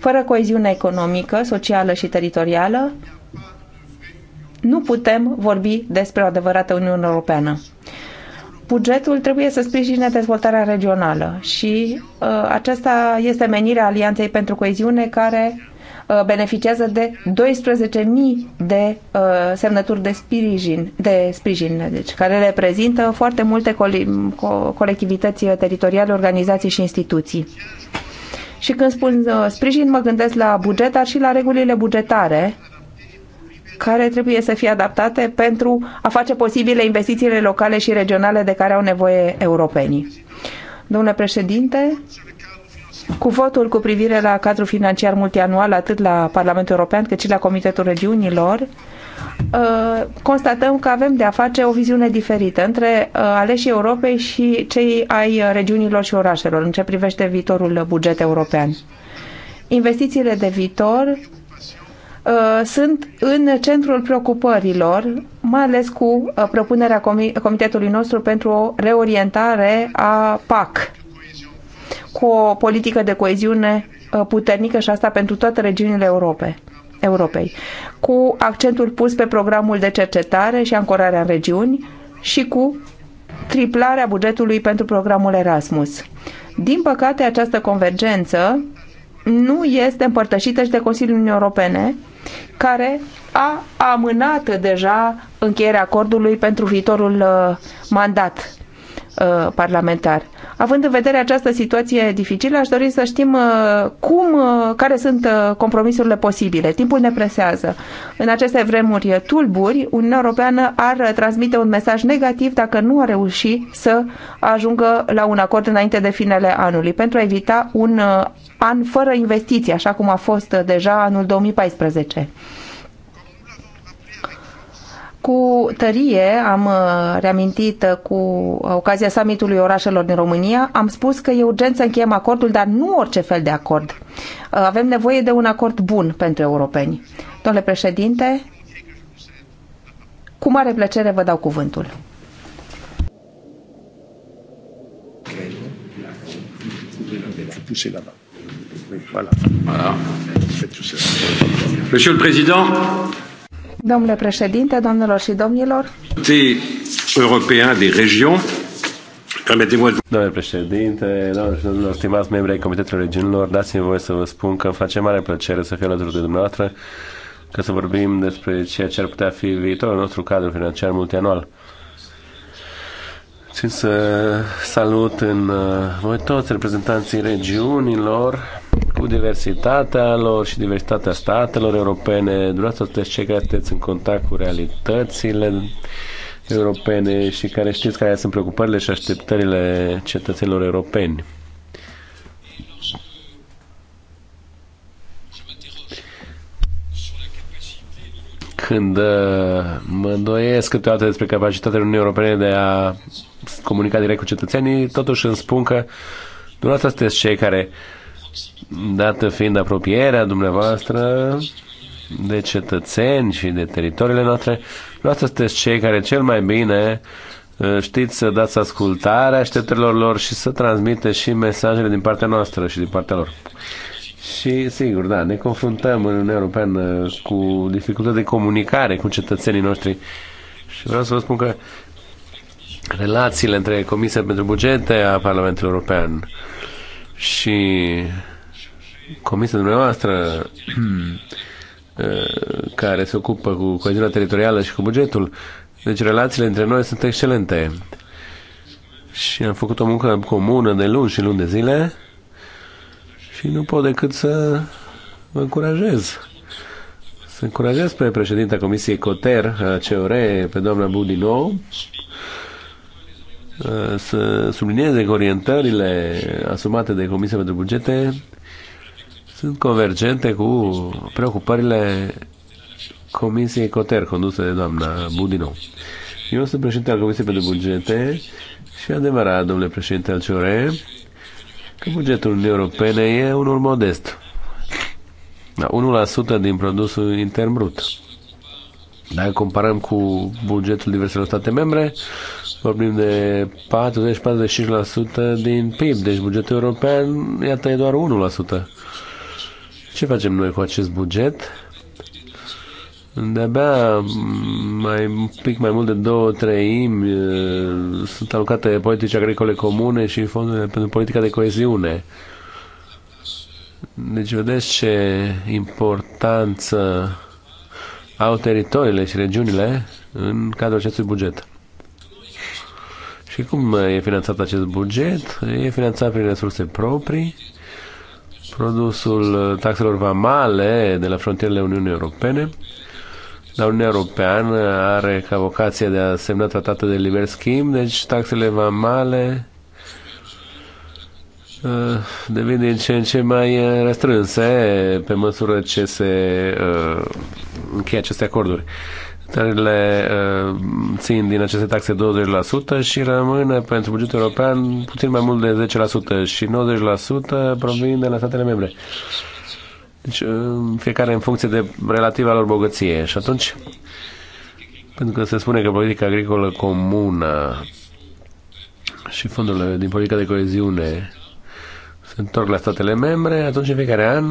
Fără coeziune economică, socială și teritorială, nu putem vorbi despre o adevărată Uniune Europeană. Bugetul trebuie să sprijine dezvoltarea regională și uh, aceasta este menirea Alianței pentru Coeziune care uh, beneficiază de 12.000 de uh, semnături de sprijin, de sprijin deci, care reprezintă foarte multe co co colectivități teritoriale, organizații și instituții. Și când spun uh, sprijin, mă gândesc la buget, dar și la regulile bugetare care trebuie să fie adaptate pentru a face posibile investițiile locale și regionale de care au nevoie europenii. Domnule președinte, cu votul cu privire la cadrul financiar multianual, atât la Parlamentul European cât și la Comitetul Regiunilor, ă, constatăm că avem de a face o viziune diferită între ă, aleșii Europei și cei ai regiunilor și orașelor în ce privește viitorul buget european. Investițiile de viitor Uh, sunt în centrul preocupărilor, mai ales cu uh, propunerea comitetului nostru pentru o reorientare a PAC cu o politică de coeziune uh, puternică și asta pentru toate regiunile Europei. Europei, cu accentul pus pe programul de cercetare și ancorarea în regiuni și cu triplarea bugetului pentru programul Erasmus. Din păcate, această convergență nu este împărtășită și de Consiliul Uniunii Europene, care a amânat deja încheierea acordului pentru viitorul uh, mandat Uh, parlamentar. Având în vedere această situație dificilă, aș dori să știm uh, cum, uh, care sunt compromisurile posibile. Timpul ne presează. În aceste vremuri tulburi, Uniunea Europeană ar transmite un mesaj negativ dacă nu a reușit să ajungă la un acord înainte de finele anului, pentru a evita un an fără investiții, așa cum a fost deja anul 2014. Cu tărie am uh, reamintit uh, cu uh, ocazia summitului orașelor din România, am spus că e urgent să încheiem acordul, dar nu orice fel de acord. Avem nevoie de un acord bun pentru europeni. Domnule președinte, cu mare plăcere vă dau cuvântul. Monsieur le Président, Domnule președinte, domnilor și domnilor. European de regiuni. Domnule președinte, doamne și domnilor, stimați membri ai Comitetului Regiunilor, dați-mi voie să vă spun că îmi face mare plăcere să fiu alături de dumneavoastră ca să vorbim despre ceea ce ar putea fi viitorul nostru cadru financiar multianual. Țin să salut în uh, voi toți reprezentanții regiunilor cu diversitatea lor și diversitatea statelor europene. Dumneavoastră sunteți cei care sunteți în contact cu realitățile europene și care știți care sunt preocupările și așteptările cetățenilor europeni. când uh, mă îndoiesc câteodată despre capacitatea Uniunii Europene de a comunica direct cu cetățenii, totuși îmi spun că dumneavoastră sunteți cei care dată fiind apropierea dumneavoastră de cetățeni și de teritoriile noastre, noastre sunteți cei care cel mai bine uh, știți să dați ascultare așteptărilor lor și să transmite și mesajele din partea noastră și din partea lor. Și sigur, da, ne confruntăm în Uniunea Europeană cu dificultăți de comunicare cu cetățenii noștri și vreau să vă spun că relațiile între Comisia pentru Bugete a Parlamentului European și comisia dumneavoastră [clears throat] eh, care se ocupă cu coeziunea teritorială și cu bugetul. Deci relațiile între noi sunt excelente. Și am făcut o muncă comună de luni și luni de zile și nu pot decât să vă încurajez. Să încurajez pe președinta Comisiei Coter, CEOR, pe doamna Budinou, Uh, să sublinieze că orientările asumate de Comisia pentru Bugete sunt convergente cu preocupările Comisiei Coter, condusă de doamna Budinou. Eu sunt președinte al Comisiei pentru Bugete și adevărat, domnule președinte al CEORE, că bugetul Uniunii Europene e unul modest. 1% da, din produsul intern brut. Dacă comparăm cu bugetul diverselor state membre, vorbim de 40-45% din PIB, deci bugetul european, iată, e doar 1%. Ce facem noi cu acest buget? De-abia mai, un pic mai mult de două treimi uh, sunt alocate politici agricole comune și fondurile pentru politica de coeziune. Deci vedeți ce importanță au teritoriile și regiunile în cadrul acestui buget. Și cum e finanțat acest buget? E finanțat prin resurse proprii, produsul taxelor vamale de la frontierele Uniunii Europene. La Uniunea Europeană are ca vocație de a semna tratate de liber schimb, deci taxele vamale uh, devin din ce în ce mai uh, restrânse pe măsură ce se uh, încheie aceste acorduri. Țările uh, țin din aceste taxe 20% și rămâne pentru bugetul european puțin mai mult de 10% și 90% provin de la statele membre. Deci uh, fiecare în funcție de relativa lor bogăție. Și atunci, pentru că se spune că politica agricolă comună și fondurile din politica de coeziune se întorc la statele membre, atunci în fiecare an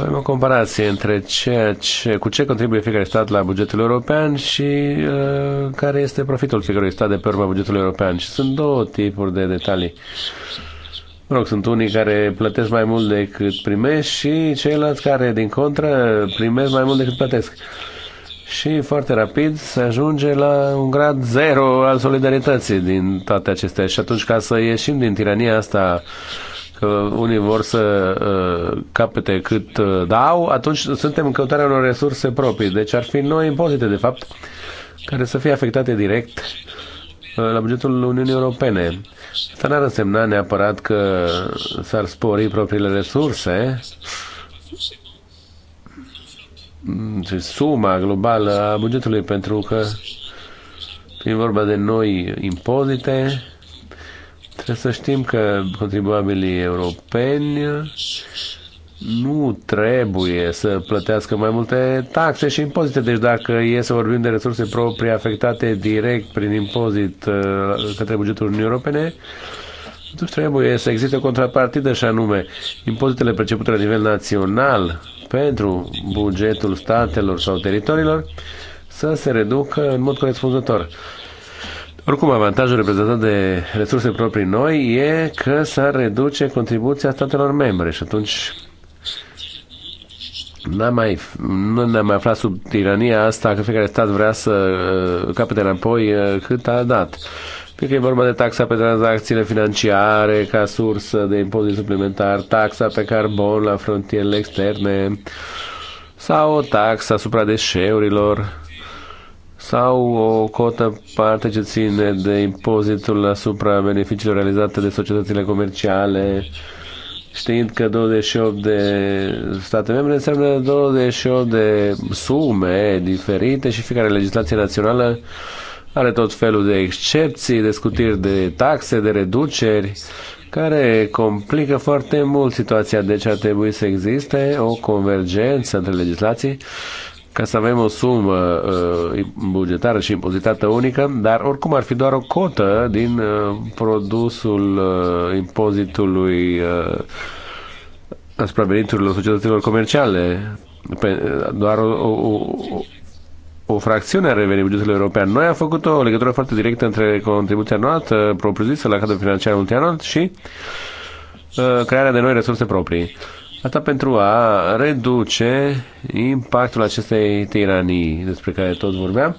avem o comparație între ceea ce, cu ce contribuie fiecare stat la bugetul european și uh, care este profitul fiecărui stat de pe urma bugetului european. Și sunt două tipuri de detalii. Mă rog, sunt unii care plătesc mai mult decât primesc și ceilalți care, din contră, primesc mai mult decât plătesc. Și foarte rapid se ajunge la un grad zero al solidarității din toate acestea. Și atunci, ca să ieșim din tirania asta că unii vor să uh, capete cât uh, dau, atunci suntem în căutarea unor resurse proprii. Deci ar fi noi impozite, de fapt, care să fie afectate direct uh, la bugetul Uniunii Europene. Asta n-ar însemna neapărat că s-ar spori propriile resurse, deci suma globală a bugetului, pentru că e vorba de noi impozite, Trebuie să știm că contribuabilii europeni nu trebuie să plătească mai multe taxe și impozite. Deci dacă e să vorbim de resurse proprii afectate direct prin impozit uh, către bugetul Uniunii Europene, atunci trebuie să existe o contrapartidă și anume impozitele percepute la nivel național pentru bugetul statelor sau teritoriilor să se reducă în mod corespunzător. Oricum, avantajul reprezentat de resurse proprii noi e că s-ar reduce contribuția statelor membre și atunci n-am mai, nu ne-am mai aflat sub tirania asta că fiecare stat vrea să uh, capete înapoi uh, cât a dat. Fie că e vorba de taxa pe tranzacțiile financiare ca sursă de impozit suplimentar, taxa pe carbon la frontierele externe sau taxa taxă asupra deșeurilor sau o cotă parte ce ține de impozitul asupra beneficiilor realizate de societățile comerciale, știind că 28 de state membre înseamnă 28 de sume diferite și fiecare legislație națională are tot felul de excepții, de scutiri de taxe, de reduceri, care complică foarte mult situația, deci ar trebui să existe o convergență între legislații ca să avem o sumă uh, bugetară și impozitată unică, dar oricum ar fi doar o cotă din uh, produsul uh, impozitului asupra veniturilor societăților comerciale. Doar o, o, o fracțiune a revenit bugetului european. Noi am făcut o legătură foarte directă între contribuția noastră propriu-zisă la cadrul financiar multianual și uh, crearea de noi resurse proprii. Asta pentru a reduce impactul acestei tiranii despre care tot vorbeam,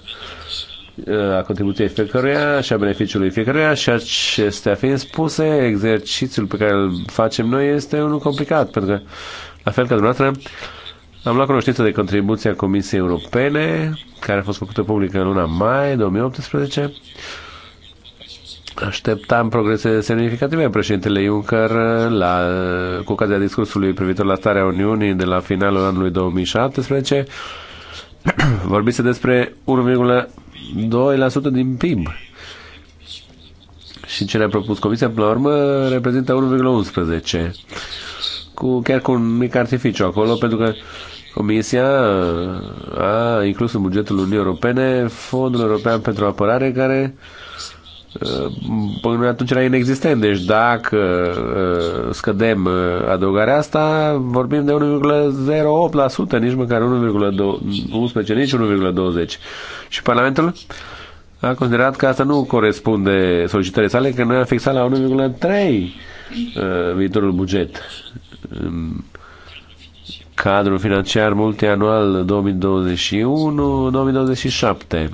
a contribuției fiecăruia și a beneficiului fiecăruia și acestea fiind spuse, exercițiul pe care îl facem noi este unul complicat, pentru că, la fel ca dumneavoastră, am luat cunoștință de contribuția Comisiei Europene, care a fost făcută publică în luna mai 2018 Așteptam progrese semnificative. Președintele Juncker, la, cu ocazia discursului privitor la starea Uniunii de la finalul anului 2017, [clears throat] vorbise despre 1,2% din PIB. Și ce le a propus Comisia, până la urmă, reprezintă 1,11%. Cu, chiar cu un mic artificiu acolo, pentru că Comisia a inclus în bugetul Uniunii Europene Fondul European pentru Apărare, care uh, Uh, până atunci era inexistent. Deci dacă uh, scădem uh, adăugarea asta, vorbim de 1,08%, nici măcar 1,11, nici 1,20%. Și Parlamentul a considerat că asta nu corespunde solicitării sale, că noi am fixat la 1,3 viitorul buget cadrul financiar multianual 2021-2027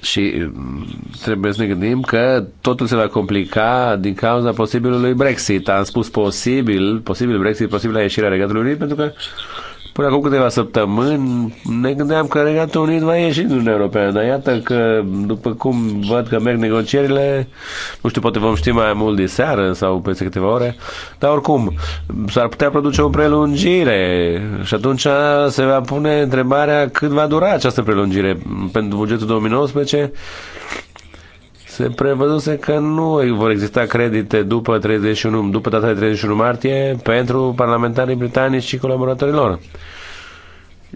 și mm, trebuie să ne gândim că totul se va complica din cauza posibilului Brexit. Am spus posibil, posibil Brexit, posibilă ieșirea Regatului Unit, pentru că Până acum câteva săptămâni ne gândeam că Regatul Unit va ieși din Uniunea Europeană, dar iată că, după cum văd că merg negocierile, nu știu, poate vom ști mai mult de seară sau peste câteva ore, dar oricum, s-ar putea produce o prelungire și atunci se va pune întrebarea cât va dura această prelungire pentru bugetul 2019 se prevăzuse că nu vor exista credite după 31, după data de 31 martie pentru parlamentarii britanici și colaboratorii lor.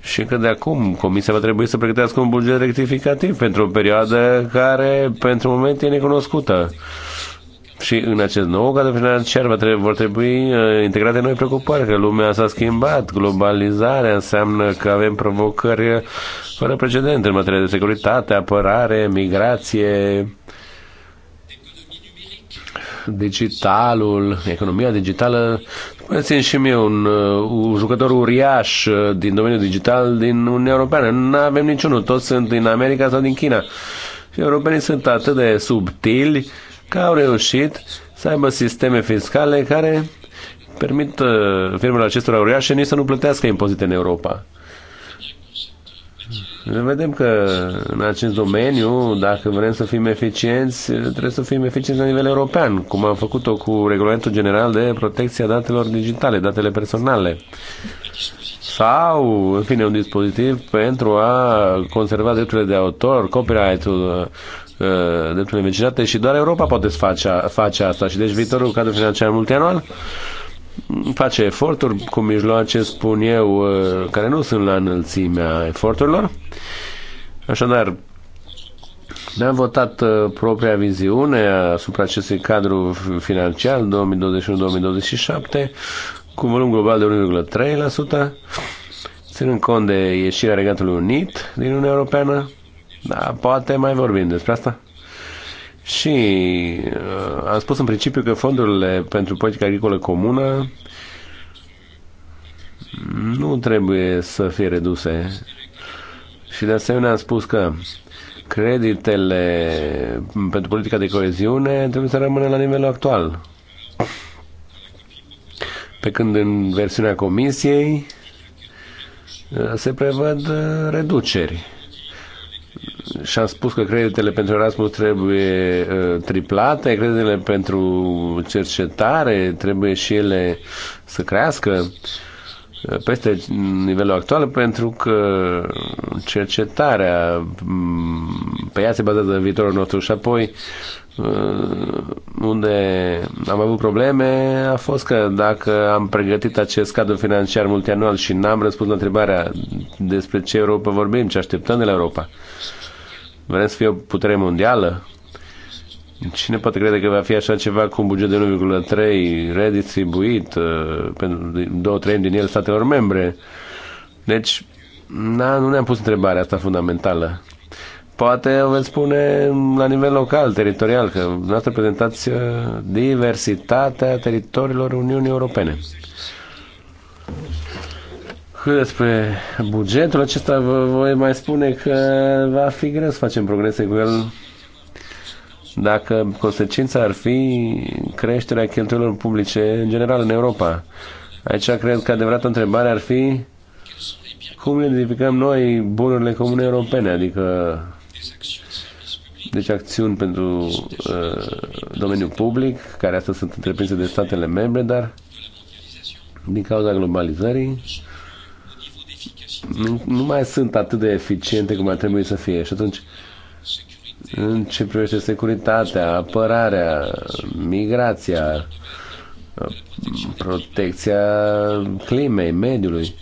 Și că de acum Comisia va trebui să pregătească un buget rectificativ pentru o perioadă care pentru moment e necunoscută. Și în acest nou cadru financiar vor trebui uh, integrate noi preocupări, că lumea s-a schimbat, globalizarea înseamnă că avem provocări fără precedent în materie de securitate, apărare, migrație, digitalul, economia digitală. Spuneți-mi și mie un, uh, un jucător uriaș uh, din domeniul digital din Uniunea Europeană. Nu avem niciunul, toți sunt din America sau din China. Și europenii sunt atât de subtili că au reușit să aibă sisteme fiscale care permit uh, firmelor acestora uriașe nici să nu plătească impozite în Europa. Vedem că în acest domeniu, dacă vrem să fim eficienți, trebuie să fim eficienți la nivel european, cum am făcut-o cu Regulamentul General de Protecție a Datelor Digitale, datele personale. Sau, în fine, un dispozitiv pentru a conserva drepturile de autor, copyright-ul, uh, drepturile vecinate și doar Europa poate face, face asta. Și deci viitorul cadru financiar multianual face eforturi cu mijloace, spun eu, uh, care nu sunt la înălțimea eforturilor. Așadar, ne-am votat uh, propria viziune asupra acestui cadru financiar 2021-2027 cu volum global de 1,3%, ținând cont de ieșirea Regatului Unit din Uniunea Europeană. Da, poate mai vorbim despre asta. Și uh, am spus în principiu că fondurile pentru politica agricolă comună nu trebuie să fie reduse. Și de asemenea am spus că creditele pentru politica de coeziune trebuie să rămână la nivelul actual. Pe când în versiunea comisiei uh, se prevăd uh, reduceri și am spus că creditele pentru Erasmus trebuie uh, triplate, creditele pentru cercetare trebuie și ele să crească uh, peste nivelul actual pentru că cercetarea mm, pe ea se bazează în viitorul nostru și apoi uh, unde am avut probleme a fost că dacă am pregătit acest cadru financiar multianual și n-am răspuns la întrebarea despre ce Europa vorbim, ce așteptăm de la Europa, Vrem să fie o putere mondială? Cine poate crede că va fi așa ceva cu un buget de 1,3 redistribuit uh, pentru două treimi din el statelor membre? Deci, na, nu ne-am pus întrebarea asta fundamentală. Poate o veți spune la nivel local, teritorial, că dumneavoastră prezentați uh, diversitatea teritoriilor Uniunii Europene. Cât despre bugetul acesta, vă voi mai spune că va fi greu să facem progrese cu el dacă consecința ar fi creșterea cheltuielor publice în general în Europa. Aici cred că adevărata întrebare ar fi cum identificăm noi bunurile comune europene, adică deci acțiuni pentru uh, domeniul public, care astăzi sunt întreprinse de statele membre, dar din cauza globalizării nu, nu mai sunt atât de eficiente cum ar trebui să fie. Și atunci, în ce privește securitatea, apărarea, migrația, protecția climei, mediului,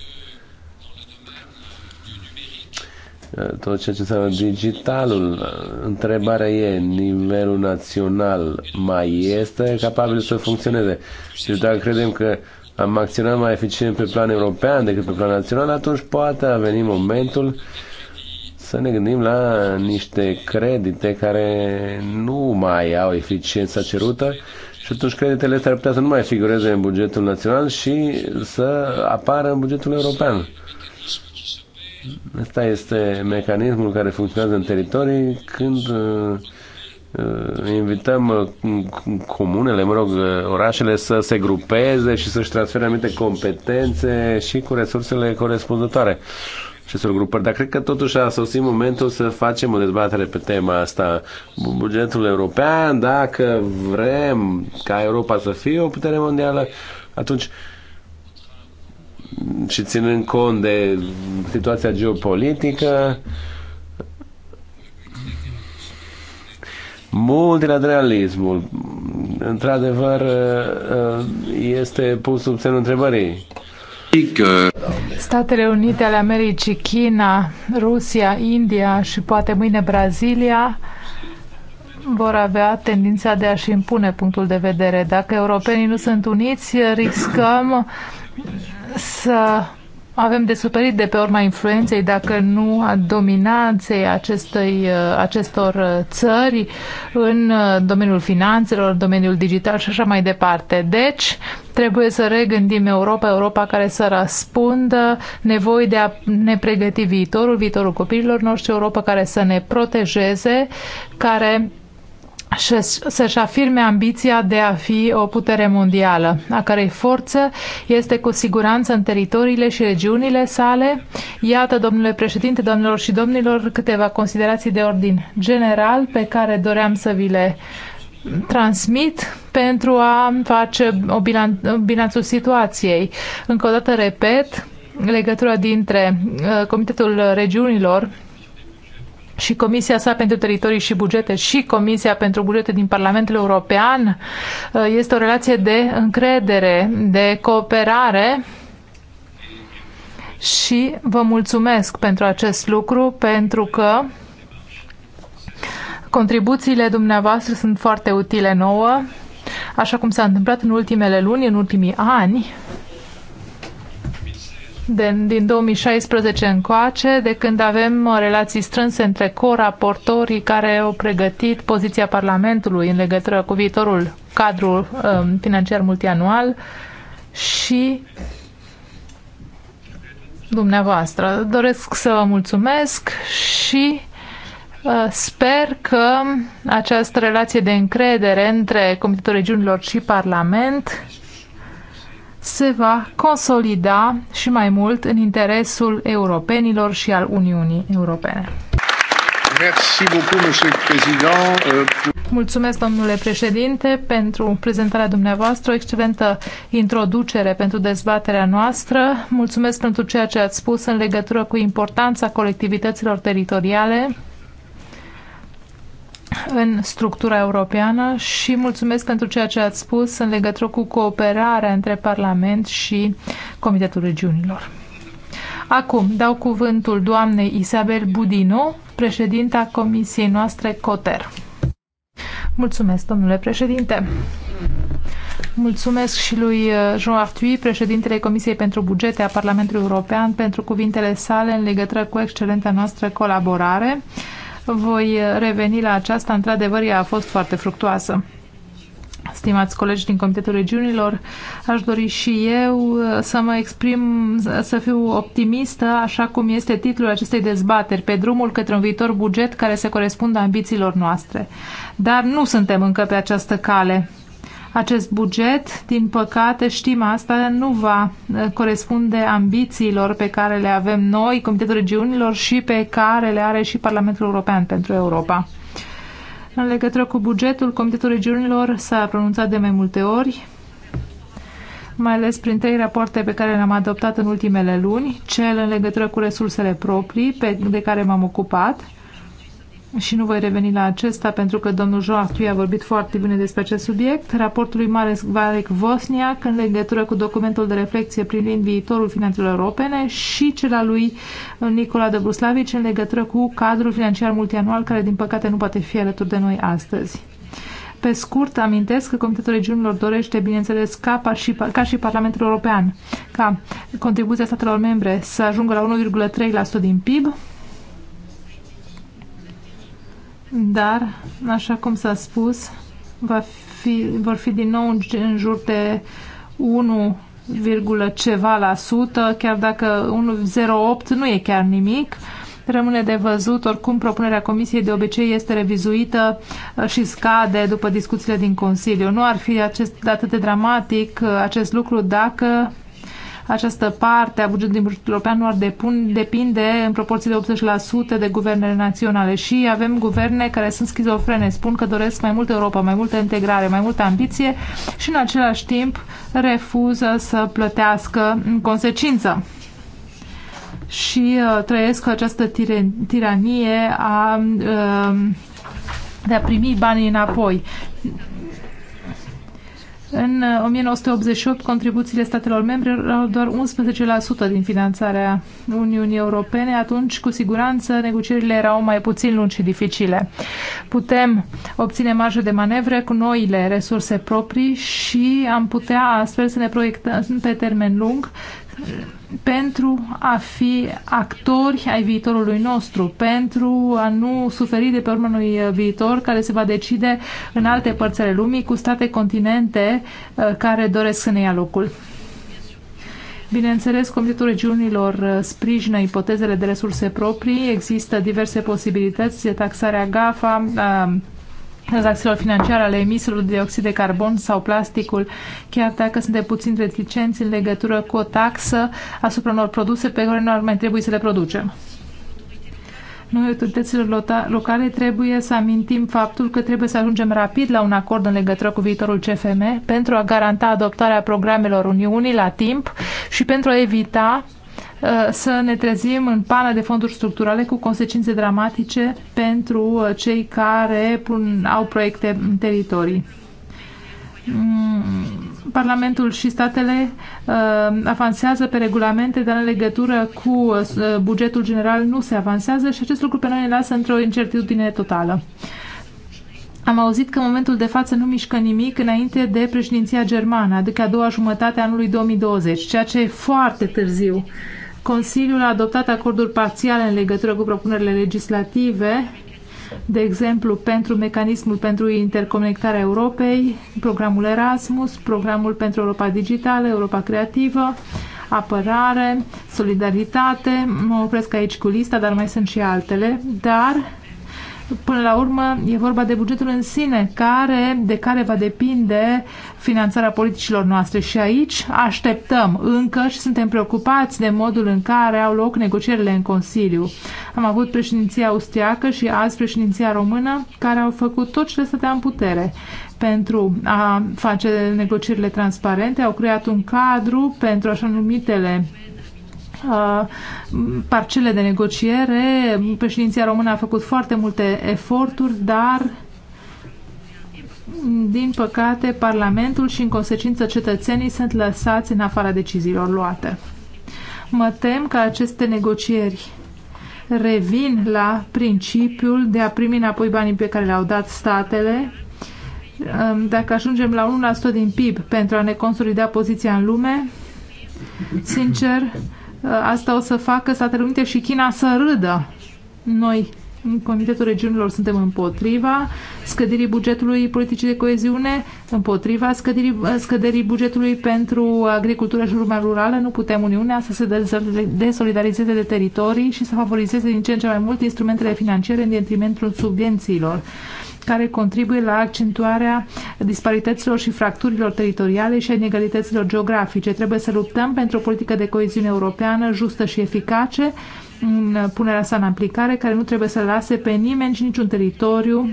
tot ceea ce înseamnă digitalul, întrebarea e, nivelul național mai este capabil să funcționeze. Și deci dacă credem că am acționat mai eficient pe plan european decât pe plan național, atunci poate a venit momentul să ne gândim la niște credite care nu mai au eficiența cerută și atunci creditele astea ar putea să nu mai figureze în bugetul național și să apară în bugetul european. Asta este mecanismul care funcționează în teritorii când Uh, invităm uh, comunele, mă rog, uh, orașele să se grupeze și să-și transfere anumite competențe și cu resursele corespunzătoare acestor grupări. Dar cred că totuși a sosit momentul să facem o dezbatere pe tema asta. Bugetul european, dacă vrem ca Europa să fie o putere mondială, atunci și ținând cont de situația geopolitică, Multilateralismul, într-adevăr, uh, uh, este pus sub semnul întrebării. Statele Unite ale Americii, China, Rusia, India și poate mâine Brazilia vor avea tendința de a-și impune punctul de vedere. Dacă europenii nu sunt uniți, riscăm să avem de suferit de pe urma influenței, dacă nu a dominanței acestei, uh, acestor uh, țări în uh, domeniul finanțelor, domeniul digital și așa mai departe. Deci, trebuie să regândim Europa, Europa care să răspundă nevoii de a ne pregăti viitorul, viitorul copiilor noștri, Europa care să ne protejeze, care să-și afirme ambiția de a fi o putere mondială, a cărei forță este cu siguranță în teritoriile și regiunile sale. Iată, domnule președinte, domnilor și domnilor, câteva considerații de ordin general pe care doream să vi le transmit pentru a face o bilanțul situației. Încă o dată repet, legătura dintre uh, Comitetul Regiunilor și Comisia sa pentru Teritorii și Bugete și Comisia pentru Bugete din Parlamentul European uh, este o relație de încredere, de cooperare și vă mulțumesc pentru acest lucru, pentru că contribuțiile dumneavoastră sunt foarte utile nouă, așa cum s-a întâmplat în ultimele luni, în ultimii ani de, din 2016 încoace, de când avem uh, relații strânse între co-raportorii care au pregătit poziția Parlamentului în legătură cu viitorul cadru um, financiar multianual și dumneavoastră. Doresc să vă mulțumesc și uh, Sper că această relație de încredere între Comitetul Regiunilor și Parlament se va consolida și mai mult în interesul europenilor și al Uniunii Europene. Euh, Mulțumesc, domnule președinte, pentru prezentarea dumneavoastră, o excelentă introducere pentru dezbaterea noastră. Mulțumesc pentru ceea ce ați spus în legătură cu importanța colectivităților teritoriale în structura europeană și mulțumesc pentru ceea ce ați spus în legătură cu cooperarea între Parlament și Comitetul Regiunilor. Acum dau cuvântul doamnei Isabel Budino, președinta comisiei noastre COTER. Mulțumesc, domnule președinte. Mulțumesc și lui uh, Jean Artui, președintele Comisiei pentru Bugete a Parlamentului European, pentru cuvintele sale în legătură cu excelenta noastră colaborare voi uh, reveni la aceasta. Într-adevăr, ea a fost foarte fructuoasă. Stimați colegi din Comitetul Regiunilor, aș dori și eu uh, să mă exprim, să fiu optimistă, așa cum este titlul acestei dezbateri, pe drumul către un viitor buget care să corespundă ambițiilor noastre. Dar nu suntem încă pe această cale. Acest buget, din păcate, știm asta, nu va uh, corespunde ambițiilor pe care le avem noi, Comitetul Regiunilor, și pe care le are și Parlamentul European pentru Europa. În legătură cu bugetul, Comitetul Regiunilor s-a pronunțat de mai multe ori, mai ales prin trei rapoarte pe care le-am adoptat în ultimele luni, cel în legătură cu resursele proprii, pe, de care m-am ocupat, și nu voi reveni la acesta pentru că domnul Joachim a vorbit foarte bine despre acest subiect, raportul lui Mare Varec Vosniak în legătură cu documentul de reflexie privind viitorul finanțelor europene și cel al lui Nicola de Bruslavici în legătură cu cadrul financiar multianual care din păcate nu poate fi alături de noi astăzi. Pe scurt, amintesc că Comitetul Regiunilor dorește, bineînțeles, ca, și, ca și Parlamentul European, ca contribuția statelor membre să ajungă la 1,3% din PIB, dar, așa cum s-a spus, va fi, vor fi din nou în jur de 1, ceva la sută, chiar dacă 1,08 nu e chiar nimic. Rămâne de văzut, oricum propunerea Comisiei de obicei este revizuită uh, și scade după discuțiile din Consiliu. Nu ar fi acest, atât de dramatic uh, acest lucru dacă această parte a bugetului bugetul european nu ar depun, depinde în proporție de 80% de guvernele naționale și avem guverne care sunt schizofrene, spun că doresc mai multă Europa, mai multă integrare, mai multă ambiție și în același timp refuză să plătească în consecință și uh, trăiesc această tire, tiranie a, uh, de a primi banii înapoi. În 1988, uh, contribuțiile statelor membre erau doar 11% din finanțarea Uniunii Europene. Atunci, cu siguranță, negocierile erau mai puțin lungi și dificile. Putem obține marjă de manevre cu noile resurse proprii și am putea astfel să ne proiectăm pe termen lung pentru a fi actori ai viitorului nostru, pentru a nu suferi de pe urmă unui viitor care se va decide în alte părți ale lumii cu state continente uh, care doresc să ne ia locul. Bineînțeles, Comitetul Regiunilor uh, sprijină ipotezele de resurse proprii. Există diverse posibilități, taxarea GAFA, uh, tranzacțiilor financiare, ale emisiilor de dioxid de carbon sau plasticul, chiar dacă de puțin reticenți în legătură cu o taxă asupra unor produse pe care nu ar mai trebui să le producem. Noi, autorităților locale, trebuie să amintim faptul că trebuie să ajungem rapid la un acord în legătură cu viitorul CFM pentru a garanta adoptarea programelor Uniunii la timp și pentru a evita Uh, să ne trezim în pană de fonduri structurale cu consecințe dramatice pentru uh, cei care pun, au proiecte în teritorii. Mm, Parlamentul și statele uh, avansează pe regulamente, dar în legătură cu uh, bugetul general nu se avansează și acest lucru pe noi ne lasă într-o incertitudine totală. Am auzit că în momentul de față nu mișcă nimic înainte de președinția germană, adică a doua jumătate a anului 2020, ceea ce e foarte târziu. Uh, Consiliul a adoptat acorduri parțiale în legătură cu propunerile legislative, de exemplu pentru mecanismul pentru interconectarea Europei, programul Erasmus, programul pentru Europa Digitală, Europa Creativă, apărare, solidaritate. Mă opresc aici cu lista, dar mai sunt și altele, dar Până la urmă, e vorba de bugetul în sine, care, de care va depinde finanțarea politicilor noastre. Și aici așteptăm încă și suntem preocupați de modul în care au loc negocierile în Consiliu. Am avut președinția austriacă și azi președinția română, care au făcut tot ce le stătea în putere pentru a face negocierile transparente, au creat un cadru pentru așa numitele parcele de negociere. Președinția română a făcut foarte multe eforturi, dar din păcate, Parlamentul și, în consecință, cetățenii sunt lăsați în afara deciziilor luate. Mă tem că aceste negocieri revin la principiul de a primi înapoi banii pe care le-au dat statele. Dacă ajungem la 1% din PIB pentru a ne consolida poziția în lume, sincer, Uh, asta o să facă Statele Unite și China să râdă. Noi, în Comitetul Regiunilor, suntem împotriva scăderii bugetului politicii de coeziune, împotriva scăderii, uh, scăderii bugetului pentru agricultură și lumea rurală. Nu putem Uniunea să se desolidarizeze de teritorii și să favorizeze din ce în ce mai mult instrumentele financiare în detrimentul subvențiilor care contribuie la accentuarea disparităților și fracturilor teritoriale și a inegalităților geografice. Trebuie să luptăm pentru o politică de coeziune europeană justă și eficace în punerea sa în aplicare, care nu trebuie să lase pe nimeni și niciun teritoriu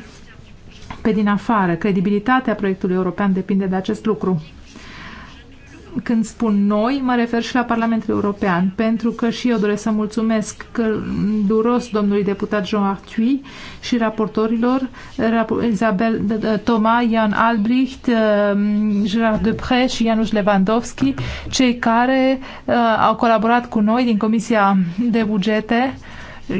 pe din afară. Credibilitatea proiectului european depinde de acest lucru când spun noi, mă refer și la Parlamentul European, pentru că și eu doresc să mulțumesc duros domnului deputat Jean Arthui și raportorilor, Isabel Toma, Ian Albrecht, um, Gerard Depre și Janusz Lewandowski, cei care uh, au colaborat cu noi din Comisia de Bugete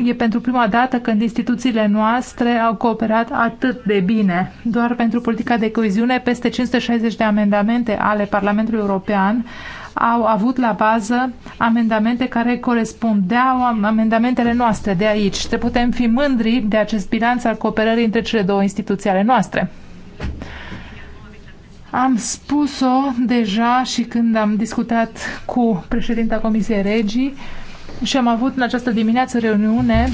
E pentru prima dată când instituțiile noastre au cooperat atât de bine. Doar pentru politica de coeziune, peste 560 de amendamente ale Parlamentului European au avut la bază amendamente care corespundeau amendamentele noastre de aici. Te putem fi mândri de acest bilanț al cooperării între cele două instituții ale noastre. Am spus-o deja și când am discutat cu președinta Comisiei Regii, uh, și am avut în această dimineață reuniune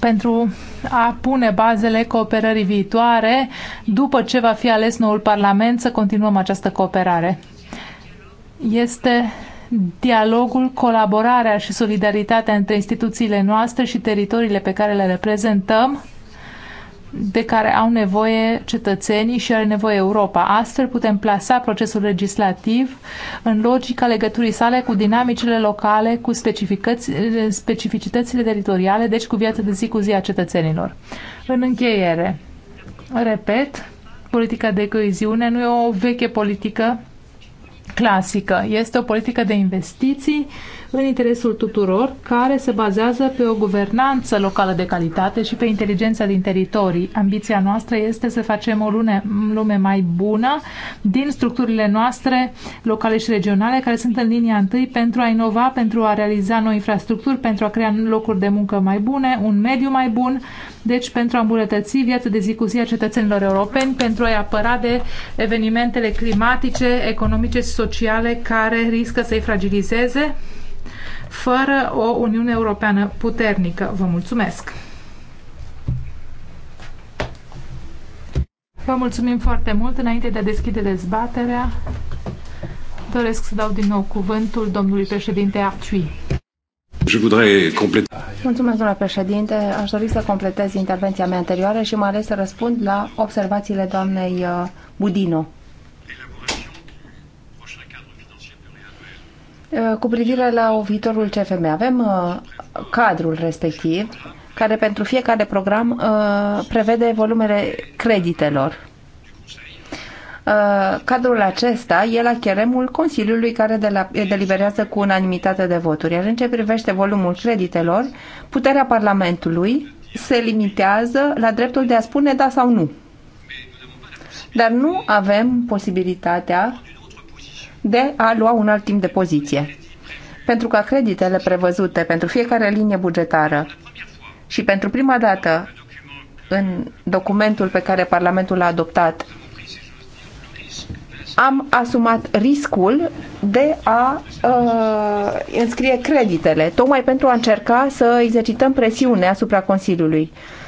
pentru a pune bazele cooperării viitoare după ce va fi ales noul Parlament să continuăm această cooperare. Este dialogul, colaborarea și solidaritatea între instituțiile noastre și teritoriile pe care le reprezentăm de care au nevoie cetățenii și are nevoie Europa. Astfel putem plasa procesul legislativ în logica legăturii sale cu dinamicile locale, cu specificitățile teritoriale, deci cu viața de zi cu zi a cetățenilor. În încheiere, repet, politica de coeziune nu e o veche politică clasică, este o politică de investiții în interesul tuturor, care se bazează pe o guvernanță locală de calitate și pe inteligența din teritorii. Ambiția noastră este să facem o lume, lume mai bună din structurile noastre locale și regionale, care sunt în linia întâi pentru a inova, pentru a realiza noi infrastructuri, pentru a crea locuri de muncă mai bune, un mediu mai bun, deci pentru a îmbunătăți viața de zi cu zi a cetățenilor europeni, pentru a-i apăra de evenimentele climatice, economice și sociale care riscă să-i fragilizeze fără o Uniune Europeană puternică. Vă mulțumesc! Vă mulțumim foarte mult. Înainte de a deschide dezbaterea, doresc să dau din nou cuvântul domnului președinte Arciui. Mulțumesc, domnule președinte. Aș dori să completez intervenția mea anterioară și mai ales să răspund la observațiile doamnei uh, Budino. Uh, cu privire la viitorul CFM. Avem uh, cadrul respectiv, care pentru fiecare program uh, prevede volumele creditelor. Cadrul acesta e la cheremul Consiliului care deliberează cu unanimitate de voturi. Iar în ce privește volumul creditelor, puterea Parlamentului se limitează la dreptul de a spune da sau nu. Dar nu avem posibilitatea de a lua un alt timp de poziție. Pentru ca creditele prevăzute pentru fiecare linie bugetară și pentru prima dată în documentul pe care Parlamentul l-a adoptat, am asumat riscul de a uh, înscrie creditele, tocmai pentru a încerca să exercităm presiune asupra Consiliului. Uh,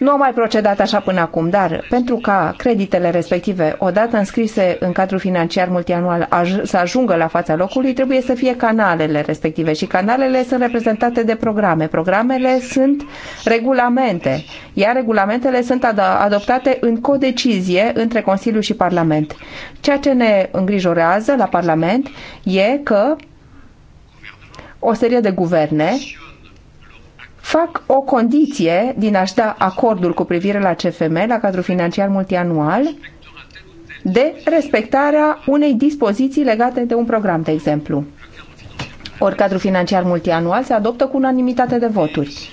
nu au mai procedat așa până acum, dar pentru ca creditele respective, odată înscrise în cadrul financiar multianual, aj- să ajungă la fața locului, trebuie să fie canalele respective și canalele sunt reprezentate de programe. Programele sunt regulamente, iar regulamentele sunt ad- adoptate în codecizie între Consiliu și Parlament. Ceea ce ne îngrijorează la Parlament e că o serie de guverne fac o condiție din a-și da acordul cu privire la CFM, la cadrul financiar multianual, de respectarea unei dispoziții legate de un program, de exemplu. Ori cadrul financiar multianual se adoptă cu unanimitate de voturi.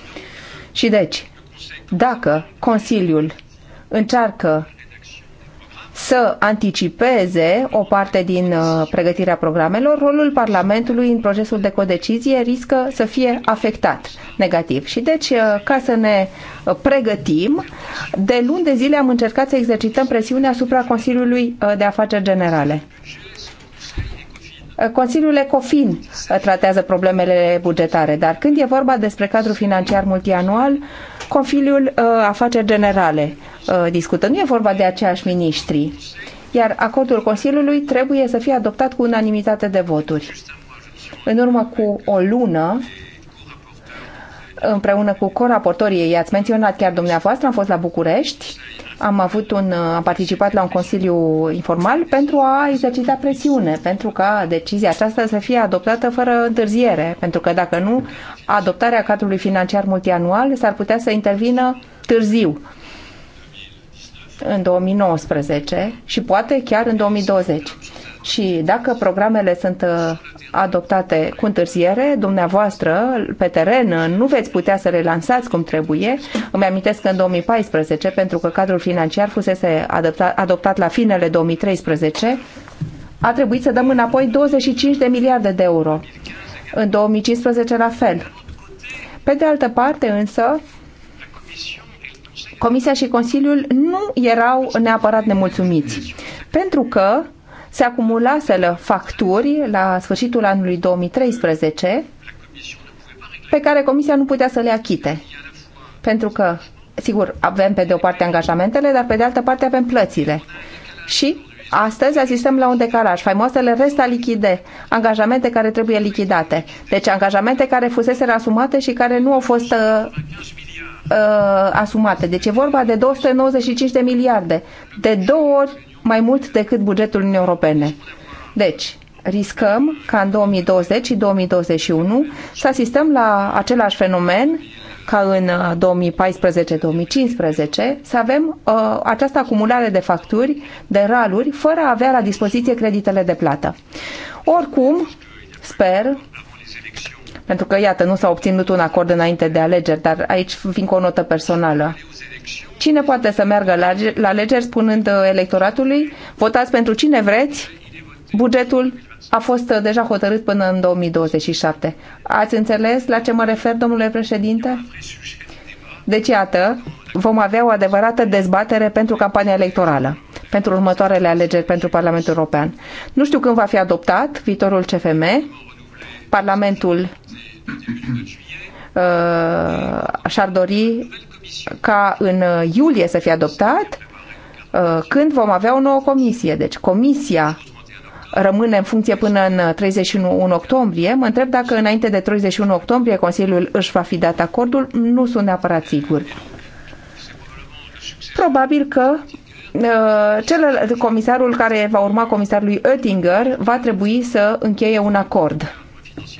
Și deci, dacă Consiliul încearcă să anticipeze o parte din uh, pregătirea programelor, rolul Parlamentului în procesul de codecizie riscă să fie afectat negativ. Și deci, uh, ca să ne uh, pregătim, de luni de zile am încercat să exercităm presiunea asupra Consiliului de Afaceri Generale. Consiliul Ecofin tratează problemele bugetare, dar când e vorba despre cadrul financiar multianual, Consiliul uh, Afaceri Generale uh, discută. Nu e vorba de aceiași miniștri. Iar acordul Consiliului trebuie să fie adoptat cu unanimitate de voturi. În urmă cu o lună, împreună cu coraportorii, i-ați menționat chiar dumneavoastră, am fost la București am, avut un, uh, am participat la un consiliu informal pentru a exercita presiune, pentru ca decizia aceasta să fie adoptată fără întârziere, pentru că dacă nu, adoptarea cadrului financiar multianual s-ar putea să intervină târziu în 2019 și poate chiar în 2020. Și dacă programele sunt uh, adoptate cu întârziere, dumneavoastră, pe teren, uh, nu veți putea să le lansați cum trebuie. Îmi amintesc că în 2014, pentru că cadrul financiar fusese adoptat, la finele 2013, a trebuit să dăm înapoi 25 de miliarde de euro. În 2015 la fel. Pe de altă parte însă, Comisia și Consiliul nu erau neapărat nemulțumiți, pentru că se acumulaseră facturi la sfârșitul anului 2013 pe care Comisia nu putea să le achite. Pentru că, sigur, avem pe de o parte angajamentele, dar pe de altă parte avem plățile. Și Astăzi asistăm la un decalaj. Faimoasele resta lichide, angajamente care trebuie lichidate. Deci angajamente care fusese asumate și care nu au fost uh, uh, asumate. Deci e vorba de 295 de miliarde. De două ori mai mult decât bugetul Uniunii Europene. Deci, riscăm ca în 2020 și 2021 să asistăm la același fenomen ca în 2014-2015 uh, să avem uh, această acumulare de facturi, de raluri, fără a avea la dispoziție creditele de plată. Oricum, sper pentru că, iată, nu s-a obținut un acord înainte de alegeri, dar aici vin cu o notă personală. Cine poate să meargă la, la alegeri spunând uh, electoratului, votați pentru cine vreți, bugetul a fost uh, deja hotărât până în 2027. Ați înțeles la ce mă refer, domnule președinte? Deci, iată, vom avea o adevărată dezbatere pentru campania electorală, pentru următoarele alegeri pentru Parlamentul European. Nu știu când va fi adoptat viitorul CFM, Parlamentul uh, și-ar dori ca în uh, iulie să fie adoptat uh, când vom avea o nouă comisie. Deci comisia rămâne în funcție până în 31 uh, octombrie. Mă întreb dacă înainte de 31 octombrie Consiliul își va fi dat acordul. Nu sunt neapărat sigur. Probabil că uh, celălalt comisarul care va urma comisarului Oettinger va trebui să încheie un acord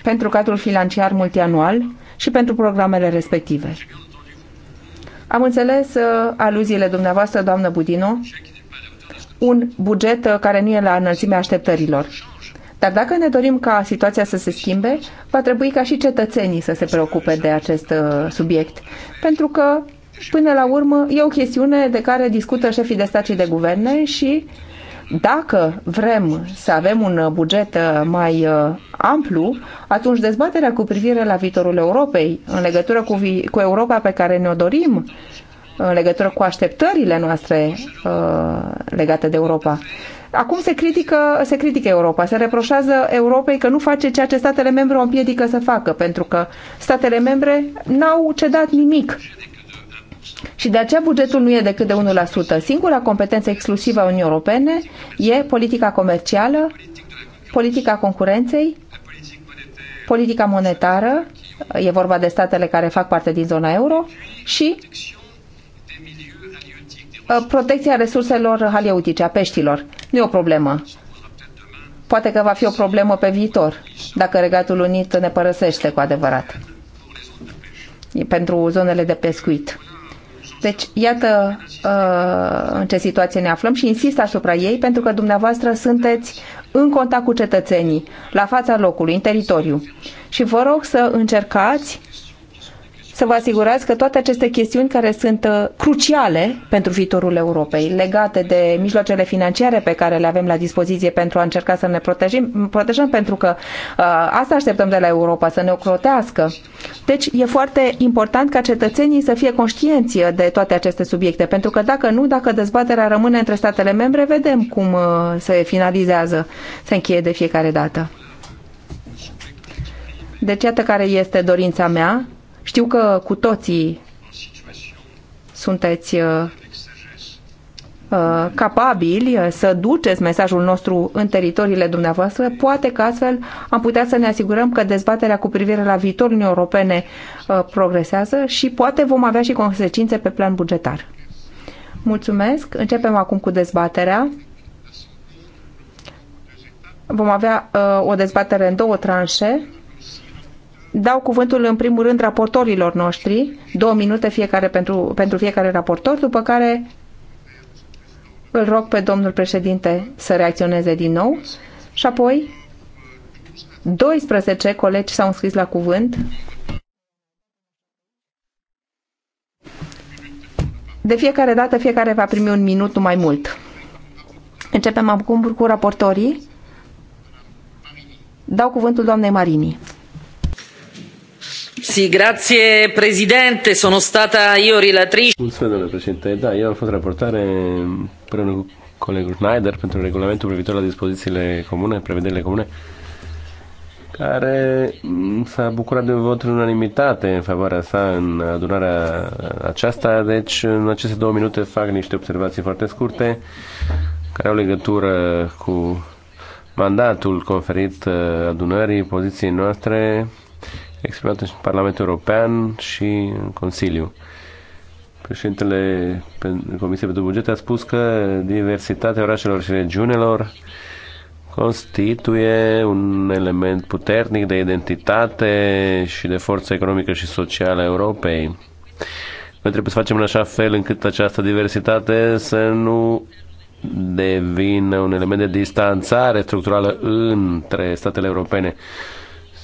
pentru cadrul financiar multianual și pentru programele respective. Am înțeles uh, aluziile dumneavoastră, doamnă Budino, un buget uh, care nu e la înălțimea așteptărilor. Dar dacă ne dorim ca situația să se schimbe, va trebui ca și cetățenii să se preocupe de acest uh, subiect. Pentru că, până la urmă, e o chestiune de care discută șefii de stat și de guverne și uh, dacă vrem să avem un buget uh, mai uh, amplu, atunci dezbaterea cu privire la viitorul Europei, în legătură cu, cu Europa pe care ne-o dorim, în legătură cu așteptările noastre uh, legate de Europa. Acum se critică, se critică Europa, se reproșează Europei că nu face ceea ce statele membre o împiedică să facă, pentru că statele membre n-au cedat nimic și de aceea bugetul nu e decât de 1%. Singura competență exclusivă a Uniunii Europene e politica comercială, politica concurenței, politica monetară, e vorba de statele care fac parte din zona euro, și ă, protecția resurselor haleutice, a peștilor. Nu e o problemă. Poate că va fi o problemă pe viitor, dacă Regatul Unit ne părăsește cu adevărat. pentru zonele de pescuit. Deci, iată uh, în ce situație ne aflăm și insist asupra ei, pentru că dumneavoastră sunteți în contact cu cetățenii, la fața locului, în teritoriu. Și vă rog să încercați să vă asigurați că toate aceste chestiuni care sunt uh, cruciale pentru viitorul Europei, legate de mijloacele financiare pe care le avem la dispoziție pentru a încerca să ne protejim, protejăm, pentru că uh, asta așteptăm de la Europa, să ne ocrotească. Deci e foarte important ca cetățenii să fie conștienți de toate aceste subiecte, pentru că dacă nu, dacă dezbaterea rămâne între statele membre, vedem cum uh, se finalizează, se încheie de fiecare dată. Deci iată care este dorința mea știu că cu toții sunteți uh, uh, capabili uh, să duceți mesajul nostru în teritoriile dumneavoastră, poate că astfel am putea să ne asigurăm că dezbaterea cu privire la viitorul Uniunii Europene progresează și poate vom avea și consecințe pe plan bugetar. Mulțumesc. Începem acum cu dezbaterea. Vom avea o dezbatere în două tranșe dau cuvântul în primul rând raportorilor noștri, două minute fiecare pentru, pentru fiecare raportor, după care îl rog pe domnul președinte să reacționeze din nou și apoi 12 colegi s-au înscris la cuvânt. De fiecare dată, fiecare va primi un minut, nu mai mult. Începem acum cu raportorii. Dau cuvântul doamnei Marini. Si, grazie Presidente, sono stata io relatrice. Mulțumesc, domnule președinte. Da, eu am fost raportare împreună cu colegul Schneider pentru regulamentul privitor la dispozițiile comune, prevederile comune, care s-a bucurat de un vot în unanimitate în favoarea sa în adunarea aceasta. Deci, în aceste două minute fac niște observații foarte scurte care au legătură cu mandatul conferit adunării, poziției noastre exprimat în Parlamentul European și în Consiliu. Președintele Comisiei pentru Buget a spus că diversitatea orașelor și regiunilor constituie un element puternic de identitate și de forță economică și socială a Europei. Noi trebuie să facem în așa fel încât această diversitate să nu devină un element de distanțare structurală între statele europene.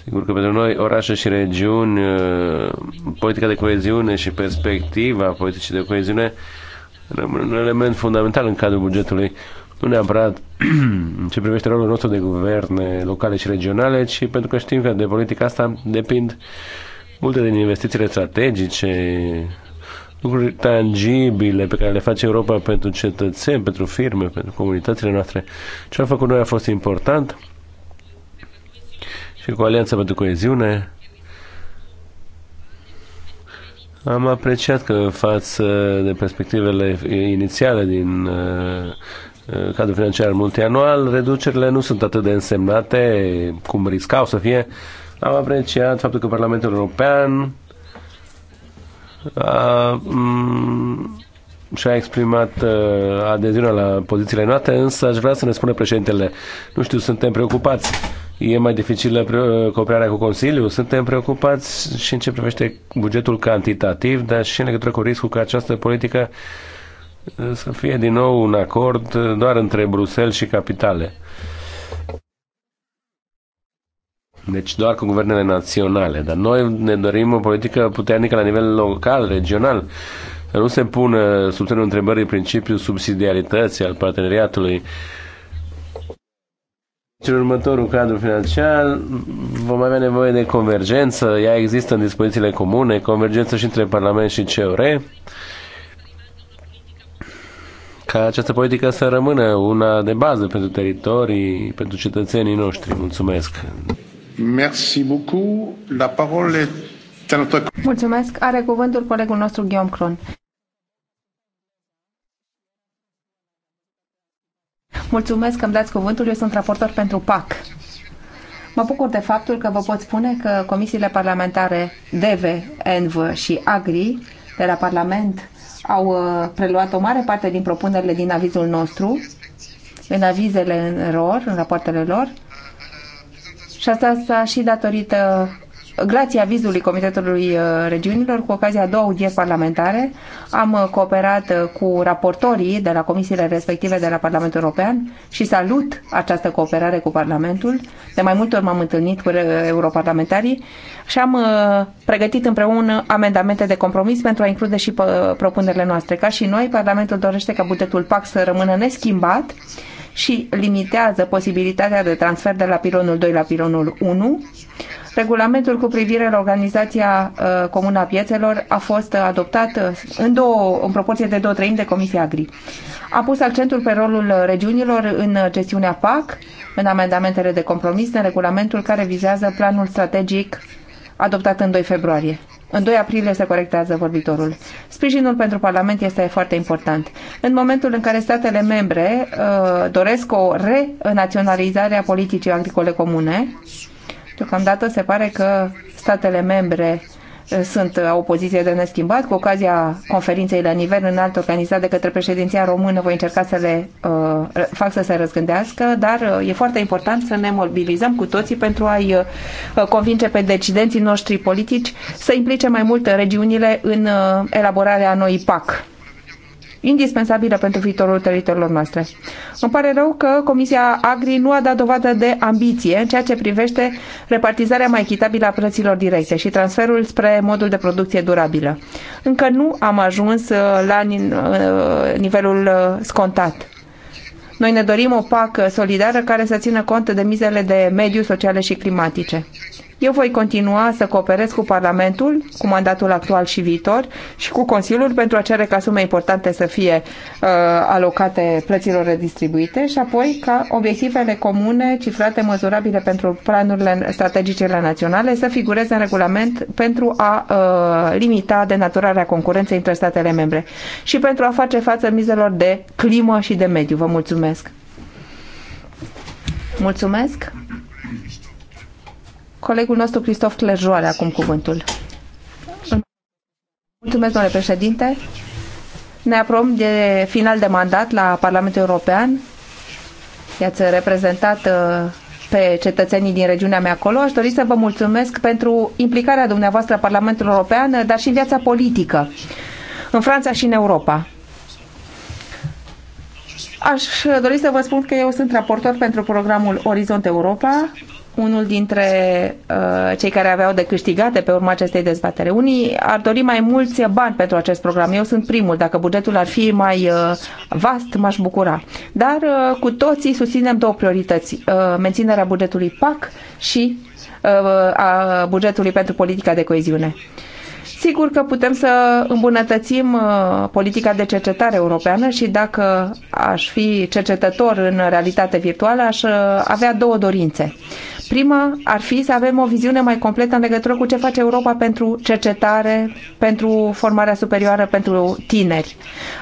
Sigur că pentru noi, orașe și regiuni, uh, politica de coeziune și perspectiva politicii de coeziune rămân un element fundamental în cadrul bugetului, nu neapărat [clears throat] în ce privește rolul nostru de guverne locale și regionale, ci pentru că știm că de politica asta depind multe din investițiile strategice, lucruri tangibile pe care le face Europa pentru cetățeni, pentru firme, pentru comunitățile noastre. Ce am făcut noi a fost important și cu Alianța pentru Coeziune. Am apreciat că față de perspectivele inițiale din uh, uh, cadrul financiar multianual, reducerile nu sunt atât de însemnate cum riscau să fie. Am apreciat faptul că Parlamentul European a, uh, mm, și-a exprimat uh, adeziunea la pozițiile noastre, însă aș vrea să ne spună președintele, nu știu, suntem preocupați E mai dificilă cooperarea cu Consiliul? Suntem preocupați și în ce privește bugetul cantitativ, dar și în legătură cu riscul că această politică uh, să fie din nou un acord uh, doar între Bruxelles și capitale. Deci doar cu guvernele naționale. Dar noi ne dorim o politică puternică la nivel local, regional. nu se pune, uh, sub semnul întrebării principiul subsidiarității al parteneriatului în următorul cadru financiar vom avea nevoie de convergență, ea există în dispozițiile comune, convergență și între Parlament și CEUR, ca această politică să rămână una de bază pentru teritorii, pentru cetățenii noștri. Mulțumesc! Merci beaucoup. La parole est Mulțumesc. Are cuvântul colegul nostru Guillaume Cron. Mulțumesc că îmi dați cuvântul. Eu sunt raportor pentru PAC. Mă bucur de faptul că vă pot spune că comisiile parlamentare DV, ENV și AGRI de la Parlament au uh, preluat o mare parte din propunerile din avizul nostru, în avizele în ROR, în rapoartele lor, și asta, asta și datorită grație avizului Comitetului uh, Regiunilor, cu ocazia a două audieri parlamentare, am uh, cooperat uh, cu raportorii de la comisiile respective de la Parlamentul European și salut această cooperare cu Parlamentul. De mai multe ori m-am întâlnit cu europarlamentarii și am pregătit împreună amendamente de compromis pentru a include și propunerile noastre. Ca și noi, Parlamentul dorește ca bugetul PAC să rămână neschimbat, și limitează posibilitatea de transfer de la pilonul 2 la pilonul 1. Regulamentul cu privire la organizația uh, comună a piețelor a fost adoptat uh, în, două, în proporție de două treimi de Comisia Agri. A pus accentul pe rolul regiunilor în gestiunea PAC, în amendamentele de compromis, în regulamentul care vizează planul strategic adoptat în 2 februarie. În 2 aprilie se corectează vorbitorul. Sprijinul pentru Parlament este foarte important. În momentul în care statele membre uh, doresc o renaționalizare a politicii agricole comune, deocamdată se pare că statele membre Eh, sunt, eh, o poziție de neschimbat. Cu ocazia conferinței la nivel înalt organizat de către președinția română, voi încerca să le uh, fac să se răzgândească, dar uh, e foarte important să ne mobilizăm cu toții pentru a-i uh, convinge pe decidenții noștri politici să implice mai mult regiunile în uh, elaborarea noii PAC indispensabilă pentru viitorul teritoriilor noastre. Îmi pare rău că Comisia Agri nu a dat dovadă de ambiție în ceea ce privește repartizarea mai echitabilă a plăților directe și transferul spre modul de producție durabilă. Încă nu am ajuns uh, la uh, nivelul uh, scontat. Noi ne dorim o pacă solidară care să țină cont de mizele de mediu, sociale și climatice. Eu voi continua să cooperez cu Parlamentul, cu mandatul actual și viitor și cu Consiliul pentru a cere ca sume importante să fie uh, alocate plăților redistribuite și apoi ca obiectivele comune cifrate măzurabile pentru planurile strategicele naționale să figureze în regulament pentru a uh, limita denaturarea concurenței între statele membre și pentru a face față mizelor de climă și de mediu. Vă mulțumesc! Mulțumesc! Colegul nostru, Cristof Clerjo, are acum cuvântul. Mulțumesc, domnule președinte. Ne aprobăm de final de mandat la Parlamentul European. I-ați reprezentat uh, pe cetățenii din regiunea mea acolo. Aș dori să vă mulțumesc pentru implicarea dumneavoastră la Parlamentul European, uh, dar și în viața politică, în Franța și în Europa. Aș dori să vă spun că eu sunt raportor pentru programul Orizont Europa, unul dintre uh, cei care aveau de câștigat pe urma acestei dezbatere. Unii ar dori mai mulți bani pentru acest program. Eu sunt primul. Dacă bugetul ar fi mai uh, vast, m-aș bucura. Dar uh, cu toții susținem două priorități. Uh, menținerea bugetului PAC și uh, a bugetului pentru politica de coeziune. Sigur că putem să îmbunătățim uh, politica de cercetare europeană și dacă aș fi cercetător în realitate virtuală, aș uh, avea două dorințe. Prima ar fi să avem o viziune mai completă în legătură cu ce face Europa pentru cercetare, pentru formarea superioară pentru tineri.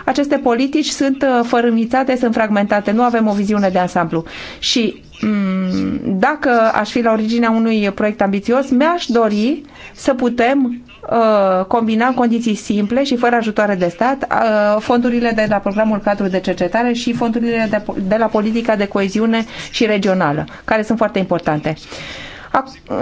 Aceste politici sunt uh, fărâmițate, sunt fragmentate, nu avem o viziune de ansamblu. Și mm, dacă aș fi la originea unui proiect ambițios, mi-aș dori să putem Uh, combina în condiții simple și fără ajutoare de stat uh, fondurile de la programul cadru de cercetare și fondurile de, la politica de coeziune și regională, care sunt foarte importante. A, a,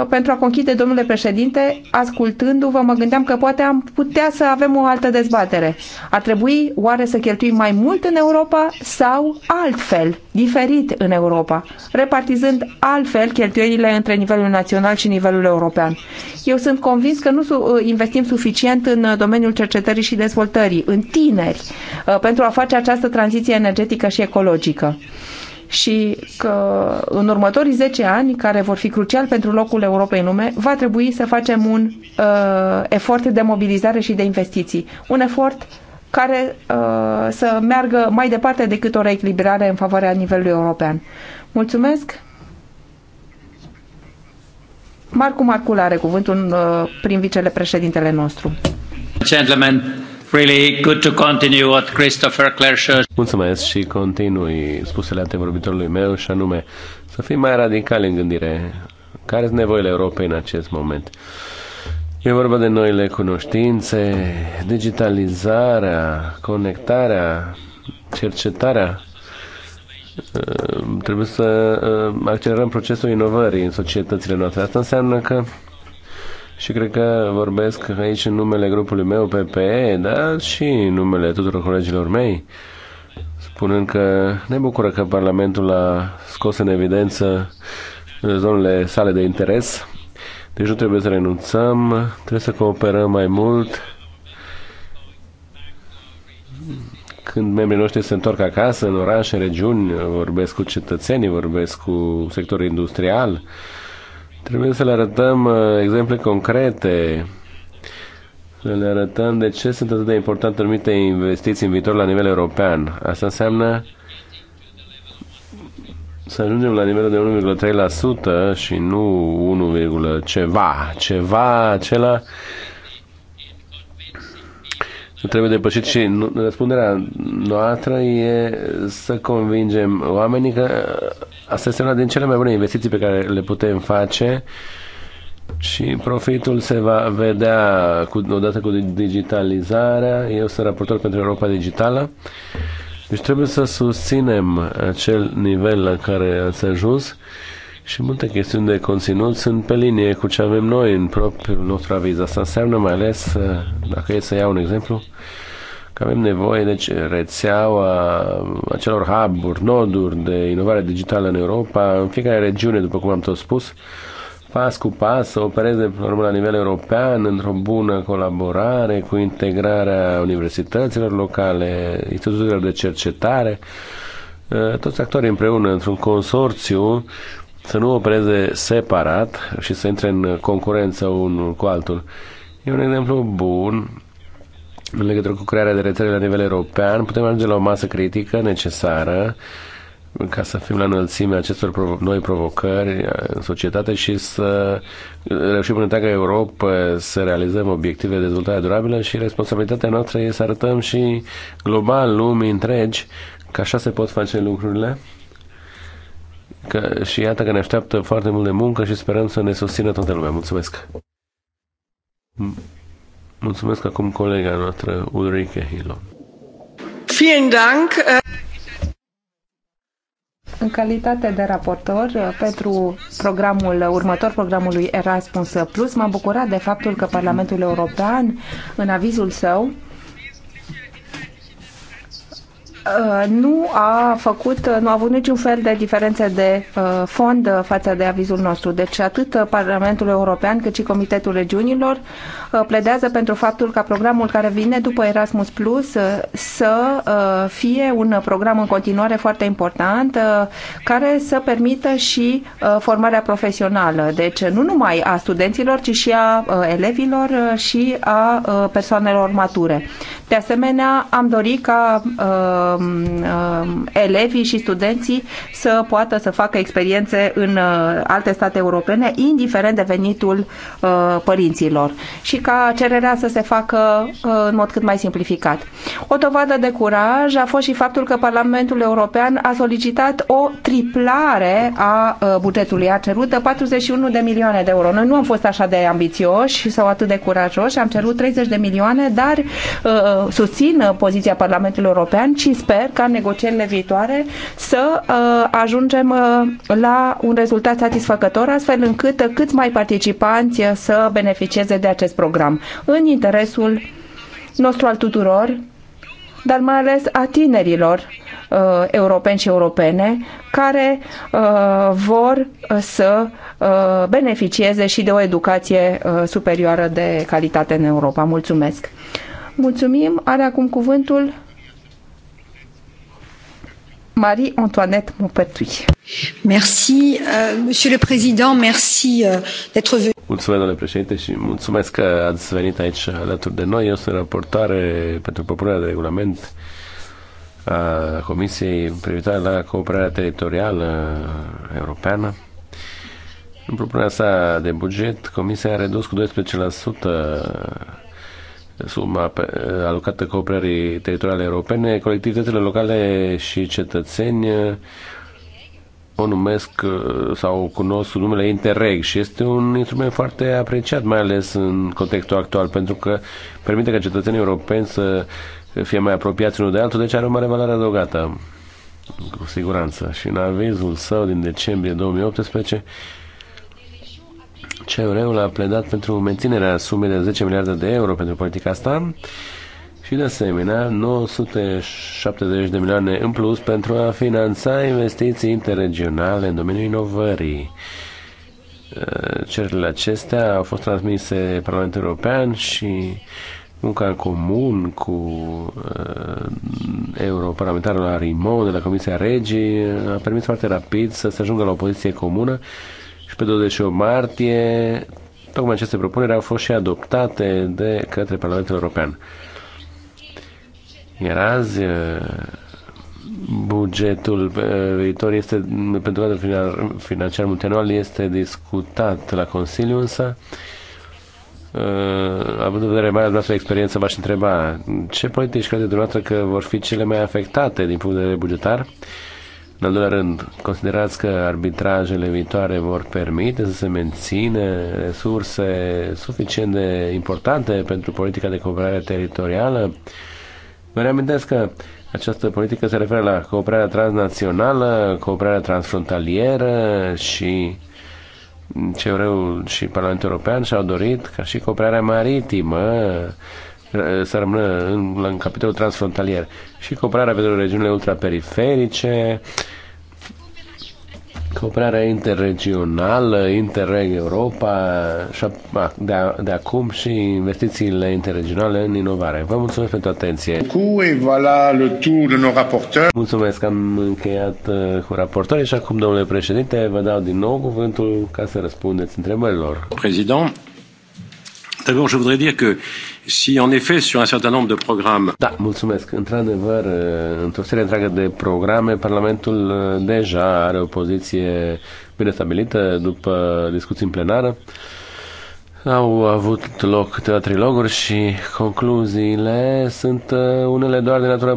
ă, pentru a conchide, domnule președinte, ascultându-vă, mă gândeam că poate am putea să avem o altă dezbatere. Ar trebui oare să cheltuim mai mult în Europa sau altfel, diferit în Europa, repartizând altfel cheltuielile între nivelul național și nivelul european. Eu sunt convins că nu ă, investim suficient în domeniul cercetării și dezvoltării, în tineri, ă, pentru a face această tranziție energetică și ecologică și că în următorii 10 ani, care vor fi crucial pentru locul Europei în lume, va trebui să facem un uh, efort de mobilizare și de investiții. Un efort care uh, să meargă mai departe decât o reechilibrare în favoarea nivelului european. Mulțumesc! Marcu Marcul are cuvântul uh, prin președintele nostru. Gentlemen, Really good to continue what Christopher Clercher. Mulțumesc și continui spusele antevorbitorului meu și anume să fim mai radicali în gândire. Care sunt nevoile Europei în acest moment? E vorba de noile cunoștințe, digitalizarea, conectarea, cercetarea. Trebuie să uh, accelerăm procesul inovării în societățile noastre. Asta înseamnă că și cred că vorbesc aici în numele grupului meu PPE, dar și în numele tuturor colegilor mei, spunând că ne bucură că Parlamentul a scos în evidență zonele sale de interes, deci nu trebuie să renunțăm, trebuie să cooperăm mai mult când membrii noștri se întorc acasă, în orașe, în regiuni, vorbesc cu cetățenii, vorbesc cu sectorul industrial, Trebuie să le arătăm uh, exemple concrete, să le arătăm de ce sunt atât de importante anumite investiții în viitor la nivel european. Asta înseamnă să ajungem la nivelul de 1,3% și nu 1, ceva, ceva acela trebuie depășit și răspunderea noastră e să convingem oamenii că Asta este una din cele mai bune investiții pe care le putem face și profitul se va vedea cu, odată cu digitalizarea. Eu sunt raportor pentru Europa Digitală. Deci trebuie să susținem acel nivel la care ați ajuns și multe chestiuni de conținut sunt pe linie cu ce avem noi în propriul nostru aviz. Asta înseamnă mai ales, dacă e să iau un exemplu, că avem nevoie, deci, rețeaua acelor hub-uri, noduri de inovare digitală în Europa, în fiecare regiune, după cum am tot spus, pas cu pas să opereze urmă, la nivel european într-o bună colaborare cu integrarea universităților locale, instituțiilor de cercetare, ă, toți actorii împreună într-un consorțiu să nu opereze separat și să intre în concurență unul cu altul. E un exemplu bun în legătură cu crearea de rețele la nivel european, putem ajunge la o masă critică necesară ca să fim la înălțimea acestor provo- noi provocări uh, în societate și să reușim în întreaga Europa să realizăm obiective de dezvoltare durabilă și responsabilitatea noastră e să arătăm și global lumii întregi că așa se pot face lucrurile. Că, și iată că ne așteaptă foarte mult de muncă și sperăm să ne susțină toată lumea. Mulțumesc! Mulțumesc acum colega noastră, Ulrike Hilo. Vielen Dank! Äh, în calitate de raportor uh, pentru programul uh, următor, programului Erasmus Plus, m-am bucurat de faptul că Parlamentul European, în avizul său, Uh, nu a făcut, uh, nu a avut niciun fel de diferențe de uh, fond față de avizul nostru. Deci atât Parlamentul European cât și Comitetul Regiunilor pledează pentru faptul ca programul care vine după Erasmus Plus să fie un program în continuare foarte important care să permită și formarea profesională. Deci nu numai a studenților, ci și a elevilor și a persoanelor mature. De asemenea, am dorit ca Um, um, elevii și studenții să poată să facă experiențe în uh, alte state europene, indiferent de venitul uh, părinților și ca cererea să se facă uh, în mod cât mai simplificat. O dovadă de curaj a fost și faptul că Parlamentul European a solicitat o triplare a bugetului, a cerut 41 de milioane de euro. Noi nu am fost așa de ambițioși sau atât de curajoși, am cerut 30 de milioane, dar uh, susțin poziția Parlamentului European, 15 sper ca în negocierile viitoare să uh, ajungem uh, la un rezultat satisfăcător, astfel încât cât mai participanți să beneficieze de acest program, în interesul nostru al tuturor, dar mai ales a tinerilor uh, europeni și europene care uh, vor să uh, beneficieze și de o educație uh, superioară de calitate în Europa. Mulțumesc! Mulțumim! Are acum cuvântul Marie-Antoinette Maupertuis. Merci, uh, Monsieur le Président, merci uh, d'être venu. Mulțumesc, domnule președinte, și mulțumesc că ați venit aici alături de noi. Eu sunt raportare pentru propunerea de regulament a Comisiei privitoare la cooperarea teritorială europeană. În propunerea sa de buget, Comisia a redus cu 12% suma alocată cooperării teritoriale europene, colectivitățile locale și cetățeni uh, o numesc uh, sau cunosc numele Interreg și este un instrument foarte apreciat, mai ales în contextul actual, pentru că permite ca cetățenii europeni să fie mai apropiați unul de altul, deci are o mare valoare adăugată, cu siguranță. Și în avizul său din decembrie 2018, CEUR-ul a pledat pentru menținerea sumei de 10 miliarde de euro pentru politica asta și de asemenea 970 de milioane în plus pentru a finanța investiții interregionale în domeniul inovării. Uh, cererile acestea au fost transmise Parlamentul European și munca în comun cu uh, europarlamentarul Arimo de la Comisia Regii a permis foarte rapid să se ajungă la o poziție comună uh, pe 28 martie tocmai aceste propuneri au fost și adoptate de către Parlamentul European. Iar azi uh, bugetul uh, viitor este pentru cadrul financiar multianual este discutat la Consiliu însă Uh, având în vedere marea noastră experiență, v-aș întreba ce politici credeți dumneavoastră că vor fi cele mai afectate din punct de vedere bugetar? Uh, în al doilea rând, considerați că arbitrajele viitoare vor permite să se menține resurse suficient de importante pentru politica de cooperare teritorială? Vă reamintesc că această politică se referă la cooperarea transnațională, cooperarea transfrontalieră și CEUR-ul și Parlamentul European și-au dorit ca și cooperarea maritimă să rămână în, în capitolul transfrontalier și cooperarea pentru regiunile ultraperiferice, cooperarea interregională, Interreg Europa și de, de acum și investițiile interregionale în inovare. Vă mulțumesc pentru atenție. Cu et Mulțumesc, am încheiat uh, cu raportorii și acum, domnule președinte, vă dau din nou cuvântul ca să răspundeți întrebărilor. Președinte, d'abord je voudrais dire que și, în efect, sur un certain nombre de programe. Da, mulțumesc. Într-adevăr, uh, într-o serie întreagă de programe, Parlamentul uh, deja are o poziție bine stabilită după discuții în plenară. Au avut loc câteva triloguri și concluziile sunt uh, unele doar de natură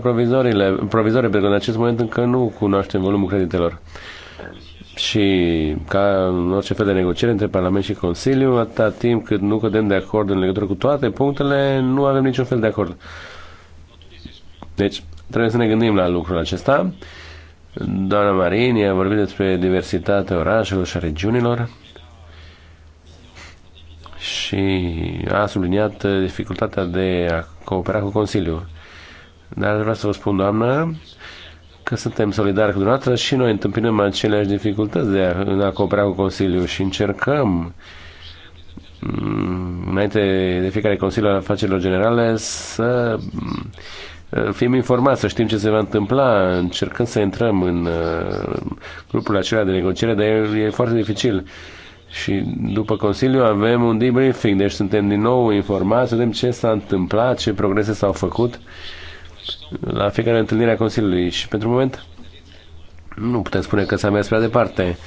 provizorie, pentru că în acest moment încă nu cunoaștem volumul creditelor. Și ca în orice fel de negociere între Parlament și Consiliu, atâta timp cât nu cădem de acord în legătură cu toate punctele, nu avem niciun fel de acord. Deci, trebuie să ne gândim la lucrul acesta. Doamna Marini a vorbit despre diversitatea orașelor și a regiunilor și a subliniat dificultatea de a coopera cu Consiliul. Dar vreau să vă spun, doamnă, că suntem solidari cu dumneavoastră și noi întâmpinăm aceleași dificultăți de a, în a coopera cu Consiliul și încercăm mm, înainte de fiecare Consiliu al Afacerilor Generale să mm, fim informați, să știm ce se va întâmpla, încercăm să intrăm în uh, grupul acela de negociere, dar e, e foarte dificil. Și după Consiliu avem un debriefing, deci suntem din nou informați, vedem ce s-a întâmplat, ce progrese s-au făcut la fiecare întâlnire a Consiliului și pentru moment nu putem spune că s-a mers prea departe.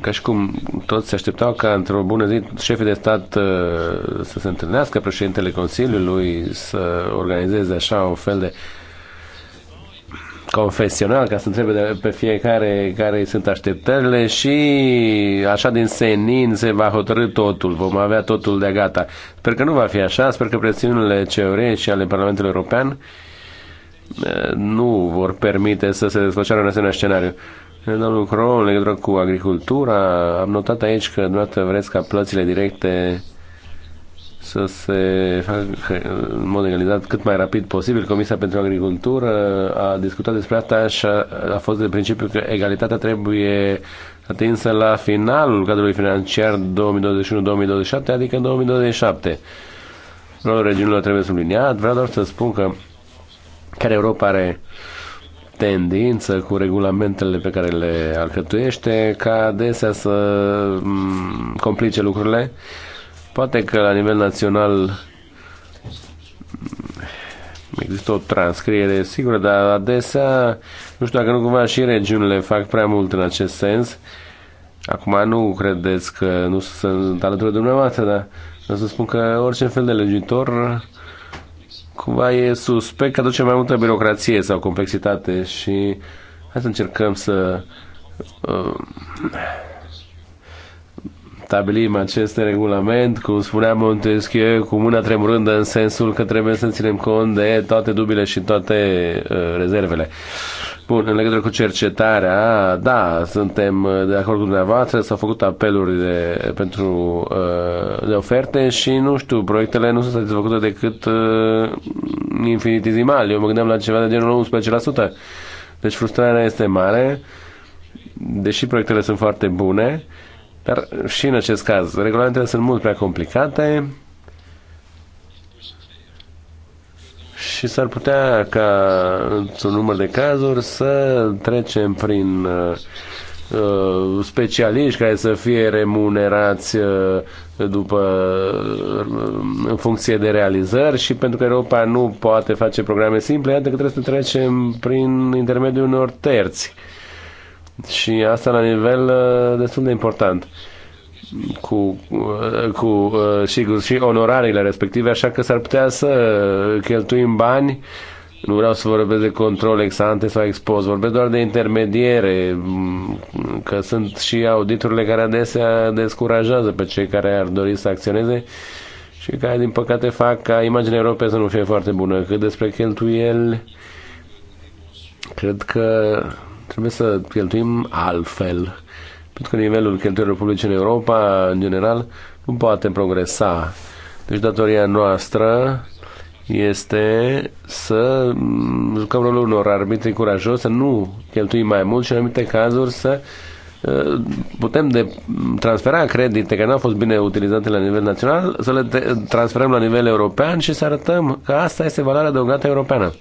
Ca și cum toți se așteptau ca într-o bună zi șefii de stat uh, să se întâlnească, președintele Consiliului să organizeze așa un fel de confesional, ca să întrebe pe fiecare care sunt așteptările și așa din senin se va hotărâ totul, vom avea totul de gata. Sper că nu va fi așa, sper că presiunile CEORE și ale Parlamentului European nu vor permite să se desfășoare un asemenea scenariu. Domnul Cron, în legătură cu agricultura, am notat aici că dumneavoastră vreți ca plățile directe să se facă în mod egalizat cât mai rapid posibil. Comisia pentru Agricultură a discutat despre asta și a, a fost de principiu că egalitatea trebuie atinsă la finalul cadrului financiar 2021-2027, adică 2027. Rolul regiunilor trebuie subliniat. Vreau doar să spun că care Europa are tendință cu regulamentele pe care le alcătuiește ca adesea să mm, complice lucrurile. Poate că la nivel național există o transcriere sigură, dar adesea, nu știu dacă nu cumva și regiunile fac prea mult în acest sens. Acum nu credeți că nu sunt alături de dumneavoastră, dar să spun că orice fel de legiuitor cumva e suspect că aduce mai multă birocrație sau complexitate și hai să încercăm să uh, stabilim acest regulament, cum spunea Montesquieu, cu mâna tremurândă în sensul că trebuie să ținem cont de toate dubile și toate uh, rezervele. Uh, Bun, în legătură cu cercetarea, da, suntem de acord cu dumneavoastră, s-au făcut apeluri de, pentru uh, de oferte și, nu știu, proiectele nu sunt satisfăcute decât uh, infinitizimal. Eu mă gândeam la ceva de genul 11%. Deci frustrarea este mare, deși proiectele sunt foarte bune, dar și în acest caz, regulamentele sunt mult prea complicate, și s-ar putea ca într-un număr de cazuri să trecem prin uh, uh, specialiști care să fie remunerați uh, după în funcție de realizări și pentru că Europa nu poate face programe simple, iată că trebuie să trecem prin intermediul unor terți. Și asta la nivel destul de important. Uh, cu, uh, cu uh, sigur, și onorariile respective, așa că s-ar putea să cheltuim bani nu vreau să vorbesc de control ex ante sau ex vorbesc doar de intermediere, mm, că sunt și auditurile care adesea descurajează pe cei care ar dori să acționeze și care, din păcate, fac ca imaginea europeană să nu fie foarte bună. Cât despre cheltuieli, cred că trebuie să cheltuim altfel pentru că nivelul cheltuielor publice în Europa, în general, nu poate progresa. Deci datoria noastră este să jucăm rolul unor arbitri curajos, să nu cheltuim mai mult și în anumite cazuri să uh, putem de transfera credite care nu au fost bine utilizate la nivel național, să le transferăm la nivel european și să arătăm că asta este valoarea adăugată europeană.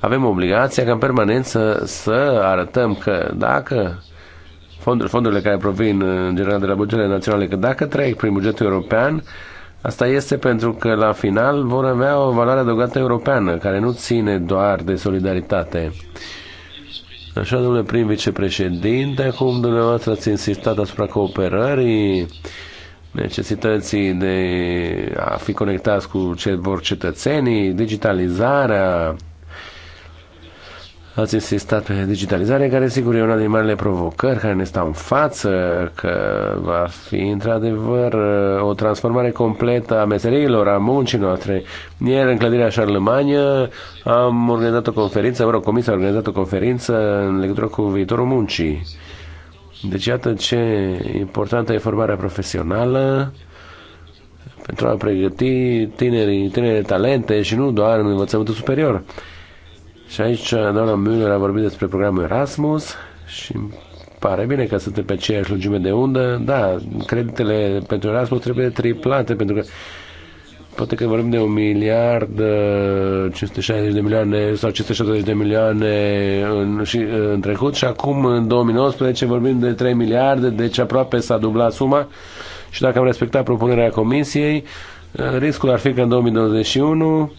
Avem obligația ca în permanență să arătăm că dacă fonduri, fondurile care provin uh, în general de la bugetele naționale, că dacă trec prin bugetul european, asta este pentru că la final vor avea o valoare adăugată europeană, care nu ține doar de solidaritate. Așa, domnule prim vicepreședinte, acum dumneavoastră ați insistat asupra cooperării, necesității de a fi conectați cu ce vor cetățenii, digitalizarea, Ați insistat pe digitalizare, care sigur e una din marile provocări care ne stau în față, că va fi într-adevăr o transformare completă a meseriilor, a muncii noastre. Ieri, în clădirea Charlemagne, am organizat o conferință, mă rog, comisia a organizat o conferință în legătură cu viitorul muncii. Deci iată ce importantă e formarea profesională pentru a pregăti tinerii, tinerii talente și nu doar în învățământul superior. Și aici doamna Müller a vorbit despre programul Erasmus și pare bine că suntem pe aceeași lungime de undă. Da, creditele pentru Erasmus trebuie triplate pentru că poate că vorbim de un miliard, 560 uh, de milioane sau 570 de milioane în, și, uh, în trecut și acum în 2019 vorbim de 3 miliarde, deci aproape s-a dublat suma și dacă am respectat propunerea comisiei, uh, riscul ar fi că în 2021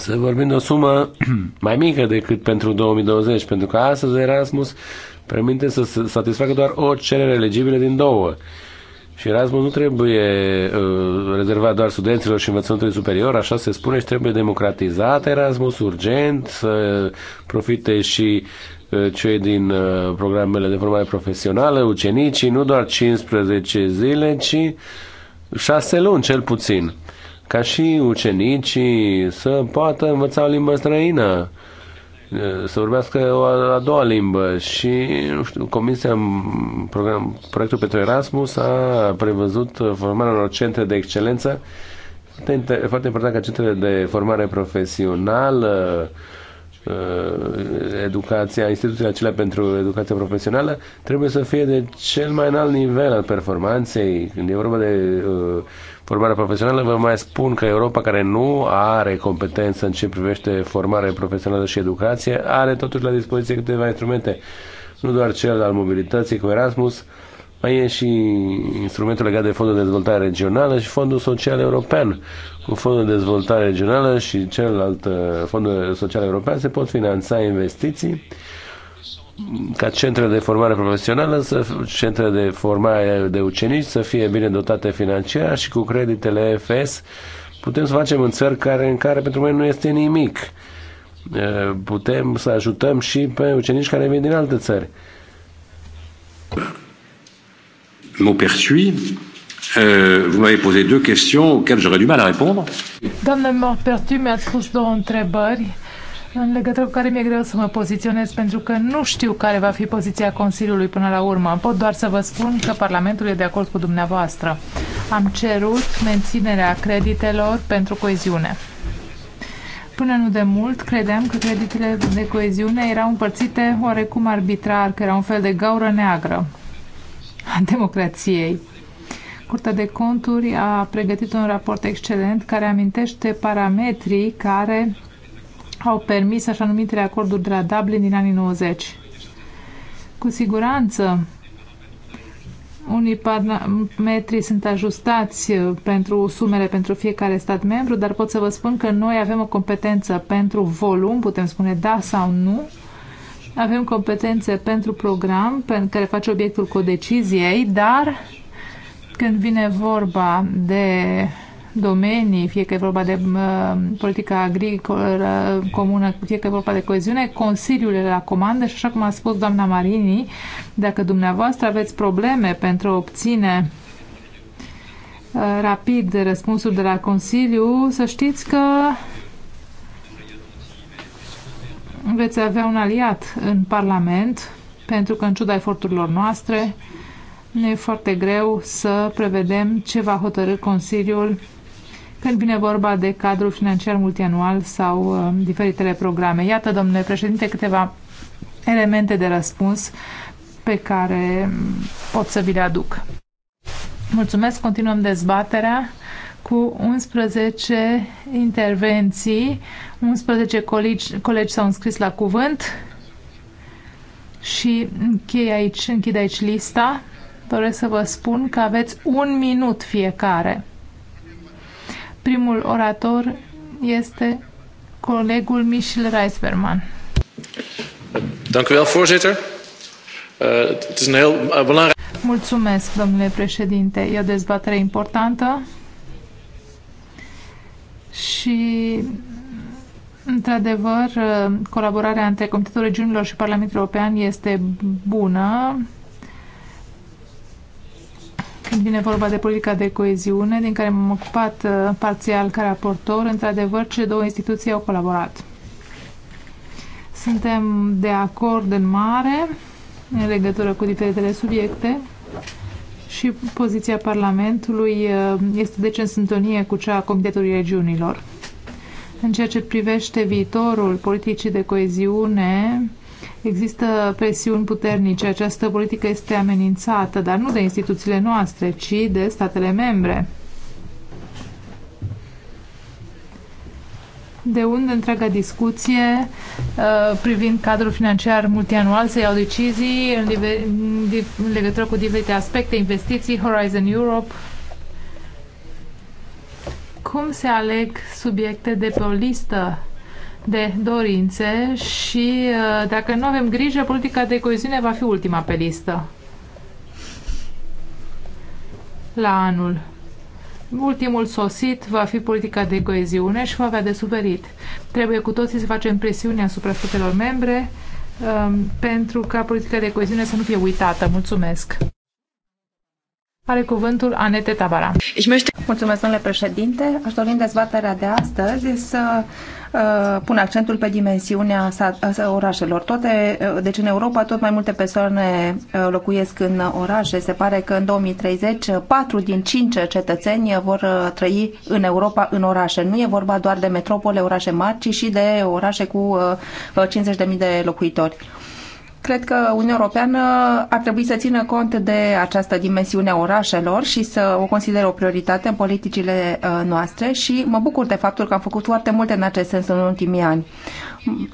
să vorbim de o sumă [clears throat] mai mică decât pentru 2020, pentru că astăzi Erasmus permite să satisfacă doar o cerere legibilă din două. Și Erasmus nu trebuie uh, rezervat doar studenților și învățământului superior, așa se spune, și trebuie democratizat Erasmus urgent, să profite și uh, cei din uh, programele de formare profesională, ucenicii, nu doar 15 zile, ci 6 luni cel puțin ca și ucenicii să poată învăța o limbă străină, să vorbească o a doua limbă și nu știu, Comisia program, proiectul pentru Erasmus a prevăzut formarea unor centre de excelență foarte, foarte important ca centrele de formare profesională uh, educația, instituțiile acelea pentru educația profesională trebuie să fie de cel mai înalt nivel al performanței, când e vorba de uh, formarea profesională, vă mai spun că Europa, care nu are competență în ce privește formarea profesională și educație, are totuși la dispoziție câteva instrumente, nu doar cel al mobilității cu Erasmus, mai e și instrumentul legat de Fondul de Dezvoltare Regională și Fondul Social European. Cu Fondul de Dezvoltare Regională și celălalt uh, Fondul Social European se pot finanța investiții ca centre de formare profesională, să, centre de formare de ucenici să fie bine dotate financiar și cu creditele EFS putem să facem în țări care, în care pentru noi nu este nimic. Putem să ajutăm și pe ucenici care vin din alte țări. Mă persui. Uh, vous m'avez posé deux questions auxquelles j'aurais du mal à répondre. Doamna Morpertu mi-ați pus două întrebări în legătură cu care mi-e greu să mă poziționez pentru că nu știu care va fi poziția Consiliului până la urmă. Pot doar să vă spun că Parlamentul e de acord cu dumneavoastră. Am cerut menținerea creditelor pentru coeziune. Până nu de mult, credeam că creditele de coeziune erau împărțite oarecum arbitrar, că era un fel de gaură neagră a democrației. Curtea de Conturi a pregătit un raport excelent care amintește parametrii care au permis așa numitele acorduri de la Dublin din anii 90. Cu siguranță, unii parametri sunt ajustați uh, pentru sumele pentru fiecare stat membru, dar pot să vă spun că noi avem o competență pentru volum, putem spune da sau nu, avem competențe pentru program, pentru care face obiectul codeciziei, dar când vine vorba de domenii, fie că e vorba de uh, politica agricolă comună, fie că e vorba de coeziune, Consiliul le comandă și așa cum a spus doamna Marini, dacă dumneavoastră aveți probleme pentru a obține uh, rapid răspunsul de la Consiliu, să știți că veți avea un aliat în Parlament, pentru că în ciuda eforturilor noastre, ne e foarte greu să prevedem ce va hotărâ Consiliul când vine vorba de cadru financiar multianual sau uh, diferitele programe. Iată, domnule președinte, câteva elemente de răspuns pe care pot să vi le aduc. Mulțumesc, continuăm dezbaterea cu 11 intervenții, 11 colegi, colegi s-au înscris la cuvânt și închei aici, închid aici lista. Doresc să vă spun că aveți un minut fiecare. Primul orator este colegul Michel Reisberman. Dank u wel, voorzitter. Uh, het is een heel uh, belangrijk... Mulțumesc, domnule președinte. E o dezbatere importantă și, într-adevăr, eh, colaborarea între Comitetul Regiunilor și Parlamentul European este bună când vine vorba de politica de coeziune, din care m-am ocupat uh, parțial ca raportor, într-adevăr, cele două instituții au colaborat. Suntem de acord în mare în legătură cu diferitele subiecte și poziția Parlamentului uh, este deci în sintonie cu cea a Comitetului Regiunilor. În ceea ce privește viitorul politicii de coeziune, Există presiuni puternice. Această politică este amenințată, dar nu de instituțiile noastre, ci de statele membre. de unde întreaga discuție uh, privind cadrul financiar multianual se iau decizii în, în legătură cu diferite aspecte, investiții, Horizon Europe. Cum se aleg subiecte de pe o listă de dorințe și uh, dacă nu avem grijă, politica de coeziune va fi ultima pe listă la anul. Ultimul sosit va fi politica de coeziune și va avea de suferit. Trebuie cu toții să facem presiune asupra statelor membre um, pentru ca politica de coeziune să nu fie uitată. Mulțumesc! Are cuvântul Anete Tabara. Mulțumesc, domnule președinte. Aș dori în dezbaterea de astăzi să Uh, pun accentul pe dimensiunea orașelor. Toate, uh, deci în Europa tot mai multe persoane uh, locuiesc în orașe. Se pare că în 2030 4 din 5 cetățeni vor trăi în Europa în orașe. Nu e vorba doar de metropole, orașe mari, ci și de orașe cu 50.000 de locuitori cred că Uniunea Europeană ar trebui să țină cont de această dimensiune a orașelor și să o consideră o prioritate în politicile uh, noastre și mă bucur de faptul că am făcut foarte multe în acest sens în ultimii ani.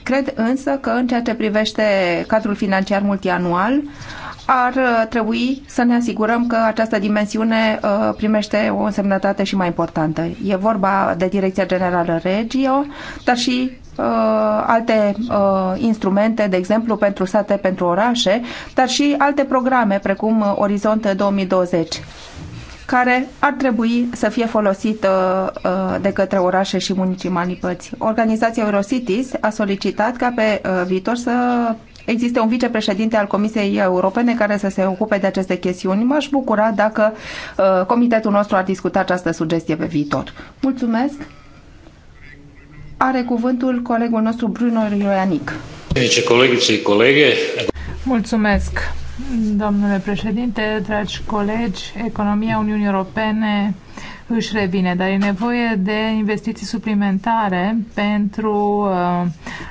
Cred însă că în ceea ce privește cadrul financiar multianual, ar uh, trebui să ne asigurăm că această dimensiune uh, primește o însemnătate și mai importantă. E vorba de Direcția Generală Regio, dar și Uh, alte uh, instrumente, de exemplu pentru sate, pentru orașe, dar și alte programe precum uh, Orizont 2020 care ar trebui să fie folosită de către orașe și municipalități. Organizația Eurocities a solicitat ca pe viitor să Există un vicepreședinte al Comisiei Europene care să se ocupe de aceste chestiuni. M-aș bucura dacă uh, comitetul nostru ar discuta această sugestie pe viitor. Mulțumesc! Are cuvântul colegul nostru Bruno Ioanic. Deci, Mulțumesc, domnule președinte, dragi colegi. Economia Uniunii Europene își revine, dar e nevoie de investiții suplimentare pentru uh,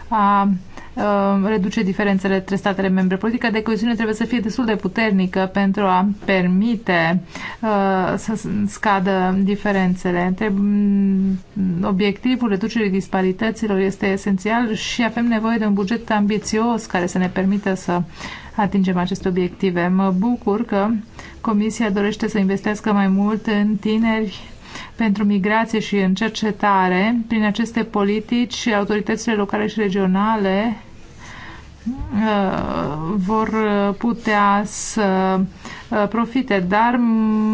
a Uh, reduce diferențele între statele membre. Politica de coeziune trebuie să fie destul de puternică pentru a permite uh, să scadă diferențele. Mm, obiectivul reducerii disparităților este esențial și avem nevoie de un buget ambițios care să ne permită să atingem aceste obiective. Mă bucur că Comisia dorește să investească mai mult în tineri, pentru migrație și în cercetare, prin aceste politici, autoritățile locale și regionale uh, vor putea să uh, profite, dar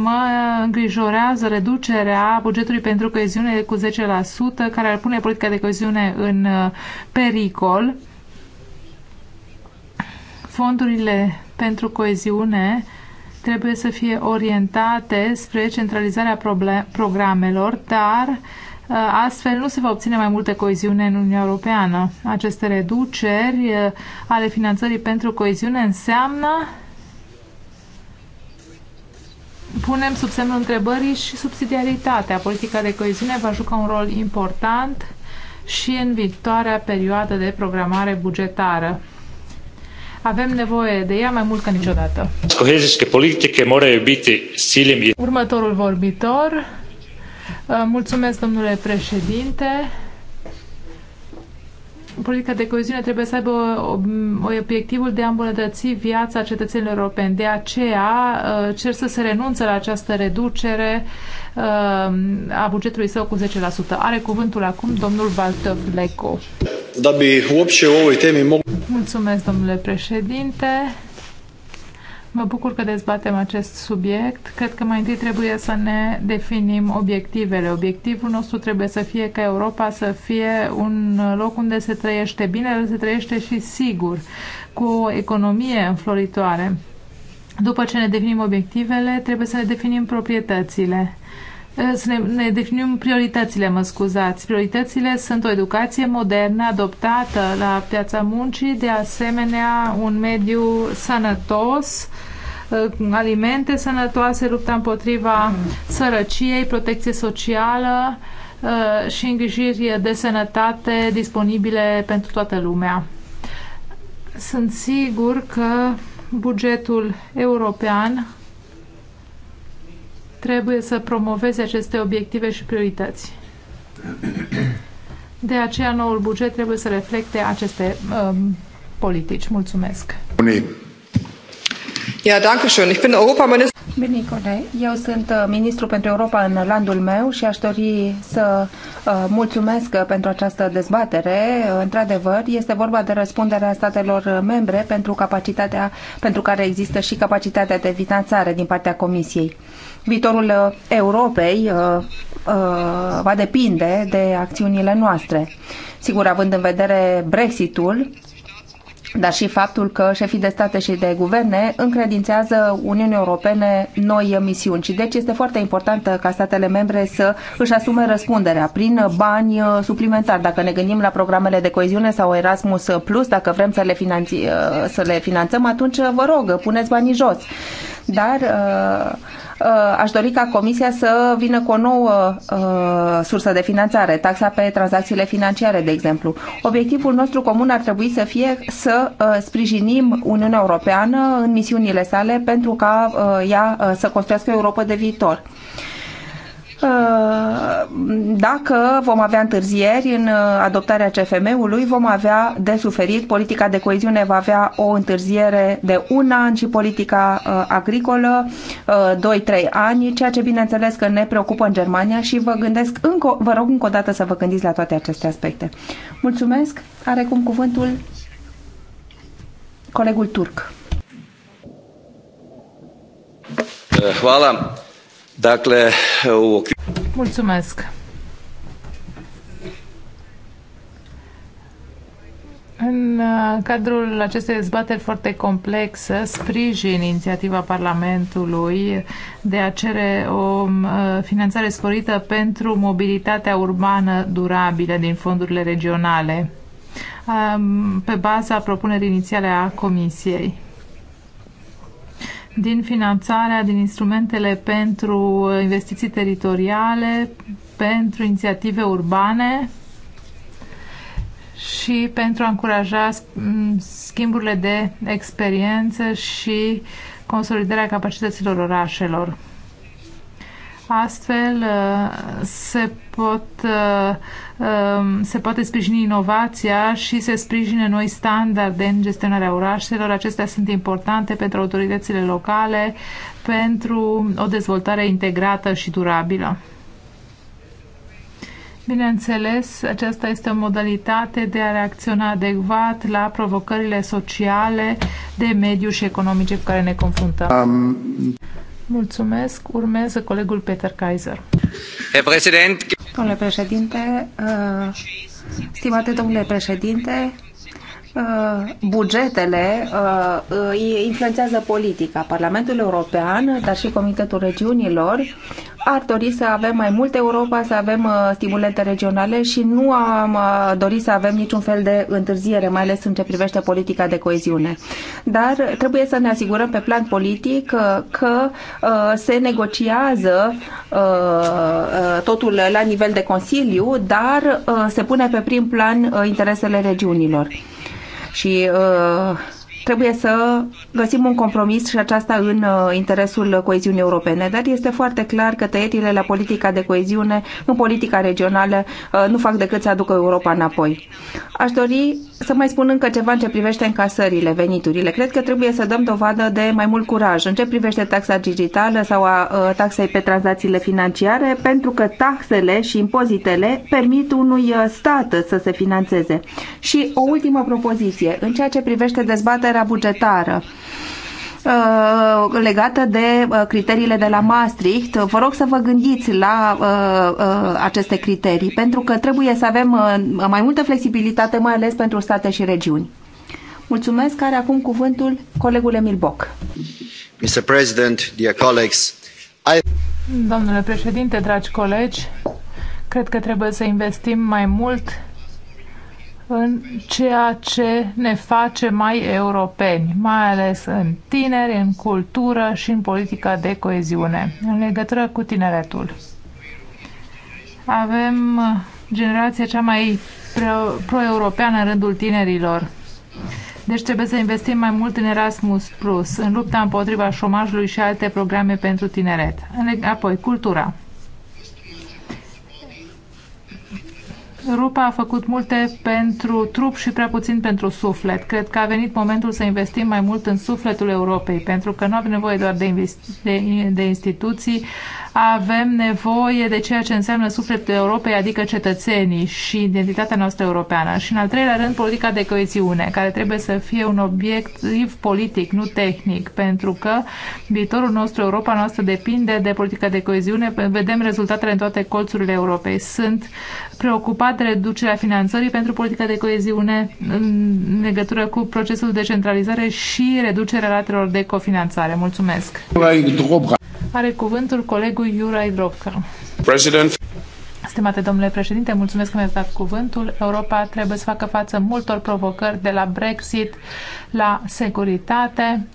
mă îngrijorează reducerea bugetului pentru coeziune cu 10%, care ar pune politica de coeziune în uh, pericol. Fondurile pentru coeziune uh, trebuie să fie orientate spre centralizarea programelor, dar uh, Astfel nu se va obține mai multă coeziune în Uniunea Europeană. Aceste reduceri uh, ale finanțării pentru coeziune înseamnă punem sub semnul întrebării și subsidiaritatea. Politica de coeziune va juca un rol important și în viitoarea perioadă de programare bugetară. Avem nevoie de ea mai mult ca niciodată. Următorul vorbitor. Uh, mulțumesc, domnule președinte politica de coeziune trebuie să aibă um, obiectivul de a îmbunătăți viața cetățenilor europeni. De aceea uh, cer să se renunță la această reducere uh, a bugetului său cu 10%. Are cuvântul acum domnul Walter Leco. Da Mulțumesc, domnule președinte. Mă bucur că dezbatem acest subiect. Cred că mai întâi trebuie să ne definim obiectivele. Obiectivul nostru trebuie să fie ca Europa să fie un loc unde se trăiește bine, dar se trăiește și sigur, cu o economie înfloritoare. După ce ne definim obiectivele, trebuie să ne definim proprietățile. Eh, să ne, ne definim prioritățile, mă scuzați. Prioritățile sunt o educație modernă adoptată la piața muncii, de asemenea un mediu sănătos, eh, alimente sănătoase, lupta împotriva sărăciei, protecție socială eh, și îngrijiri de sănătate disponibile pentru toată lumea. Sunt sigur că bugetul european trebuie să promoveze aceste obiective și priorități. De aceea, noul buget trebuie să reflecte aceste um, politici. Mulțumesc! Ja, danke schön. Ich bin Bine, Nicole. Eu sunt uh, ministru pentru Europa în landul meu și aș dori să uh, mulțumesc pentru această dezbatere. Într-adevăr, este vorba de răspunderea statelor membre pentru capacitatea pentru care există și capacitatea de finanțare din partea Comisiei. Viitorul uh, Europei uh, uh, va depinde de acțiunile noastre. Sigur, având în vedere Brexitul, dar și faptul că șefii de state și de guverne încredințează Uniunii Europene noi misiuni. Și deci este foarte important ca statele membre să își asume răspunderea prin bani suplimentari. Dacă ne gândim la programele de coeziune sau Erasmus Plus, dacă vrem să le, finanți, să le finanțăm, atunci vă rog, puneți banii jos. Dar uh, Uh, aș dori ca Comisia să vină cu o nouă uh, sursă de finanțare, taxa pe tranzacțiile financiare, de exemplu. Obiectivul nostru comun ar trebui să fie să uh, sprijinim Uniunea Europeană în misiunile sale pentru ca ea să construiască o Europa de viitor. Uh, dacă vom avea întârzieri în uh, adoptarea CFM-ului, vom avea de suferit. Politica de coeziune va avea o întârziere de un an și politica uh, agricolă 2-3 ani, ceea ce bineînțeles că ne preocupă în Germania și vă gândesc încă, vă rog încă o dată să vă gândiți la toate aceste aspecte. Mulțumesc. Are cum cuvântul colegul turc. Hvala. Dacă u Mulțumesc. În uh, cadrul acestei dezbateri foarte complexe, sprijin inițiativa Parlamentului de a cere o uh, finanțare sporită pentru mobilitatea urbană durabilă din fondurile regionale, um, pe baza propunerii inițiale a Comisiei din finanțarea din instrumentele pentru investiții teritoriale, pentru inițiative urbane și pentru a încuraja schimburile de experiență și consolidarea capacităților orașelor. Astfel uh, se, pot, uh, um, se poate sprijini inovația și se sprijine noi standarde în gestionarea orașelor. Acestea sunt importante pentru autoritățile locale, pentru o dezvoltare integrată și durabilă. Bineînțeles, aceasta este o modalitate de a reacționa adecvat la provocările sociale, de mediu și economice cu care ne confruntăm. Um... Mulțumesc. Urmează colegul Peter Kaiser. Domnule președinte, uh, stimate domnule președinte, uh, bugetele uh, influențează politica. Parlamentul European, dar și Comitetul Regiunilor ar dori să avem mai mult Europa, să avem uh, stimulente regionale și nu am uh, dorit să avem niciun fel de întârziere, mai ales în ce privește politica de coeziune. Dar trebuie să ne asigurăm pe plan politic uh, că, că se negociază totul la nivel de Consiliu, dar se pune pe prim plan interesele regiunilor. Și uh, Trebuie să găsim un compromis și aceasta în uh, interesul coeziunii europene, dar este foarte clar că tăierile la politica de coeziune, în politica regională, uh, nu fac decât să aducă Europa înapoi. Aș dori să mai spun încă ceva în ce privește încasările, veniturile. Cred că trebuie să dăm dovadă de mai mult curaj în ce privește taxa digitală sau a ă, taxei pe tranzacțiile financiare, pentru că taxele și impozitele permit unui ă, stat să se financeze. Și o ultimă propoziție, în ceea ce privește dezbaterea bugetară. Uh, legată de uh, criteriile de la Maastricht. Vă rog să vă gândiți la uh, aceste criterii, pentru că trebuie să avem mai multă flexibilitate, mai ales pentru state și regiuni. Mulțumesc, care acum cuvântul colegul Emil Boc. Mr. President, dear colleagues, I... Domnule președinte, dragi colegi, cred că trebuie să investim mai mult în ceea ce ne face mai europeni, mai ales în tineri, în cultură și în politica de coeziune, în legătură cu tineretul. Avem uh, generația cea mai pro-europeană în rândul tinerilor. Deci trebuie să investim mai mult în Erasmus Plus, în lupta împotriva șomajului și alte programe pentru tineret. Apoi, cultura. Europa a făcut multe pentru trup și prea puțin pentru suflet. Cred că a venit momentul să investim mai mult în sufletul Europei, pentru că nu avem nevoie doar de, de, de instituții, avem nevoie de ceea ce înseamnă sufletul Europei, adică cetățenii și identitatea noastră europeană. Și în al treilea rând, politica de coeziune, care trebuie să fie un obiectiv politic, nu tehnic, pentru că viitorul nostru, Europa noastră, depinde de politica de coeziune. Vedem rezultatele în toate colțurile Europei. Sunt preocupat de reducerea finanțării pentru politica de coeziune în legătură cu procesul de centralizare și reducerea ratelor de cofinanțare. Mulțumesc! Are cuvântul colegul Iurai Drobca. President. Stimate domnule președinte, mulțumesc că mi-ați dat cuvântul. Europa trebuie să facă față multor provocări de la Brexit la securitate,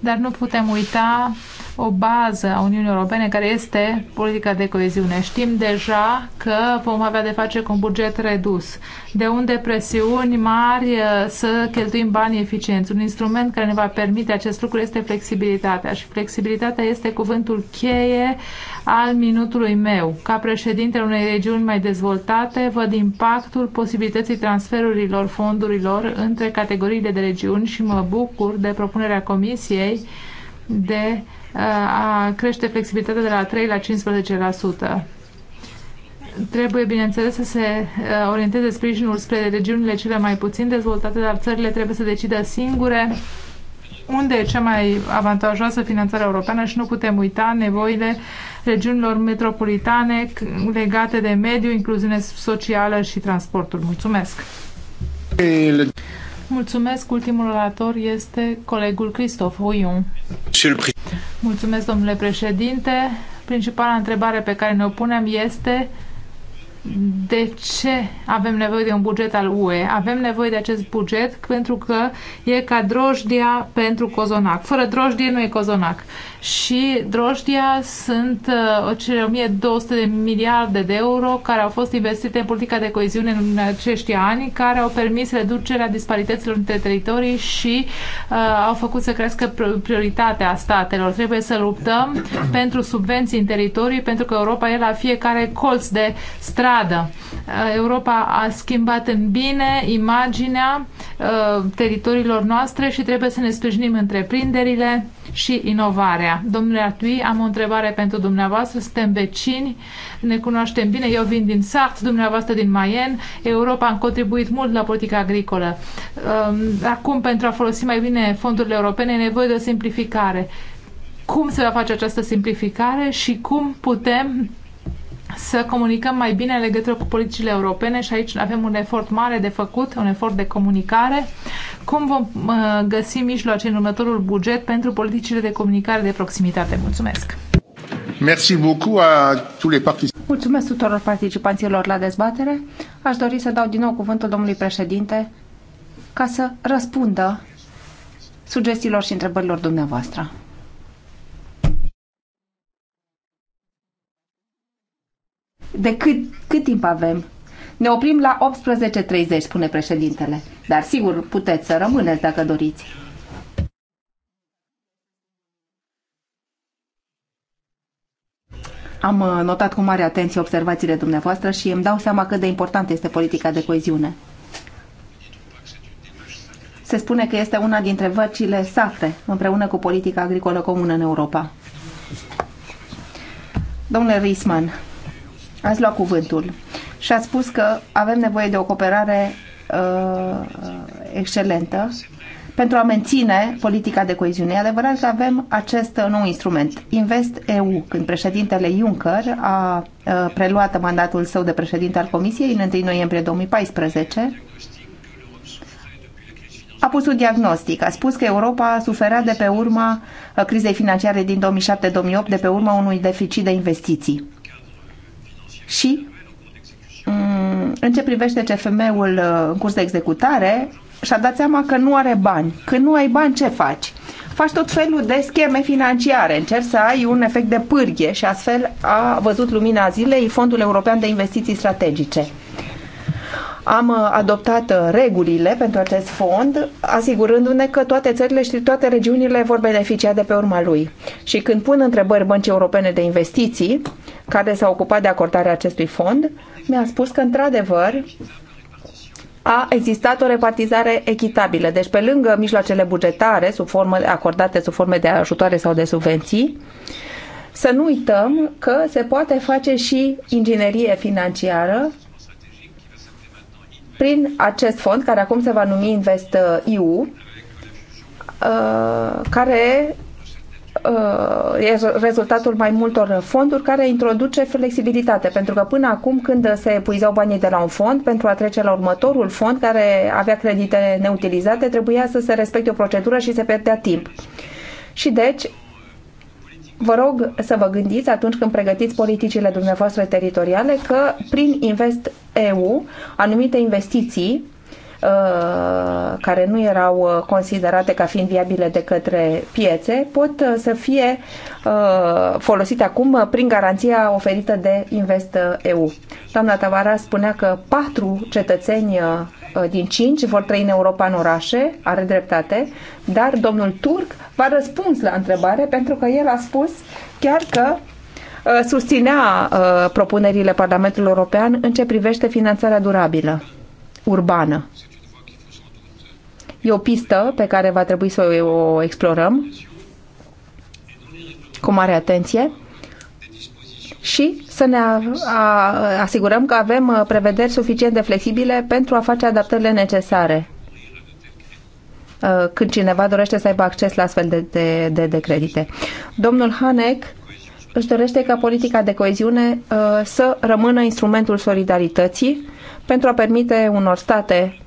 dar nu putem uita o bază a Uniunii Europene care este politica de coeziune. Știm deja că vom avea de face cu un buget redus, de unde presiuni mari uh, să cheltuim bani eficienți. Un instrument care ne va permite acest lucru este flexibilitatea și flexibilitatea este cuvântul cheie al minutului meu. Ca președinte unei regiuni mai dezvoltate, văd impactul posibilității transferurilor fondurilor între categoriile de regiuni și mă bucur de propunerea Comisiei de a crește flexibilitatea de la 3 la 15%. Trebuie, bineînțeles, să se uh, orienteze sprijinul spre regiunile cele mai puțin dezvoltate, dar țările trebuie să decidă singure unde e cea mai avantajoasă finanțarea europeană și nu putem uita nevoile regiunilor metropolitane legate de mediu, incluziune socială și transportul. Mulțumesc! Mulțumesc. Ultimul orator este colegul Cristof Huion. Mulțumesc, domnule președinte. Principala întrebare pe care ne-o punem este de ce avem nevoie de un buget al UE? Avem nevoie de acest buget pentru că e ca drojdia pentru cozonac. Fără drojdie nu e cozonac și drojdia sunt uh, cele 1200 de miliarde de euro care au fost investite în politica de coeziune în acești ani, care au permis reducerea disparităților între teritorii și uh, au făcut să crească prioritatea statelor. Trebuie să luptăm [coughs] pentru subvenții în teritorii, pentru că Europa e la fiecare colț de stradă. Uh, Europa a schimbat în bine imaginea uh, teritoriilor noastre și trebuie să ne sprijinim întreprinderile și inovarea. Ungaria. Domnule Atui, am o întrebare pentru dumneavoastră. Suntem vecini, ne cunoaștem bine. Eu vin din Sart, dumneavoastră din Maien. Europa a contribuit mult la politica agricolă. Um, acum, pentru a folosi mai bine fondurile europene, e nevoie de o simplificare. Cum se va face această simplificare și cum putem să comunicăm mai bine în legătură cu politicile europene și aici avem un efort mare de făcut, un efort de comunicare. Cum vom uh, găsi mijloace în următorul buget pentru politicile de comunicare de proximitate? Mulțumesc! Merci beaucoup à tous les participants. Mulțumesc tuturor participanților la dezbatere. Aș dori să dau din nou cuvântul domnului președinte ca să răspundă sugestiilor și întrebărilor dumneavoastră. de cât, cât timp avem? Ne oprim la 18.30, spune președintele. Dar sigur, puteți să rămâneți dacă doriți. Am uh, notat cu mare atenție observațiile dumneavoastră și îmi dau seama cât de importantă este politica de coeziune. Se spune că este una dintre vărcile sacre, împreună cu politica agricolă comună în Europa. Domnule Risman, ați luat cuvântul și ați spus că avem nevoie de o cooperare uh, excelentă pentru a menține politica de coeziune. E adevărat că avem acest nou instrument, Invest EU. Când președintele Juncker a uh, preluat mandatul său de președinte al Comisiei în 1 noiembrie 2014, a pus un diagnostic. A spus că Europa suferat de pe urma uh, crizei financiare din 2007-2008, de pe urma unui deficit de investiții. Și mm, în ce privește CFM-ul uh, în curs de executare, și-a dat seama că nu are bani. Când nu ai bani, ce faci? Faci tot felul de scheme financiare, încerci să ai un efect de pârghie și astfel a văzut lumina zilei Fondul European de Investiții Strategice am uh, adoptat uh, regulile pentru acest fond, asigurându-ne că toate țările și toate regiunile vor beneficia de pe urma lui. Și când pun întrebări Băncii Europene de Investiții, care s-a ocupat de acordarea acestui fond, mi-a spus că, într-adevăr, a existat o repartizare echitabilă. Deci, pe lângă mijloacele bugetare sub formă, acordate sub forme de ajutoare sau de subvenții, să nu uităm că se poate face și inginerie financiară prin acest fond, care acum se va numi Invest EU, uh, uh, care uh, e rezultatul mai multor fonduri care introduce flexibilitate, pentru că până acum când se epuizau banii de la un fond, pentru a trece la următorul fond care avea credite neutilizate, trebuia să se respecte o procedură și se pierdea timp. Și deci vă rog să vă gândiți atunci când pregătiți politicile dumneavoastră teritoriale că prin Invest EU anumite investiții uh, care nu erau uh, considerate ca fiind viabile de către piețe pot uh, să fie folosite acum prin garanția oferită de Invest EU. Doamna Tavara spunea că patru cetățeni Uh, din cinci vor trăi în Europa în orașe, are dreptate, dar domnul Turc va răspuns la întrebare pentru că el a spus chiar că uh, susținea uh, propunerile Parlamentului European în ce privește finanțarea durabilă, urbană. E o pistă pe care va trebui să o explorăm cu mare atenție și să ne asigurăm că avem uh, prevederi suficient de flexibile pentru a face adaptările necesare uh, când cineva dorește să aibă acces la astfel de, de, de, de credite. Domnul Hanek își dorește ca politica de coeziune uh, să rămână instrumentul solidarității pentru a permite unor state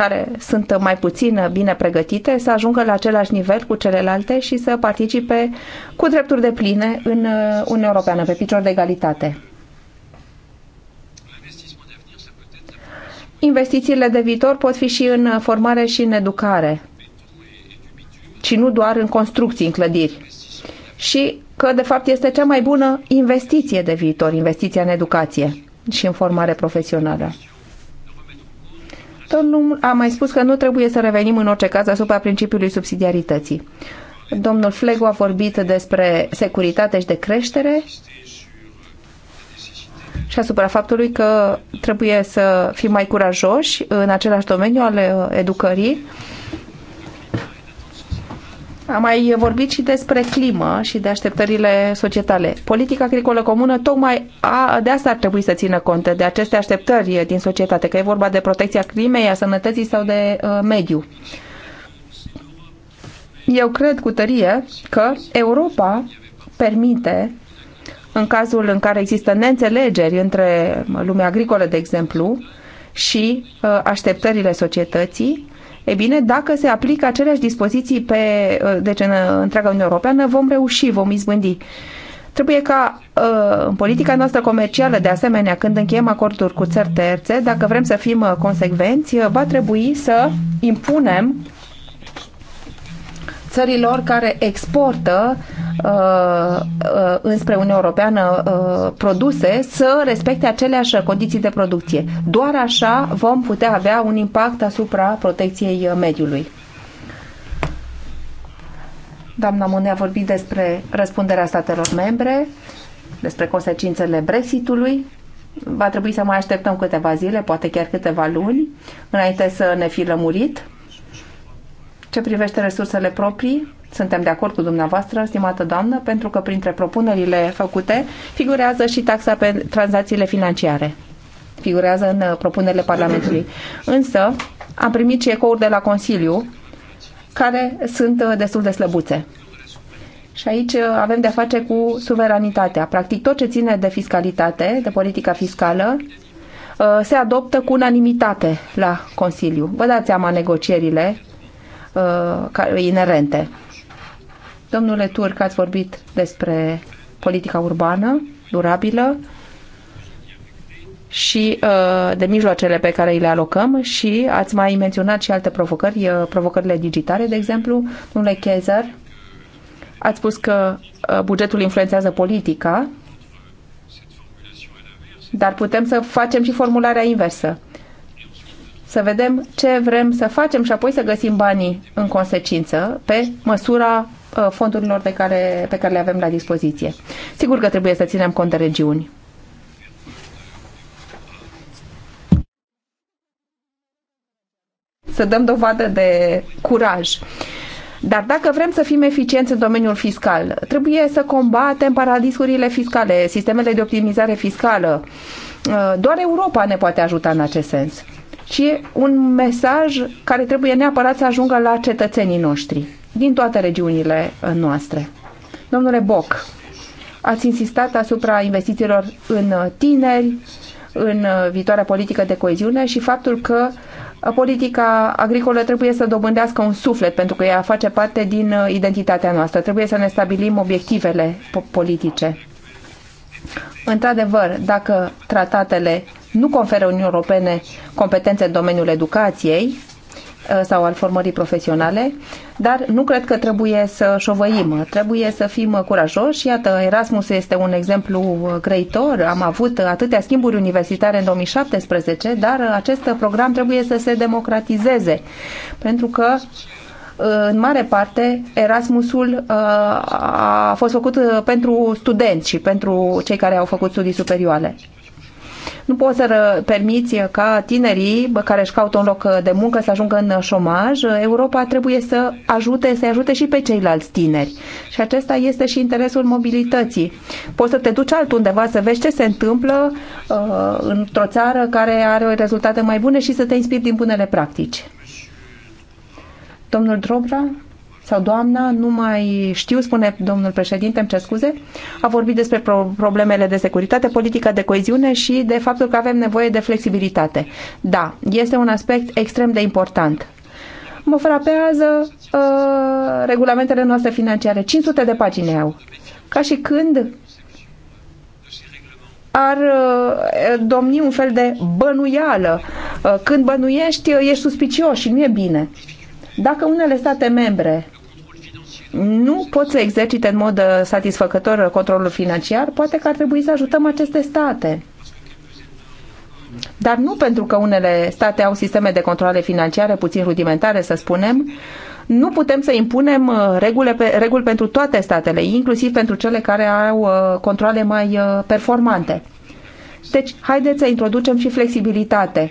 care sunt mai puțin bine pregătite să ajungă la același nivel cu celelalte și să participe cu drepturi de pline în uh, Uniunea Europeană, pe picior de egalitate. Investițiile de viitor pot fi și în formare și în educare, ci nu doar în construcții, în clădiri. Și că, de fapt, este cea mai bună investiție de viitor, investiția în educație și în formare profesională. Domnul a mai spus că nu trebuie să revenim în orice caz asupra principiului subsidiarității. Domnul Flego a vorbit despre securitate și de creștere și asupra faptului că trebuie să fim mai curajoși în același domeniu al educării am mai vorbit și despre climă și de așteptările societale. Politica agricolă comună tocmai a, de asta ar trebui să țină cont, de aceste așteptări din societate, că e vorba de protecția climei, a sănătății sau de uh, mediu. Eu cred cu tărie că Europa permite în cazul în care există neînțelegeri între lumea agricolă, de exemplu, și uh, așteptările societății, E bine, dacă se aplică aceleași dispoziții pe, uh, deci în uh, întreaga Uniune Europeană, vom reuși, vom izbândi. Trebuie ca uh, în politica noastră comercială, de asemenea, când încheiem acorduri cu țări terțe, dacă vrem să fim consecvenți, va trebui să impunem țărilor care exportă uh, uh, înspre Uniunea Europeană uh, produse să respecte aceleași condiții de producție. Doar așa vom putea avea un impact asupra protecției mediului. Doamna Mune a vorbit despre răspunderea statelor membre, despre consecințele Brexitului. Va trebui să mai așteptăm câteva zile, poate chiar câteva luni, înainte să ne fi lămurit ce privește resursele proprii, suntem de acord cu dumneavoastră, stimată doamnă, pentru că printre propunerile făcute figurează și taxa pe tranzacțiile financiare. Figurează în uh, propunerile Parlamentului. Însă, am primit și ecouri de la Consiliu, care sunt uh, destul de slăbuțe. Și aici uh, avem de-a face cu suveranitatea. Practic, tot ce ține de fiscalitate, de politica fiscală, se adoptă cu unanimitate la Consiliu. Vă dați seama negocierile uh, inerente. Domnule Turc, ați vorbit despre politica urbană, durabilă și uh, de mijloacele pe care îi le alocăm și ați mai menționat și alte provocări, uh, provocările digitale, de exemplu. Domnule Chezer, ați spus că uh, bugetul influențează politica, dar putem să facem și formularea inversă să vedem ce vrem să facem și apoi să găsim banii în consecință pe măsura uh, fondurilor de care, pe care le avem la dispoziție. Sigur că trebuie să ținem cont de regiuni. Să dăm dovadă de curaj. Dar dacă vrem să fim eficienți în domeniul fiscal, trebuie să combatem paradisurile fiscale, sistemele de optimizare fiscală. Uh, doar Europa ne poate ajuta în acest sens și e un mesaj care trebuie neapărat să ajungă la cetățenii noștri din toate regiunile uh, noastre. Domnule Boc, ați insistat asupra investițiilor în uh, tineri, în uh, viitoarea politică de coeziune și faptul că politica agricolă trebuie să dobândească un suflet pentru că ea face parte din identitatea noastră. Trebuie să ne stabilim obiectivele politice. Într-adevăr, dacă tratatele nu conferă Uniunii Europene competențe în domeniul educației uh, sau al formării profesionale, dar nu cred că trebuie să șovăim, trebuie să fim curajoși. Iată, Erasmus este un exemplu uh, grăitor, am avut atâtea schimburi universitare în 2017, dar uh, acest program trebuie să se democratizeze, pentru că în mare parte, Erasmusul a fost făcut pentru studenți și pentru cei care au făcut studii superioare. Nu poți să permiți ca tinerii care își caută un loc uh, de muncă să ajungă în uh, șomaj. Uh, Europa trebuie să ajute, să ajute și pe ceilalți tineri. Și acesta este și interesul mobilității. Poți să te duci altundeva să vezi ce se întâmplă uh, într-o țară care are rezultate mai bune și să te inspiri din bunele practici. Domnul Drobra? sau doamna, nu mai știu, spune domnul președinte, îmi cer scuze, a vorbit despre problemele de securitate, politica de coeziune și de faptul că avem nevoie de flexibilitate. Da, este un aspect extrem de important. Mă frapează uh, regulamentele noastre financiare. 500 de pagini au. Ca și când ar uh, domni un fel de bănuială. Uh, când bănuiești, uh, ești suspicios și nu e bine. Dacă unele state membre nu pot să exercite în mod uh, satisfăcător controlul financiar, poate că ar trebui să ajutăm aceste state. Dar nu pentru că unele state au sisteme de controle financiare puțin rudimentare, să spunem, nu putem să impunem uh, reguli, pe, reguli pentru toate statele, inclusiv pentru cele care au uh, controle mai performante. Deci, haideți să introducem și flexibilitate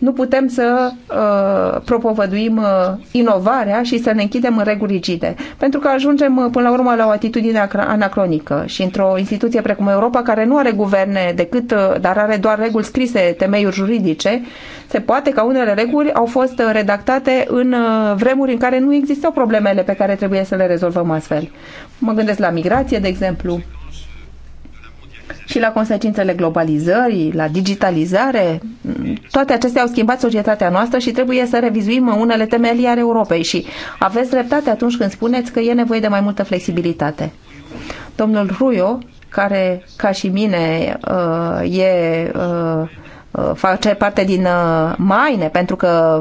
nu putem să uh, propovăduim uh, inovarea și să ne închidem în reguli rigide. Pentru că ajungem uh, până la urmă la o atitudine anacronică și într-o instituție precum Europa, care nu are guverne decât, uh, dar are doar reguli scrise, temeiuri juridice, se poate că unele reguli au fost uh, redactate în uh, vremuri în care nu existau problemele pe care trebuie să le rezolvăm astfel. Mă gândesc la migrație, de exemplu și la consecințele globalizării, la digitalizare. Toate acestea au schimbat societatea noastră și trebuie să revizuim unele temelii ale Europei și aveți dreptate atunci când spuneți că e nevoie de mai multă flexibilitate. Domnul Ruio, care, ca și mine, uh, e uh, uh, face parte din Maine, pentru că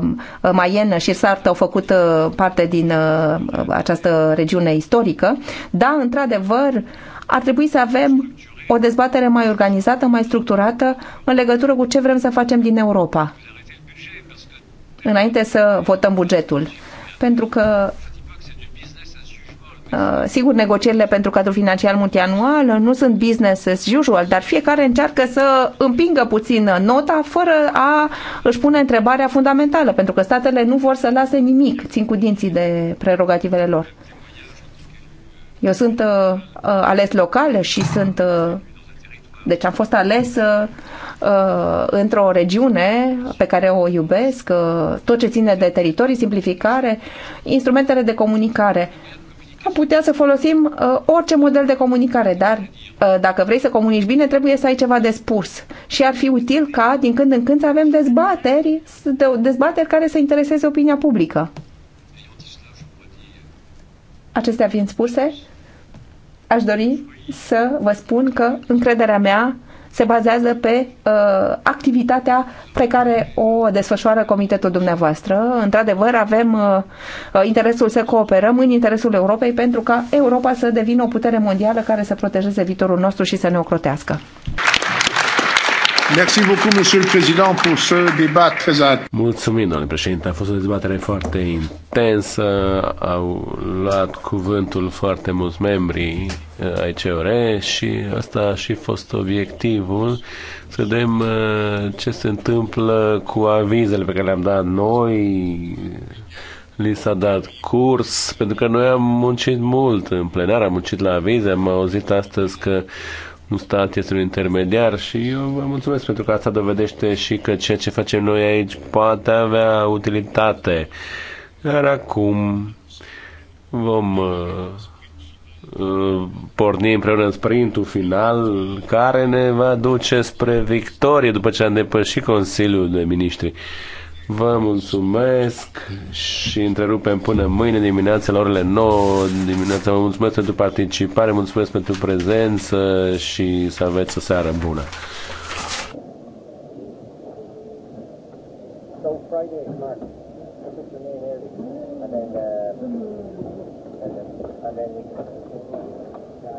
Maien și Sartă au făcut parte din această regiune istorică. Da, într-adevăr, ar trebui să avem o dezbatere mai organizată, mai structurată în legătură cu ce vrem să facem din Europa. Înainte să votăm bugetul. Pentru că uh, Sigur, negocierile pentru cadrul financiar multianual nu sunt business as usual, dar fiecare încearcă să împingă puțin nota fără a își pune întrebarea fundamentală, pentru că statele nu vor să lase nimic, țin cu dinții de prerogativele lor. Eu sunt uh, uh ales local și sunt. Uh, deci am fost ales uh, uh, într-o regiune pe care o iubesc, uh, tot ce ține de teritorii, simplificare, instrumentele de comunicare. Am putea să folosim uh, orice model de comunicare, dar uh, dacă vrei să comunici bine, trebuie să ai ceva de spus. Și ar fi util ca, din când în când, să avem dezbateri, dezbateri care să intereseze opinia publică. Acestea fiind spuse, aș dori să vă spun că încrederea mea se bazează pe uh, activitatea pe care o desfășoară comitetul dumneavoastră. Într-adevăr, avem uh, uh interesul să cooperăm în interesul Europei pentru ca Europa să devină o putere mondială care să protejeze viitorul nostru și să ne ocrotească. Mulțumim, domnule președinte. A fost o dezbatere foarte intensă. Au luat cuvântul foarte mulți membri eh, ai CEOR și asta a și fost obiectivul. Să vedem eh, ce se întâmplă cu avizele pe care le-am dat noi, li s-a dat curs, pentru că noi am muncit mult în plenar, am muncit la avize, am auzit astăzi că nu stat este un intermediar și eu vă mulțumesc pentru că asta dovedește și că ceea ce facem noi aici poate avea utilitate. Iar acum vom uh, uh porni împreună în sprintul final care ne va duce spre victorie după ce am depășit Consiliul de Ministri. Vă mulțumesc și întrerupem până mâine dimineața la orele 9 dimineața. Vă mulțumesc pentru participare, mulțumesc pentru prezență și să aveți o seară bună.